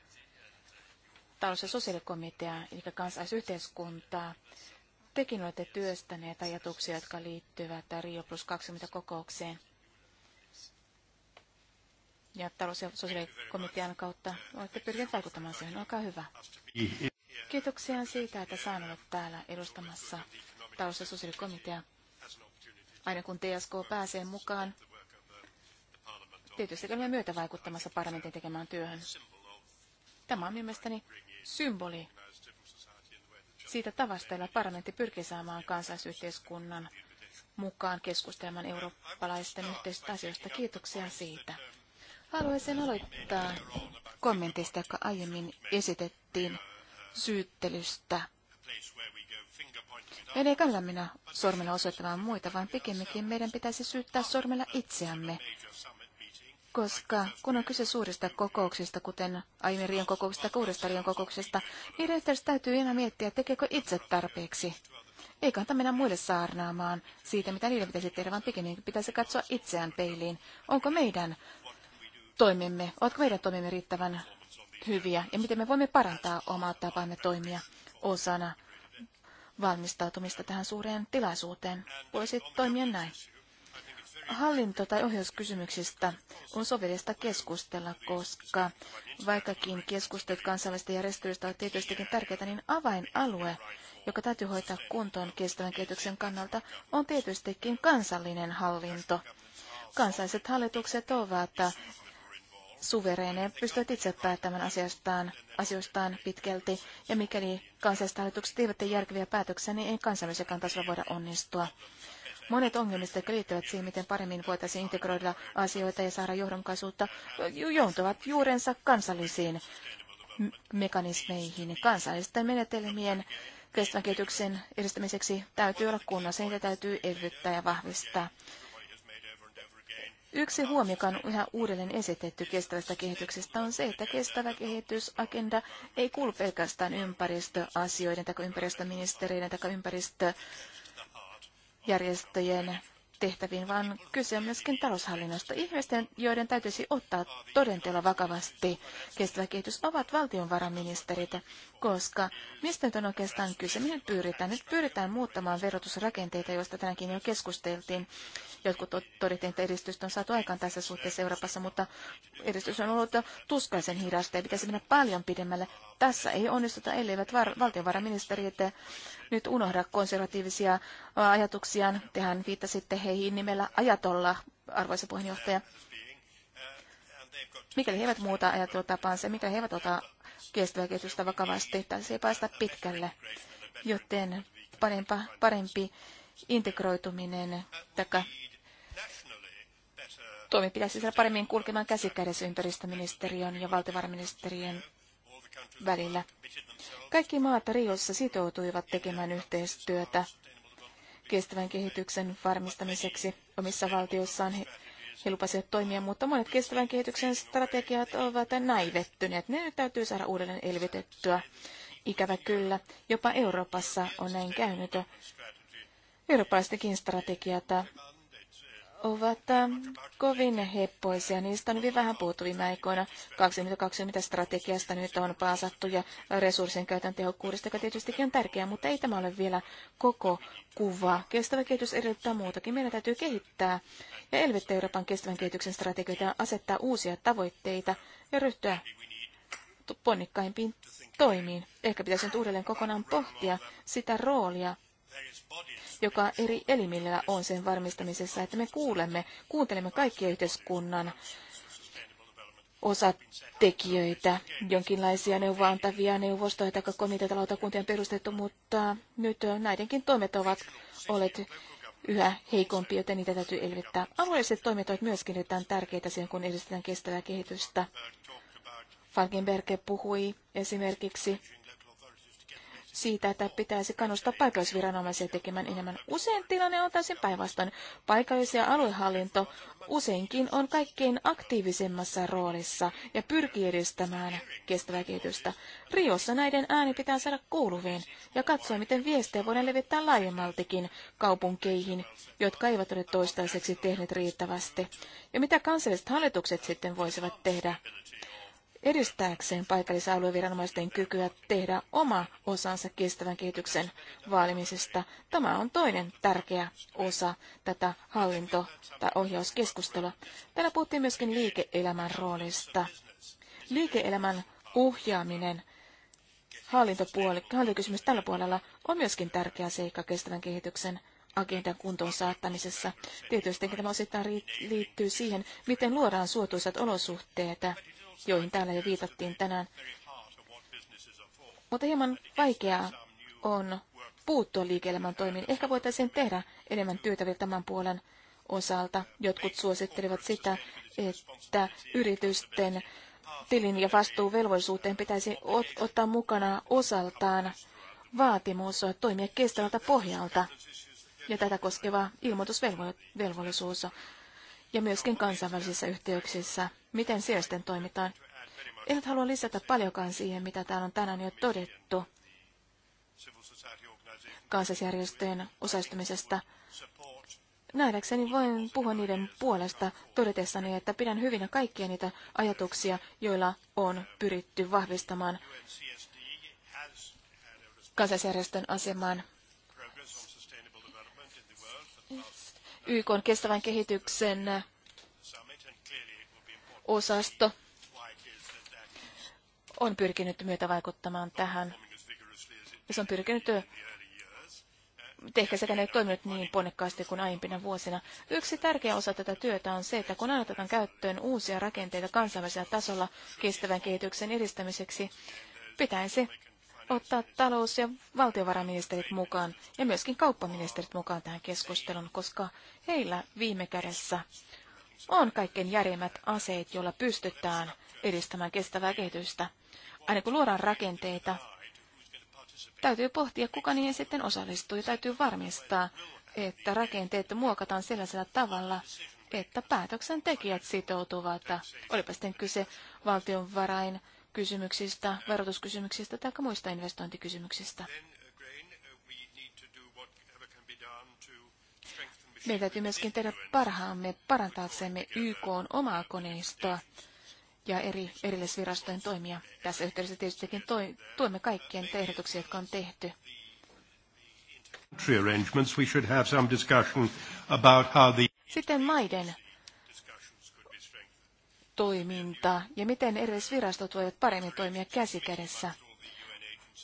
talous- ja sosiaalikomiteaa, eli kansalaisyhteiskuntaa. Tekin olette työstäneet ajatuksia, jotka liittyvät Rio plus 20 kokoukseen. Ja talous- ja sosiaalikomitean kautta olette pyrkineet vaikuttamaan siihen. Olkaa hyvä. Kiitoksia siitä, että saan olla täällä edustamassa talous- sosiaalikomitea. Aina kun TSK pääsee mukaan, tietysti olemme myötä vaikuttamassa parlamentin tekemään työhön. Tämä on mielestäni symboli siitä tavasta, jolla parlamentti pyrkii saamaan kansalaisyhteiskunnan mukaan keskustelemaan eurooppalaisten yhteisistä asioista. Kiitoksia siitä. Haluaisin aloittaa kommentista, joka aiemmin esitettiin syyttelystä meidän ei kannata minä sormella osoittamaan muita, vaan pikemminkin meidän pitäisi syyttää sormella itseämme. Koska kun on kyse suurista kokouksista, kuten aiemmin Rion kokouksista, kuudesta Rion kokouksesta, niin yhteydessä täytyy aina miettiä, tekeekö itse tarpeeksi. Ei kannata mennä muille saarnaamaan siitä, mitä niiden pitäisi tehdä, vaan pikemminkin pitäisi katsoa itseään peiliin. Onko meidän toimimme, ovatko meidän toimimme riittävän hyviä ja miten me voimme parantaa omaa tapaamme toimia osana valmistautumista tähän suureen tilaisuuteen. Voisi toimia näin. Hallinto- tai ohjauskysymyksistä on sovellista keskustella, koska vaikkakin keskustelut kansainvälisistä järjestelyistä ovat tietystikin tärkeitä, niin avainalue, joka täytyy hoitaa kuntoon kestävän kehityksen kannalta, on tietystikin kansallinen hallinto. Kansalliset hallitukset ovat suvereeneja, pystyvät itse päättämään asiastaan, asioistaan pitkälti, ja mikäli kansalliset hallitukset eivät tee järkeviä päätöksiä, niin ei kansainvälisellä tasolla voida onnistua. Monet ongelmista, jotka liittyvät siihen, miten paremmin voitaisiin integroida asioita ja saada johdonkaisuutta, joutuvat juurensa kansallisiin mekanismeihin. Kansallisten menetelmien kestävän kehityksen edistämiseksi täytyy olla kunnossa, niitä täytyy elvyttää ja vahvistaa. Yksi huomio, joka on yhä uudelleen esitetty kestävästä kehityksestä, on se, että kestävä kehitysagenda ei kuulu pelkästään ympäristöasioiden tai ympäristöministeriöiden tai ympäristöjärjestöjen tehtäviin, vaan kyse on myöskin taloushallinnosta. Ihmisten, joiden täytyisi ottaa todenteella vakavasti kestävä kehitys, ovat valtionvarainministerit, koska mistä nyt on oikeastaan kyse? Mihin pyritään? Nyt pyritään muuttamaan verotusrakenteita, joista tänäänkin jo keskusteltiin. Jotkut todettiin, että edistystä on saatu aikaan tässä suhteessa Euroopassa, mutta edistys on ollut tuskaisen hidasta ja pitäisi mennä paljon pidemmälle. Tässä ei onnistuta, elleivät var- valtionvarainministerit nyt unohda konservatiivisia ajatuksiaan. Tehän viittasitte heihin nimellä ajatolla, arvoisa puheenjohtaja. Mikäli he eivät muuta ajattelutapaansa, mikäli he eivät ota kestävää kehitystä vakavasti, tai se ei päästä pitkälle. Joten parempa, parempi integroituminen taka. toimi pitäisi saada paremmin kulkemaan käsikädessä ympäristöministeriön ja valtiovarainministeriön välillä. Kaikki maat Riossa sitoutuivat tekemään yhteistyötä kestävän kehityksen varmistamiseksi omissa valtioissaan. He, he lupasivat toimia, mutta monet kestävän kehityksen strategiat ovat näivettyneet. Ne täytyy saada uudelleen elvytettyä. Ikävä kyllä, jopa Euroopassa on näin käynyt. Eurooppalaistenkin strategiat ovat ähm, kovin heppoisia. Niistä on hyvin vähän puhuttu viime aikoina. 2020 strategiasta nyt on paasattu ja resurssien käytön tehokkuudesta, joka tietystikin on tärkeää, mutta ei tämä ole vielä koko kuva. Kestävä kehitys edellyttää muutakin. Meidän täytyy kehittää ja elvyttää Euroopan kestävän kehityksen strategioita, asettaa uusia tavoitteita ja ryhtyä ponnikkaimpiin toimiin. Ehkä pitäisi nyt uudelleen kokonaan pohtia sitä roolia, joka eri elimillä on sen varmistamisessa, että me kuulemme, kuuntelemme kaikkia yhteiskunnan osatekijöitä, jonkinlaisia neuvoantavia antavia neuvostoja tai komiteita lautakuntia on perustettu, mutta nyt näidenkin toimet ovat olleet yhä heikompi, joten niitä täytyy elvyttää. Alueelliset toimet ovat myöskin on tärkeitä siihen, kun edistetään kestävää kehitystä. Falkenberg puhui esimerkiksi siitä, että pitäisi kannustaa paikallisviranomaisia tekemään enemmän. Usein tilanne on täysin päinvastoin. Paikallis- ja aluehallinto useinkin on kaikkein aktiivisemmassa roolissa ja pyrkii edistämään kestävää kehitystä. Riossa näiden ääni pitää saada kuuluviin ja katsoa, miten viestejä voidaan levittää laajemmaltikin kaupunkeihin, jotka eivät ole toistaiseksi tehneet riittävästi. Ja mitä kansalliset hallitukset sitten voisivat tehdä? edistääkseen alueviranomaisten kykyä tehdä oma osansa kestävän kehityksen vaalimisesta. Tämä on toinen tärkeä osa tätä hallinto- tai ohjauskeskustelua. Täällä puhuttiin myöskin liike-elämän roolista. Liike-elämän ohjaaminen hallintopuoli, hallintokysymys tällä puolella on myöskin tärkeä seikka kestävän kehityksen agendan kuntoon saattamisessa. Tietysti tämä osittain liittyy siihen, miten luodaan suotuisat olosuhteet joihin täällä jo viitattiin tänään. Mutta hieman vaikeaa on puuttua liike-elämän toimiin. Ehkä voitaisiin tehdä enemmän työtä vielä tämän puolen osalta. Jotkut suosittelivat sitä, että yritysten tilin ja vastuuvelvollisuuteen pitäisi ot- ottaa mukana osaltaan vaatimus toimia kestävältä pohjalta ja tätä koskeva ilmoitusvelvollisuus ja myöskin kansainvälisissä yhteyksissä, miten sijaisten toimitaan. En nyt halua lisätä paljonkaan siihen, mitä täällä on tänään jo todettu kansallisjärjestöjen osallistumisesta. Nähdäkseni voin puhua niiden puolesta todetessani, että pidän hyvinä kaikkia niitä ajatuksia, joilla on pyritty vahvistamaan kansallisjärjestön asemaan YK on kestävän kehityksen osasto on pyrkinyt vaikuttamaan tähän. Se on pyrkinyt ehkä sekä ei toiminut niin ponnekkaasti kuin aiempina vuosina. Yksi tärkeä osa tätä työtä on se, että kun annetaan käyttöön uusia rakenteita kansainvälisellä tasolla kestävän kehityksen edistämiseksi, pitäisi ottaa talous- ja valtiovarainministerit mukaan ja myöskin kauppaministerit mukaan tähän keskusteluun, koska heillä viime kädessä on kaikkein järimmät aseet, joilla pystytään edistämään kestävää kehitystä. Aina kun luodaan rakenteita, täytyy pohtia, kuka niihin sitten osallistuu ja täytyy varmistaa, että rakenteet muokataan sellaisella tavalla, että päätöksentekijät sitoutuvat. Olipa sitten kyse valtionvarain kysymyksistä, verotuskysymyksistä tai muista investointikysymyksistä. Meidän täytyy myöskin tehdä parhaamme parantaaksemme YK on omaa koneistoa ja eri erillisvirastojen toimia. Tässä yhteydessä tietysti tuemme kaikkien ehdotuksia, jotka on tehty. Sitten maiden toiminta ja miten erillisvirastot voivat paremmin toimia käsikädessä.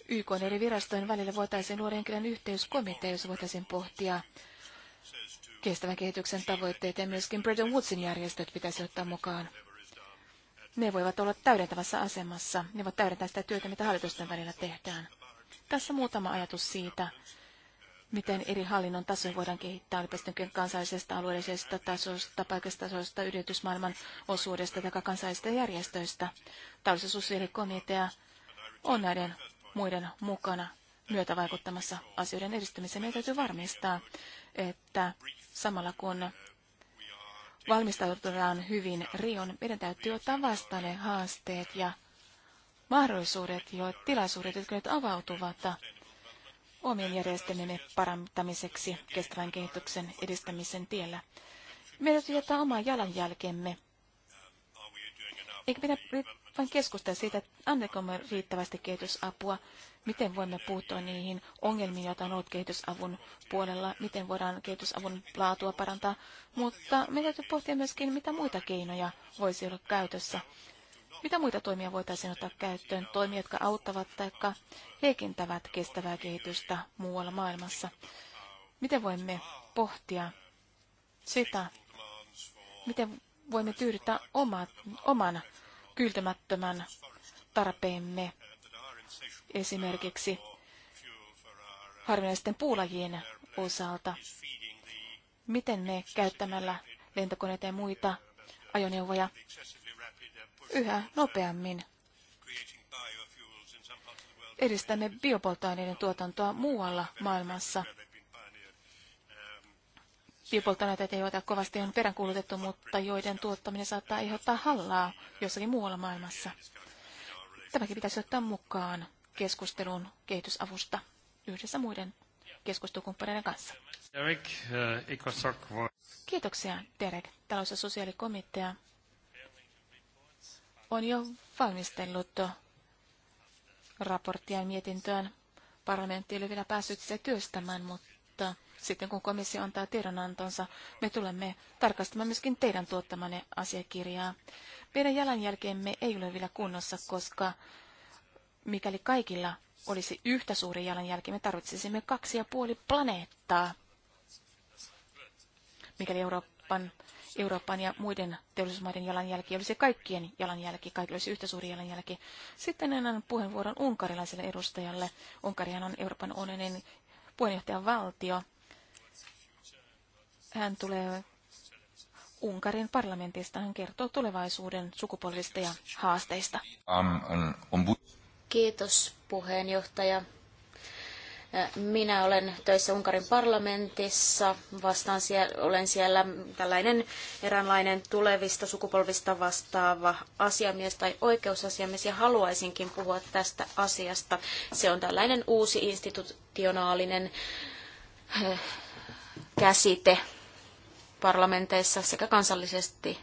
YK eri virastojen välillä voitaisiin luoda jonkinlainen yhteyskomitea, jossa voitaisiin pohtia kestävän kehityksen tavoitteet ja myöskin Bretton Woodsin järjestöt pitäisi ottaa mukaan. Ne voivat olla täydentävässä asemassa. Ne voivat täydentää sitä työtä, mitä hallitusten välillä tehdään. Tässä muutama ajatus siitä, miten eri hallinnon tasoja voidaan kehittää, olipa sitten kansallisesta, alueellisesta tasosta, paikallistasoista, yritysmaailman osuudesta tai kansallisista järjestöistä. Talous- sosiaalikomitea on näiden muiden mukana vaikuttamassa asioiden edistämiseen. Meidän täytyy varmistaa, että samalla kun valmistaudutaan hyvin Rion, meidän täytyy ottaa vastaan ne haasteet ja mahdollisuudet ja tilaisuudet, jotka nyt avautuvat omien järjestelmiemme parantamiseksi kestävän kehityksen edistämisen tiellä. Meidän täytyy jättää oman jalanjälkemme. Eikä pidä vain keskustella siitä, annetko me riittävästi kehitysapua, miten voimme puuttua niihin ongelmiin, joita on ollut kehitysavun puolella, miten voidaan kehitysavun laatua parantaa, mutta meidän täytyy pohtia myöskin, mitä muita keinoja voisi olla käytössä. Mitä muita toimia voitaisiin ottaa käyttöön? Toimia, jotka auttavat tai heikentävät kestävää kehitystä muualla maailmassa. Miten voimme pohtia sitä, miten voimme tyydyttää omat, oman kyltymättömän tarpeemme esimerkiksi harvinaisten puulajien osalta. Miten me käyttämällä lentokoneita ja muita ajoneuvoja yhä nopeammin. Edistämme biopolttoaineiden tuotantoa muualla maailmassa. Biopolttoaineita, ole kovasti on peräänkuulutettu, mutta joiden tuottaminen saattaa aiheuttaa hallaa jossakin muualla maailmassa. Tämäkin pitäisi ottaa mukaan keskusteluun kehitysavusta yhdessä muiden keskustelukumppaneiden kanssa. Eh, Kiitoksia, Derek, talous- ja sosiaalikomitea on jo valmistellut raporttia mietintöön. Parlamentti ei ole vielä päässyt sitä työstämään, mutta sitten kun komissio antaa tiedonantonsa, me tulemme tarkastamaan myöskin teidän tuottamanne asiakirjaa. Meidän jalanjälkeemme ei ole vielä kunnossa, koska mikäli kaikilla olisi yhtä suuri jalanjälki, me tarvitsisimme kaksi ja puoli planeettaa. Mikäli Euroopan Euroopan ja muiden teollisuusmaiden jalanjälki olisi kaikkien jalanjälki, kaikilla olisi yhtä suuri jalanjälki. Sitten annan puheenvuoron unkarilaiselle edustajalle. Unkarihan on Euroopan onnen puheenjohtajan valtio. Hän tulee Unkarin parlamentista. Hän kertoo tulevaisuuden sukupolvista ja haasteista. Kiitos puheenjohtaja. Minä olen töissä Unkarin parlamentissa, vastaan siellä, olen siellä tällainen eräänlainen tulevista sukupolvista vastaava asiamies tai oikeusasiamies ja haluaisinkin puhua tästä asiasta. Se on tällainen uusi institutionaalinen eh, käsite parlamenteissa sekä kansallisesti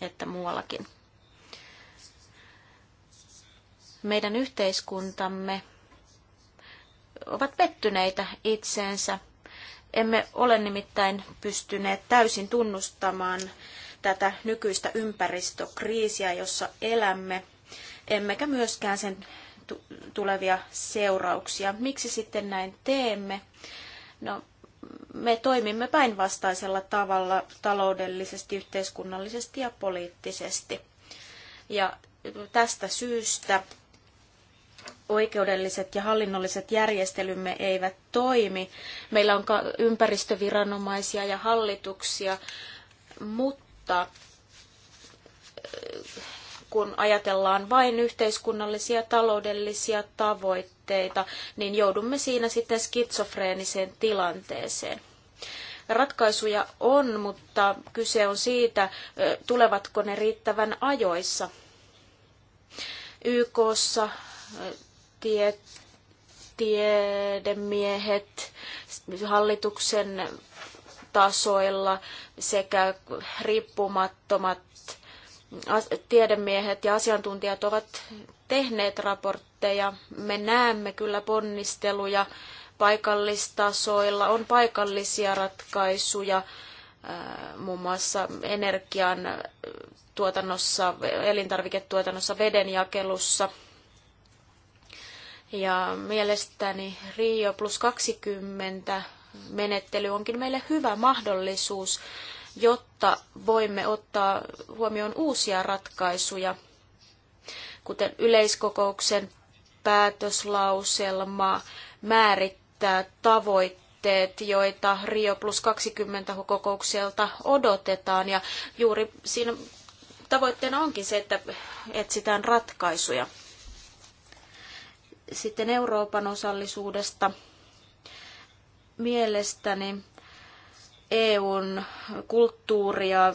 että muuallakin. Meidän yhteiskuntamme ovat pettyneitä itseensä. Emme ole nimittäin pystyneet täysin tunnustamaan tätä nykyistä ympäristökriisiä, jossa elämme, emmekä myöskään sen tulevia seurauksia. Miksi sitten näin teemme? No, me toimimme päinvastaisella tavalla taloudellisesti, yhteiskunnallisesti ja poliittisesti. Ja tästä syystä oikeudelliset ja hallinnolliset järjestelymme eivät toimi. Meillä on ympäristöviranomaisia ja hallituksia, mutta äh, kun ajatellaan vain yhteiskunnallisia taloudellisia tavoitteita, niin joudumme siinä sitten skitsofreeniseen tilanteeseen. Ratkaisuja on, mutta kyse on siitä, äh, tulevatko ne riittävän ajoissa. YKssa äh, tie, tiedemiehet hallituksen tasoilla sekä riippumattomat tiedemiehet ja asiantuntijat ovat tehneet raportteja. Me näemme kyllä ponnisteluja paikallistasoilla, on paikallisia ratkaisuja muun mm. muassa energian tuotannossa, elintarviketuotannossa, vedenjakelussa – ja mielestäni Rio plus 20 menettely onkin meille hyvä mahdollisuus, jotta voimme ottaa huomioon uusia ratkaisuja, kuten yleiskokouksen päätöslauselma määrittää tavoitteet, joita Rio plus 20 kokoukselta odotetaan. Ja juuri siinä tavoitteena onkin se, että etsitään ratkaisuja. Sitten Euroopan osallisuudesta. Mielestäni EUn kulttuuri ja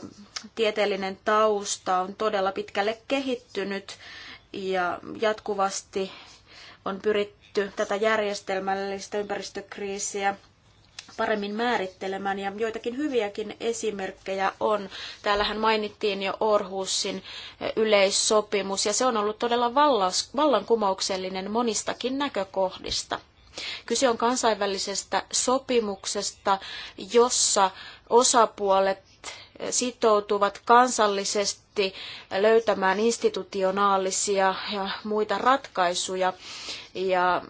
tieteellinen tausta on todella pitkälle kehittynyt ja jatkuvasti on pyritty tätä järjestelmällistä ympäristökriisiä paremmin määrittelemään ja joitakin hyviäkin esimerkkejä on. Täällähän mainittiin jo Orhusin eh, yleissopimus ja se on ollut todella vallas, vallankumouksellinen monistakin näkökohdista. Kyse on kansainvälisestä sopimuksesta, jossa osapuolet eh, sitoutuvat kansallisesti löytämään institutionaalisia ja muita ratkaisuja ja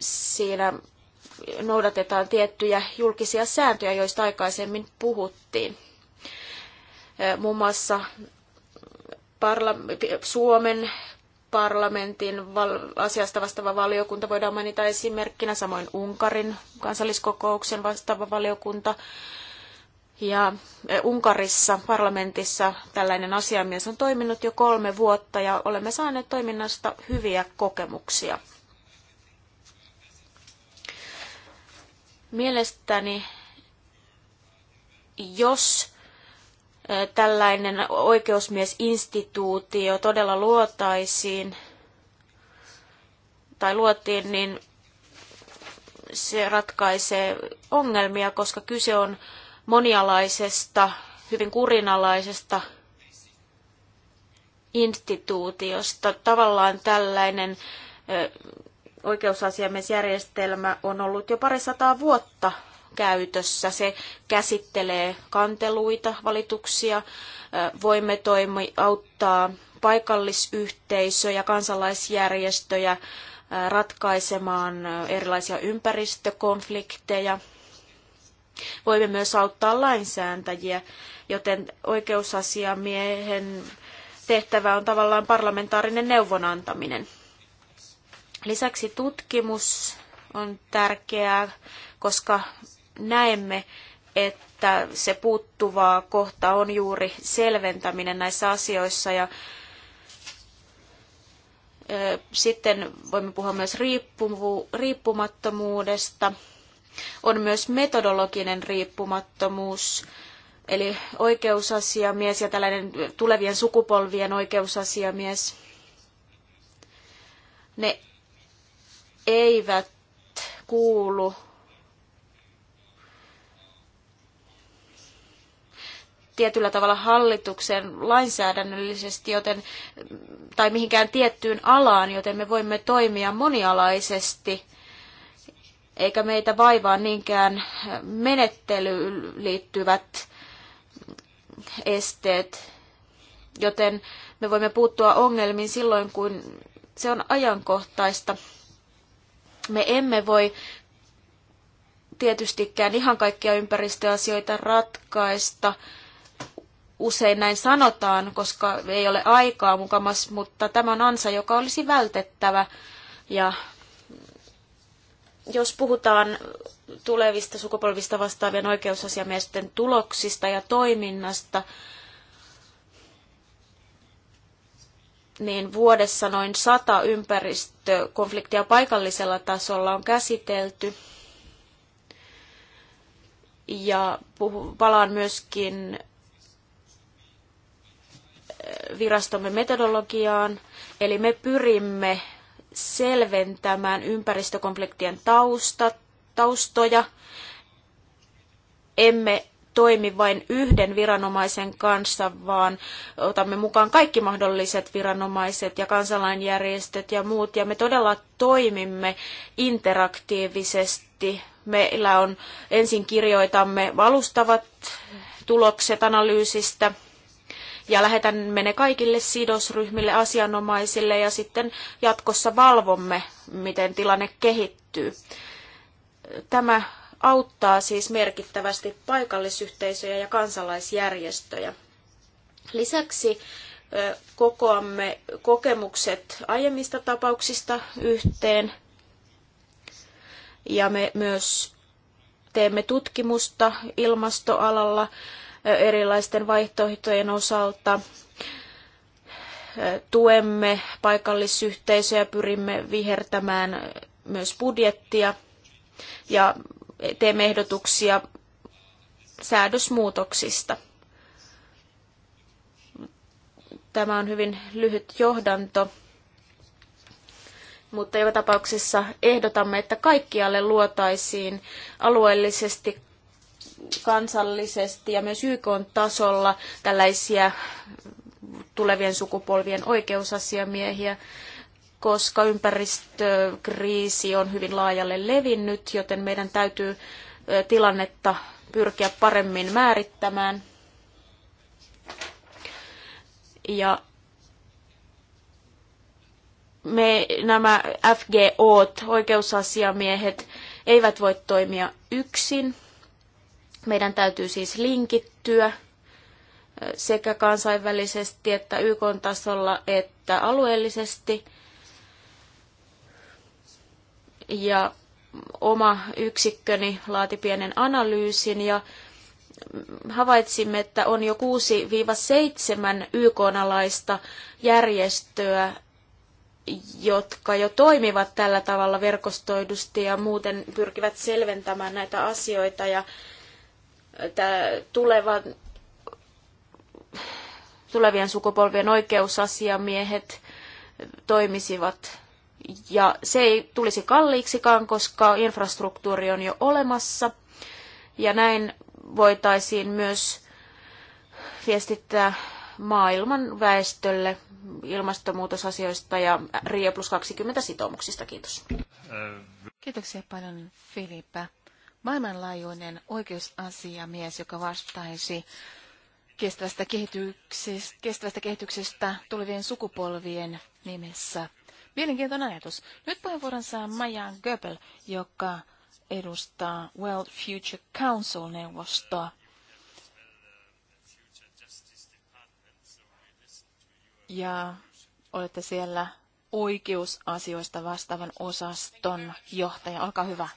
siinä noudatetaan tiettyjä julkisia sääntöjä, joista aikaisemmin puhuttiin. Muun muassa Suomen parlamentin val- asiasta vastaava valiokunta voidaan mainita esimerkkinä, samoin Unkarin kansalliskokouksen vastaava valiokunta. Ja Unkarissa parlamentissa tällainen asiamies on toiminut jo kolme vuotta ja olemme saaneet toiminnasta hyviä kokemuksia. Mielestäni, jos tällainen oikeusmiesinstituutio todella luotaisiin tai luotiin, niin se ratkaisee ongelmia, koska kyse on monialaisesta, hyvin kurinalaisesta instituutiosta. Tavallaan tällainen oikeusasiamiesjärjestelmä on ollut jo sataa vuotta käytössä. Se käsittelee kanteluita, valituksia. Voimme toimi, auttaa paikallisyhteisöjä, kansalaisjärjestöjä ratkaisemaan erilaisia ympäristökonflikteja. Voimme myös auttaa lainsääntäjiä, joten oikeusasiamiehen tehtävä on tavallaan parlamentaarinen neuvonantaminen. Lisäksi tutkimus on tärkeää, koska näemme, että se puuttuvaa kohta on juuri selventäminen näissä asioissa ja sitten voimme puhua myös riippumattomuudesta. On myös metodologinen riippumattomuus, eli oikeusasiamies ja tällainen tulevien sukupolvien oikeusasiamies. Ne eivät kuulu tietyllä tavalla hallituksen lainsäädännöllisesti, joten, tai mihinkään tiettyyn alaan, joten me voimme toimia monialaisesti, eikä meitä vaivaa niinkään menettelyyn liittyvät esteet, joten me voimme puuttua ongelmiin silloin, kun se on ajankohtaista. Me emme voi tietystikään ihan kaikkia ympäristöasioita ratkaista. Usein näin sanotaan, koska ei ole aikaa mukamas, mutta tämä on ansa, joka olisi vältettävä. Ja jos puhutaan tulevista sukupolvista vastaavien oikeusasiamiesten tuloksista ja toiminnasta, niin vuodessa noin sata ympäristökonfliktia paikallisella tasolla on käsitelty. Ja puhun, palaan myöskin eh, virastomme metodologiaan. Eli me pyrimme selventämään ympäristökonfliktien tausta, taustoja. Emme toimi vain yhden viranomaisen kanssa, vaan otamme mukaan kaikki mahdolliset viranomaiset ja kansalainjärjestöt ja muut. Ja me todella toimimme interaktiivisesti. Meillä on ensin kirjoitamme valustavat tulokset analyysistä ja lähetämme ne kaikille sidosryhmille, asianomaisille ja sitten jatkossa valvomme, miten tilanne kehittyy. Tämä auttaa siis merkittävästi paikallisyhteisöjä ja kansalaisjärjestöjä. Lisäksi kokoamme kokemukset aiemmista tapauksista yhteen ja me myös teemme tutkimusta ilmastoalalla erilaisten vaihtoehtojen osalta. Tuemme paikallisyhteisöjä, pyrimme vihertämään myös budjettia ja teemme ehdotuksia säädösmuutoksista. Tämä on hyvin lyhyt johdanto, mutta joka tapauksessa ehdotamme, että kaikkialle luotaisiin alueellisesti, kansallisesti ja myös YK-tasolla tällaisia tulevien sukupolvien oikeusasiamiehiä, koska ympäristökriisi on hyvin laajalle levinnyt, joten meidän täytyy tilannetta pyrkiä paremmin määrittämään. Ja me, nämä FGOt, oikeusasiamiehet, eivät voi toimia yksin. Meidän täytyy siis linkittyä sekä kansainvälisesti että YK-tasolla että alueellisesti – ja oma yksikköni laati pienen analyysin ja havaitsimme, että on jo 6-7 YK-alaista järjestöä, jotka jo toimivat tällä tavalla verkostoidusti ja muuten pyrkivät selventämään näitä asioita ja tuleva tulevien sukupolvien oikeusasiamiehet toimisivat ja se ei tulisi kalliiksikaan, koska infrastruktuuri on jo olemassa. Ja näin voitaisiin myös viestittää maailman väestölle ilmastonmuutosasioista ja Rio plus 20 sitoumuksista. Kiitos. Kiitoksia paljon Filippa. Maailmanlaajuinen oikeusasiamies, joka vastaisi kestävästä kehityksestä, kestävästä kehityksestä tulevien sukupolvien nimessä – Mielenkiintoinen ajatus. Nyt puheenvuoron saa Maja Göbel, joka edustaa World Future Council-neuvostoa. Ja olette siellä oikeusasioista vastaavan osaston johtaja. Olkaa hyvä.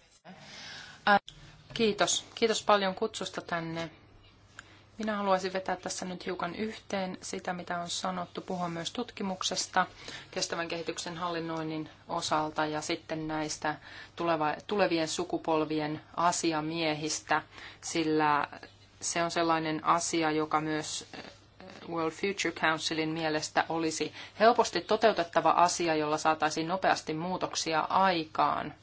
Kiitos. Kiitos paljon kutsusta tänne. Minä haluaisin vetää tässä nyt hiukan yhteen sitä, mitä on sanottu, puhua myös tutkimuksesta kestävän kehityksen hallinnoinnin osalta ja sitten näistä tuleva, tulevien sukupolvien asiamiehistä, sillä se on sellainen asia, joka myös eh, World Future Councilin mielestä olisi helposti toteutettava asia, jolla saataisiin nopeasti muutoksia aikaan.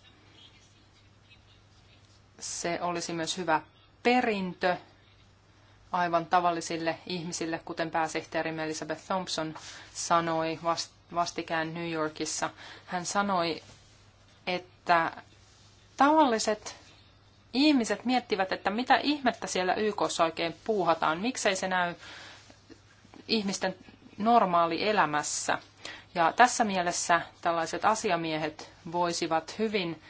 Se olisi myös hyvä perintö aivan tavallisille ihmisille, kuten pääsihteeri Elizabeth Thompson sanoi vastikään New Yorkissa. Hän sanoi, että tavalliset ihmiset miettivät, että mitä ihmettä siellä YK oikein puuhataan, miksei se näy ihmisten normaali elämässä. Ja tässä mielessä tällaiset asiamiehet voisivat hyvin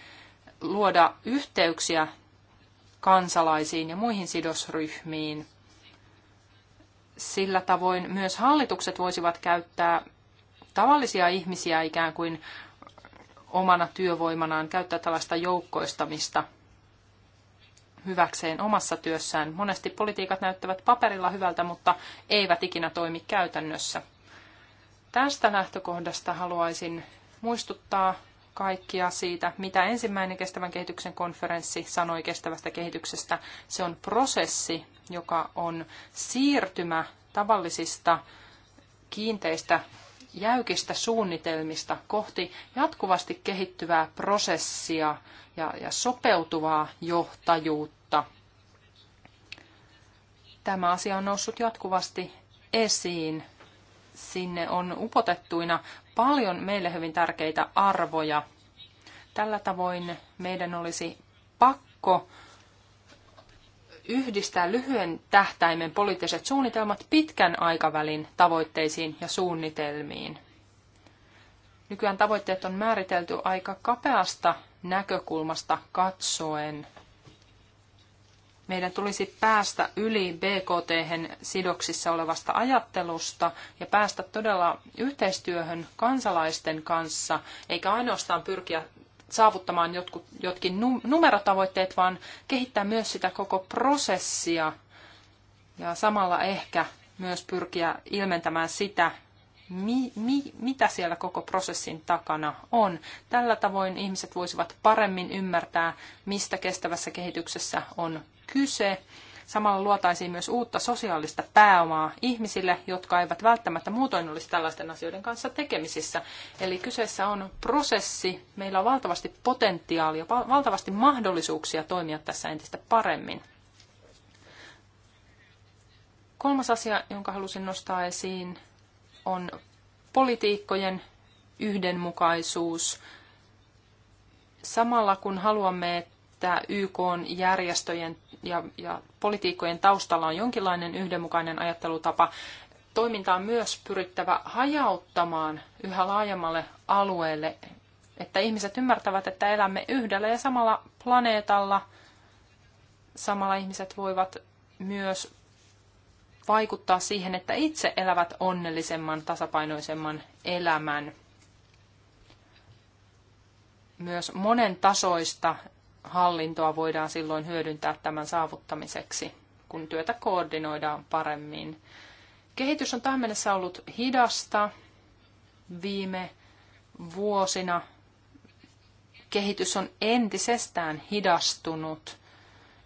luoda yhteyksiä kansalaisiin ja muihin sidosryhmiin – sillä tavoin myös hallitukset voisivat käyttää tavallisia ihmisiä ikään kuin omana työvoimanaan, käyttää tällaista joukkoistamista hyväkseen omassa työssään. Monesti politiikat näyttävät paperilla hyvältä, mutta eivät ikinä toimi käytännössä. Tästä lähtökohdasta haluaisin muistuttaa kaikkia siitä, mitä ensimmäinen kestävän kehityksen konferenssi sanoi kestävästä kehityksestä. Se on prosessi, joka on siirtymä tavallisista kiinteistä jäykistä suunnitelmista kohti jatkuvasti kehittyvää prosessia ja, ja sopeutuvaa johtajuutta. Tämä asia on noussut jatkuvasti esiin. Sinne on upotettuina paljon meille hyvin tärkeitä arvoja. Tällä tavoin meidän olisi pakko yhdistää lyhyen tähtäimen poliittiset suunnitelmat pitkän aikavälin tavoitteisiin ja suunnitelmiin. Nykyään tavoitteet on määritelty aika kapeasta näkökulmasta katsoen. Meidän tulisi päästä yli BKT sidoksissa olevasta ajattelusta ja päästä todella yhteistyöhön kansalaisten kanssa, eikä ainoastaan pyrkiä saavuttamaan jotkut, jotkin numerotavoitteet, vaan kehittää myös sitä koko prosessia ja samalla ehkä myös pyrkiä ilmentämään sitä, mi, mi, mitä siellä koko prosessin takana on. Tällä tavoin ihmiset voisivat paremmin ymmärtää, mistä kestävässä kehityksessä on kyse Samalla luotaisiin myös uutta sosiaalista pääomaa ihmisille, jotka eivät välttämättä muutoin olisi tällaisten asioiden kanssa tekemisissä. Eli kyseessä on prosessi. Meillä on valtavasti potentiaalia, valtavasti mahdollisuuksia toimia tässä entistä paremmin. Kolmas asia, jonka halusin nostaa esiin, on politiikkojen yhdenmukaisuus. Samalla kun haluamme, että YK-järjestöjen ja, ja politiikkojen taustalla on jonkinlainen yhdenmukainen ajattelutapa. Toiminta on myös pyrittävä hajauttamaan yhä laajemmalle alueelle, että ihmiset ymmärtävät, että elämme yhdellä ja samalla planeetalla. Samalla ihmiset voivat myös vaikuttaa siihen, että itse elävät onnellisemman, tasapainoisemman elämän. Myös monen tasoista hallintoa voidaan silloin hyödyntää tämän saavuttamiseksi, kun työtä koordinoidaan paremmin. Kehitys on tähän mennessä ollut hidasta. Viime vuosina kehitys on entisestään hidastunut.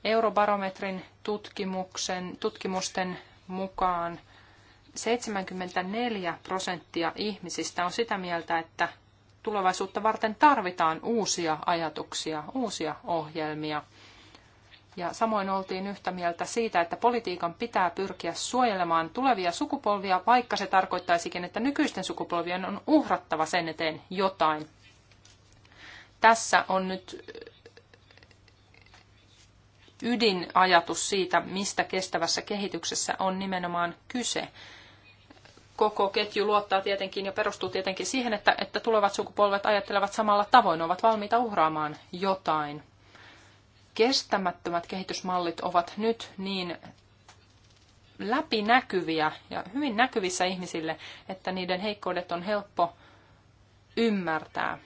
Eurobarometrin tutkimuksen, tutkimusten mukaan 74 prosenttia ihmisistä on sitä mieltä, että tulevaisuutta varten tarvitaan uusia ajatuksia, uusia ohjelmia. Ja samoin oltiin yhtä mieltä siitä, että politiikan pitää pyrkiä suojelemaan tulevia sukupolvia, vaikka se tarkoittaisikin, että nykyisten sukupolvien on uhrattava sen eteen jotain. Tässä on nyt ydinajatus siitä, mistä kestävässä kehityksessä on nimenomaan kyse koko ketju luottaa tietenkin ja perustuu tietenkin siihen, että, että tulevat sukupolvet ajattelevat samalla tavoin, ovat valmiita uhraamaan jotain. Kestämättömät kehitysmallit ovat nyt niin läpinäkyviä ja hyvin näkyvissä ihmisille, että niiden heikkoudet on helppo ymmärtää.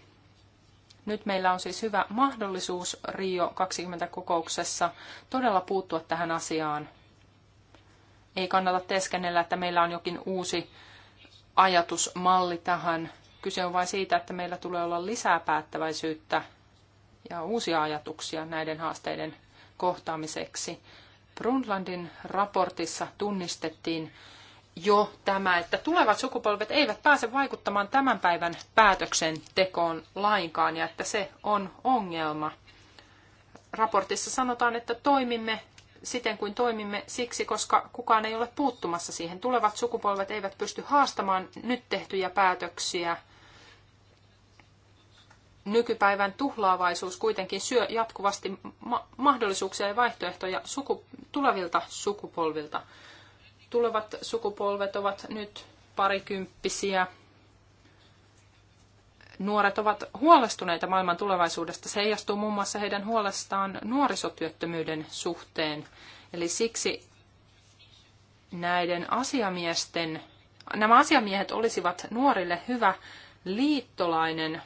Nyt meillä on siis hyvä mahdollisuus Rio 20 kokouksessa todella puuttua tähän asiaan ei kannata teeskennellä, että meillä on jokin uusi ajatusmalli tähän. Kyse on vain siitä, että meillä tulee olla lisää päättäväisyyttä ja uusia ajatuksia näiden haasteiden kohtaamiseksi. Brundlandin raportissa tunnistettiin jo tämä, että tulevat sukupolvet eivät pääse vaikuttamaan tämän päivän päätöksentekoon lainkaan ja että se on ongelma. Raportissa sanotaan, että toimimme siten kuin toimimme siksi, koska kukaan ei ole puuttumassa siihen. Tulevat sukupolvet eivät pysty haastamaan nyt tehtyjä päätöksiä. Nykypäivän tuhlaavaisuus kuitenkin syö jatkuvasti ma- mahdollisuuksia ja vaihtoehtoja suku- tulevilta sukupolvilta. Tulevat sukupolvet ovat nyt parikymppisiä Nuoret ovat huolestuneita maailman tulevaisuudesta. Se heijastuu muun muassa heidän huolestaan nuorisotyöttömyyden suhteen. Eli siksi näiden asiamiesten, nämä asiamiehet olisivat nuorille hyvä liittolainen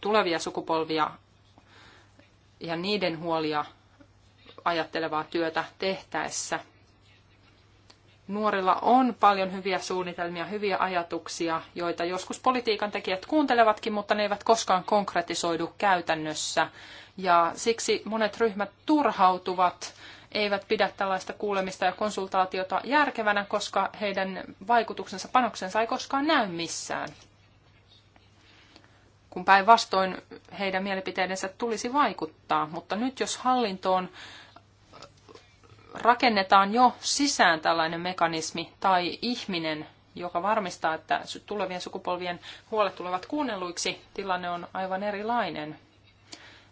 tulevia sukupolvia ja niiden huolia ajattelevaa työtä tehtäessä – nuorilla on paljon hyviä suunnitelmia, hyviä ajatuksia, joita joskus politiikan tekijät kuuntelevatkin, mutta ne eivät koskaan konkretisoidu käytännössä. Ja siksi monet ryhmät turhautuvat, eivät pidä tällaista kuulemista ja konsultaatiota järkevänä, koska heidän vaikutuksensa, panoksensa ei koskaan näy missään. Kun päinvastoin heidän mielipiteidensä tulisi vaikuttaa, mutta nyt jos hallintoon rakennetaan jo sisään tällainen mekanismi tai ihminen, joka varmistaa, että tulevien sukupolvien huolet tulevat kuunnelluiksi, tilanne on aivan erilainen.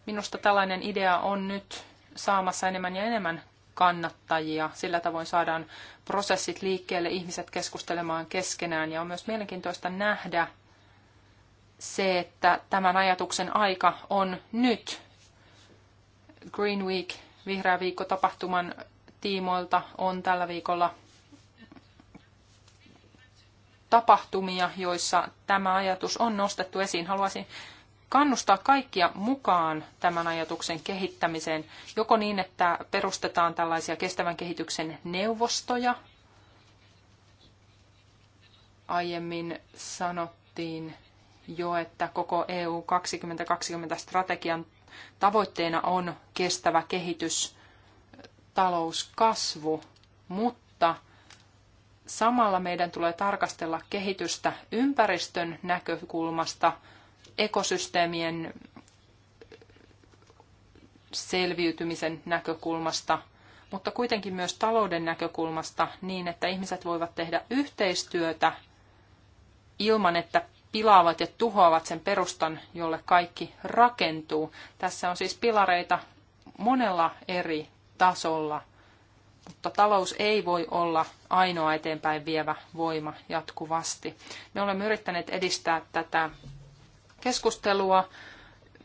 Minusta tällainen idea on nyt saamassa enemmän ja enemmän kannattajia. Sillä tavoin saadaan prosessit liikkeelle, ihmiset keskustelemaan keskenään ja on myös mielenkiintoista nähdä se, että tämän ajatuksen aika on nyt. Green Week, vihreä viikko tapahtuman tiimoilta on tällä viikolla tapahtumia, joissa tämä ajatus on nostettu esiin. Haluaisin kannustaa kaikkia mukaan tämän ajatuksen kehittämiseen, joko niin, että perustetaan tällaisia kestävän kehityksen neuvostoja. Aiemmin sanottiin jo, että koko EU 2020 strategian tavoitteena on kestävä kehitys talouskasvu, mutta samalla meidän tulee tarkastella kehitystä ympäristön näkökulmasta, ekosysteemien selviytymisen näkökulmasta, mutta kuitenkin myös talouden näkökulmasta niin, että ihmiset voivat tehdä yhteistyötä ilman, että pilaavat ja tuhoavat sen perustan, jolle kaikki rakentuu. Tässä on siis pilareita monella eri tasolla. Mutta talous ei voi olla ainoa eteenpäin vievä voima jatkuvasti. Me olemme yrittäneet edistää tätä keskustelua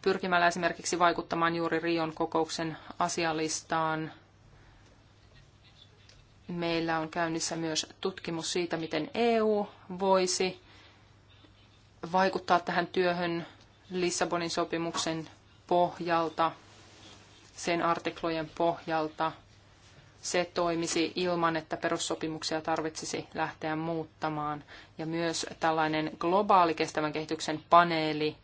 pyrkimällä esimerkiksi vaikuttamaan juuri Rion kokouksen asialistaan. Meillä on käynnissä myös tutkimus siitä, miten EU voisi vaikuttaa tähän työhön Lissabonin sopimuksen pohjalta – sen artiklojen pohjalta se toimisi ilman, että perussopimuksia tarvitsisi lähteä muuttamaan. Ja myös tällainen globaali kestävän kehityksen paneeli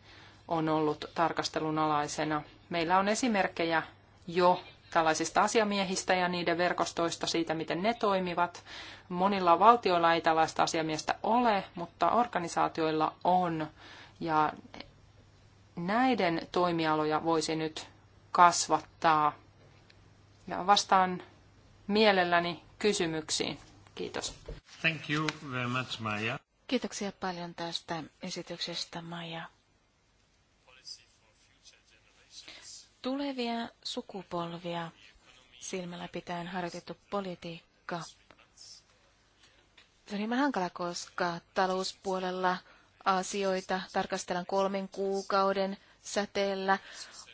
on ollut tarkastelun alaisena. Meillä on esimerkkejä jo tällaisista asiamiehistä ja niiden verkostoista siitä, miten ne toimivat. Monilla valtioilla ei tällaista asiamiestä ole, mutta organisaatioilla on. Ja näiden toimialoja voisi nyt kasvattaa. Ja vastaan mielelläni kysymyksiin. Kiitos. Thank you very much, Maya. Kiitoksia paljon tästä esityksestä, Maja. Tulevia sukupolvia silmällä pitäen harjoitettu politiikka. Se on hieman hankala, koska talouspuolella asioita tarkastellaan kolmen kuukauden säteellä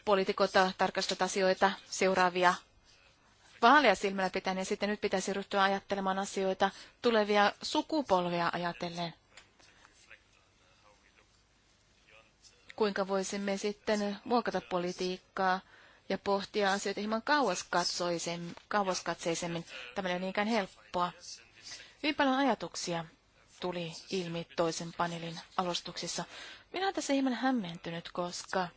poliitikot tarkastavat asioita seuraavia vaaleja silmällä pitäen, ja sitten nyt pitäisi ryhtyä ajattelemaan asioita tulevia sukupolvia ajatellen. Kuinka voisimme sitten muokata politiikkaa ja pohtia asioita hieman kauaskatseisemmin. Tämä ei ole niinkään helppoa. Hyvin paljon ajatuksia tuli ilmi toisen paneelin alustuksissa. Minä olen tässä hieman hämmentynyt, koska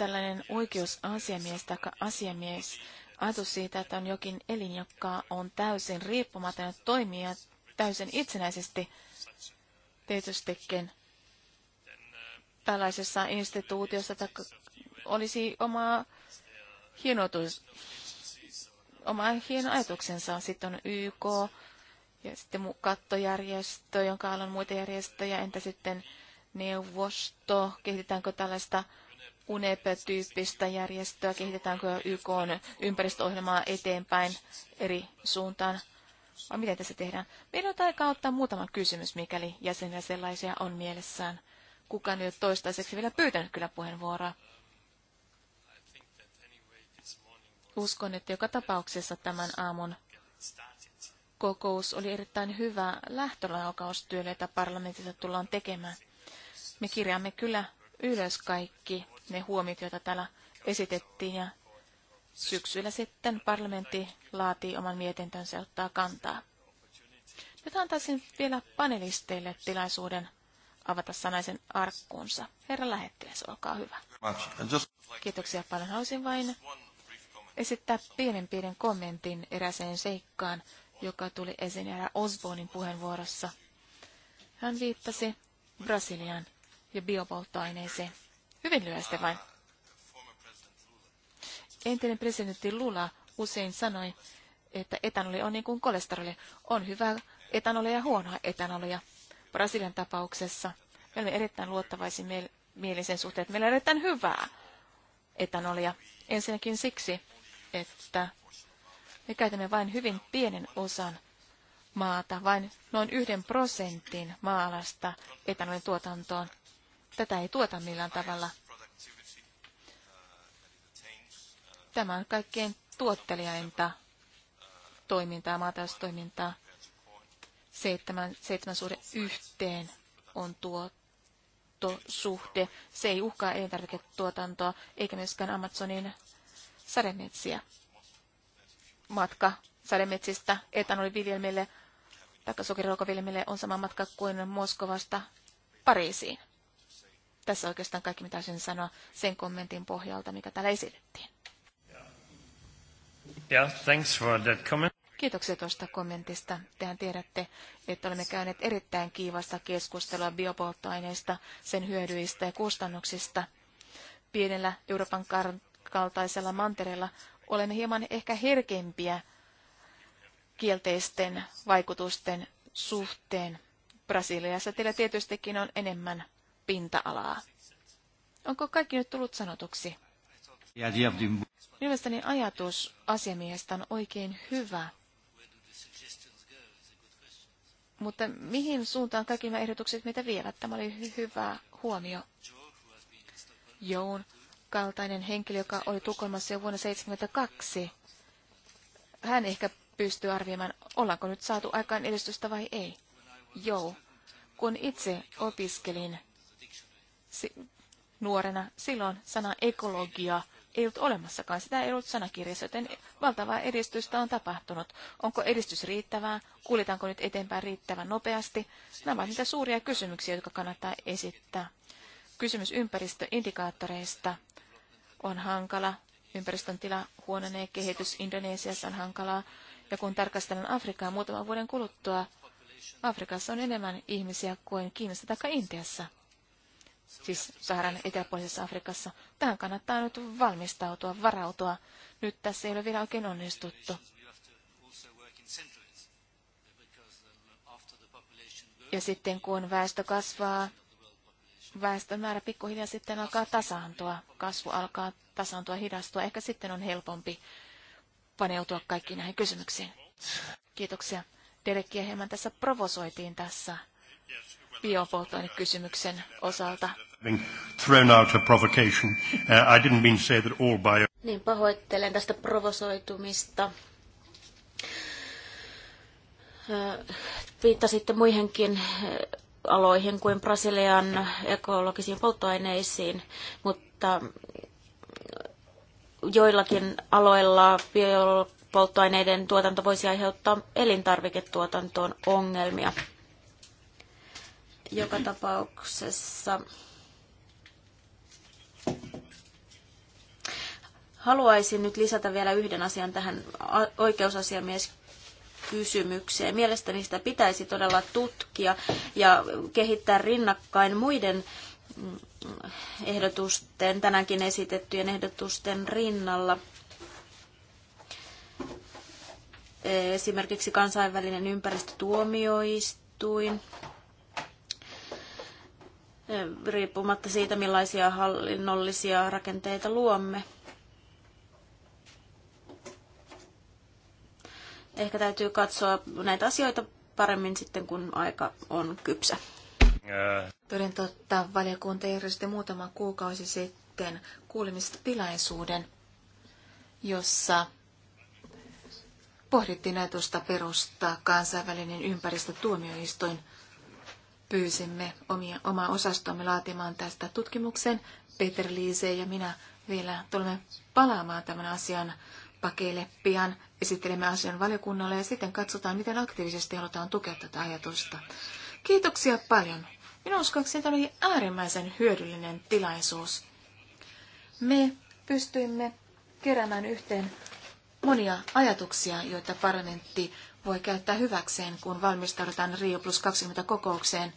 tällainen oikeusasiamies tai asiamies, ajatus siitä, että on jokin elin, joka on täysin riippumaton ja toimii täysin itsenäisesti tietystikin tällaisessa instituutiossa tai olisi oma hienotus, oma hieno ajatuksensa. Sitten on YK ja sitten kattojärjestö, jonka alla on muita järjestöjä. Entä sitten neuvosto? Kehitetäänkö tällaista UNEP-tyyppistä järjestöä, kehitetäänkö YK ympäristöohjelmaa eteenpäin eri suuntaan, vai miten tässä tehdään? Meidän on aikaa ottaa muutama kysymys, mikäli jäsenillä sellaisia on mielessään. Kukaan ei ole toistaiseksi vielä pyytänyt kyllä puheenvuoroa. Uskon, että joka tapauksessa tämän aamun kokous oli erittäin hyvä lähtölaukaus jota parlamentissa tullaan tekemään. Me kirjaamme kyllä ylös kaikki ne huomiot, joita täällä esitettiin. Ja syksyllä sitten parlamentti laatii oman mietintönsä ja ottaa kantaa. Nyt antaisin vielä panelisteille tilaisuuden avata sanaisen arkkuunsa. Herra lähettiläs, olkaa hyvä. Kiitoksia paljon. Haluaisin vain esittää pienen pienen kommentin eräseen seikkaan, joka tuli esiin erä Osbonin puheenvuorossa. Hän viittasi Brasilian ja biopolttoaineeseen. Hyvin lyhyesti vain. Entinen presidentti Lula usein sanoi, että etanoli on niin kuin kolesteroli. On hyvää etanolia ja huonoa etanolia. Brasilian tapauksessa me olemme erittäin luottavaisin miel- mielisen suhteen, että meillä on erittäin hyvää etanolia. Ensinnäkin siksi, että me käytämme vain hyvin pienen osan maata, vain noin yhden prosentin maalasta etanolin tuotantoon. Tätä ei tuota millään tavalla. Tämä on kaikkein tuottelijainta toimintaa, maataloustoimintaa. Seitsemän, seitsemän suhde yhteen on tuottosuhde. Se ei uhkaa elintarviketuotantoa eikä myöskään Amazonin sademetsiä. Matka sademetsistä etanoliviljelmille tai sokeriruokaviljelmille on sama matka kuin Moskovasta Pariisiin. Tässä oikeastaan kaikki, mitä sen sanoa sen kommentin pohjalta, mikä täällä esitettiin. Yeah, thanks for that comment. Kiitoksia tuosta kommentista. Tehän tiedätte, että olemme käyneet erittäin kiivasta keskustelua biopolttoaineista, sen hyödyistä ja kustannuksista. Pienellä Euroopan kaltaisella mantereella olemme hieman ehkä herkempiä kielteisten vaikutusten suhteen. Brasiliassa teillä tietystikin on enemmän pinta-alaa. Onko kaikki nyt tullut sanotuksi? Mielestäni ajatus asiamiehestä on oikein hyvä. Mutta mihin suuntaan kaikki nämä ehdotukset meitä vievät? Tämä oli hy- hyvä huomio. Joun kaltainen henkilö, joka oli Tukholmassa jo vuonna 1972, hän ehkä pystyy arvioimaan, ollaanko nyt saatu aikaan edistystä vai ei. Joo. kun itse opiskelin nuorena. Silloin sana ekologia ei ollut olemassakaan. Sitä ei ollut sanakirjassa, joten valtavaa edistystä on tapahtunut. Onko edistys riittävää? Kuljetaanko nyt eteenpäin riittävän nopeasti? Nämä ovat niitä suuria kysymyksiä, jotka kannattaa esittää. Kysymys ympäristöindikaattoreista on hankala. Ympäristön tila huononee, kehitys Indonesiassa on hankalaa. Ja kun tarkastellaan Afrikaa muutaman vuoden kuluttua, Afrikassa on enemmän ihmisiä kuin Kiinassa tai Intiassa siis Saharan eteläpuolisessa Afrikassa. Tähän kannattaa nyt valmistautua, varautua. Nyt tässä ei ole vielä oikein onnistuttu. Ja sitten kun väestö kasvaa, väestön määrä pikkuhiljaa sitten alkaa tasaantua. Kasvu alkaa tasaantua, hidastua. Ehkä sitten on helpompi paneutua kaikkiin näihin kysymyksiin. Kiitoksia. Derekkiä hieman tässä provosoitiin tässä biopolttoainekysymyksen osalta. Uh, niin pahoittelen tästä provosoitumista. Uh, viittasitte muihinkin uh, aloihin kuin Brasilian ekologisiin polttoaineisiin, mutta joillakin aloilla biopolttoaineiden tuotanto voisi aiheuttaa elintarviketuotantoon ongelmia. Joka tapauksessa haluaisin nyt lisätä vielä yhden asian tähän oikeusasiamies kysymykseen. Mielestäni sitä pitäisi todella tutkia ja kehittää rinnakkain muiden mm, ehdotusten, tänäänkin esitettyjen ehdotusten rinnalla. Esimerkiksi kansainvälinen ympäristötuomioistuin riippumatta siitä, millaisia hallinnollisia rakenteita luomme. Ehkä täytyy katsoa näitä asioita paremmin sitten, kun aika on kypsä. Toden totta, valiokunta järjesti muutama kuukausi sitten kuulemistilaisuuden, jossa pohdittiin ajatusta perustaa kansainvälinen ympäristötuomioistuin – pyysimme omia, omaa osastomme laatimaan tästä tutkimuksen. Peter Liise ja minä vielä tulemme palaamaan tämän asian pakeille pian. Esittelemme asian valiokunnalle ja sitten katsotaan, miten aktiivisesti halutaan tukea tätä ajatusta. Kiitoksia paljon. Minun uskoakseni tämä oli äärimmäisen hyödyllinen tilaisuus. Me pystyimme keräämään yhteen monia ajatuksia, joita parlamentti voi käyttää hyväkseen, kun valmistaudutaan Rio plus 20 kokoukseen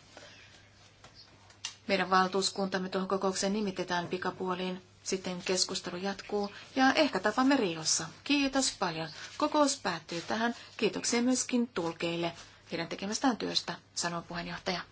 meidän valtuuskuntamme tuohon kokoukseen nimitetään pikapuoliin. Sitten keskustelu jatkuu ja ehkä tapaamme Riossa. Kiitos paljon. Kokous päättyy tähän. Kiitoksia myöskin tulkeille heidän tekemästään työstä, sanoo puheenjohtaja.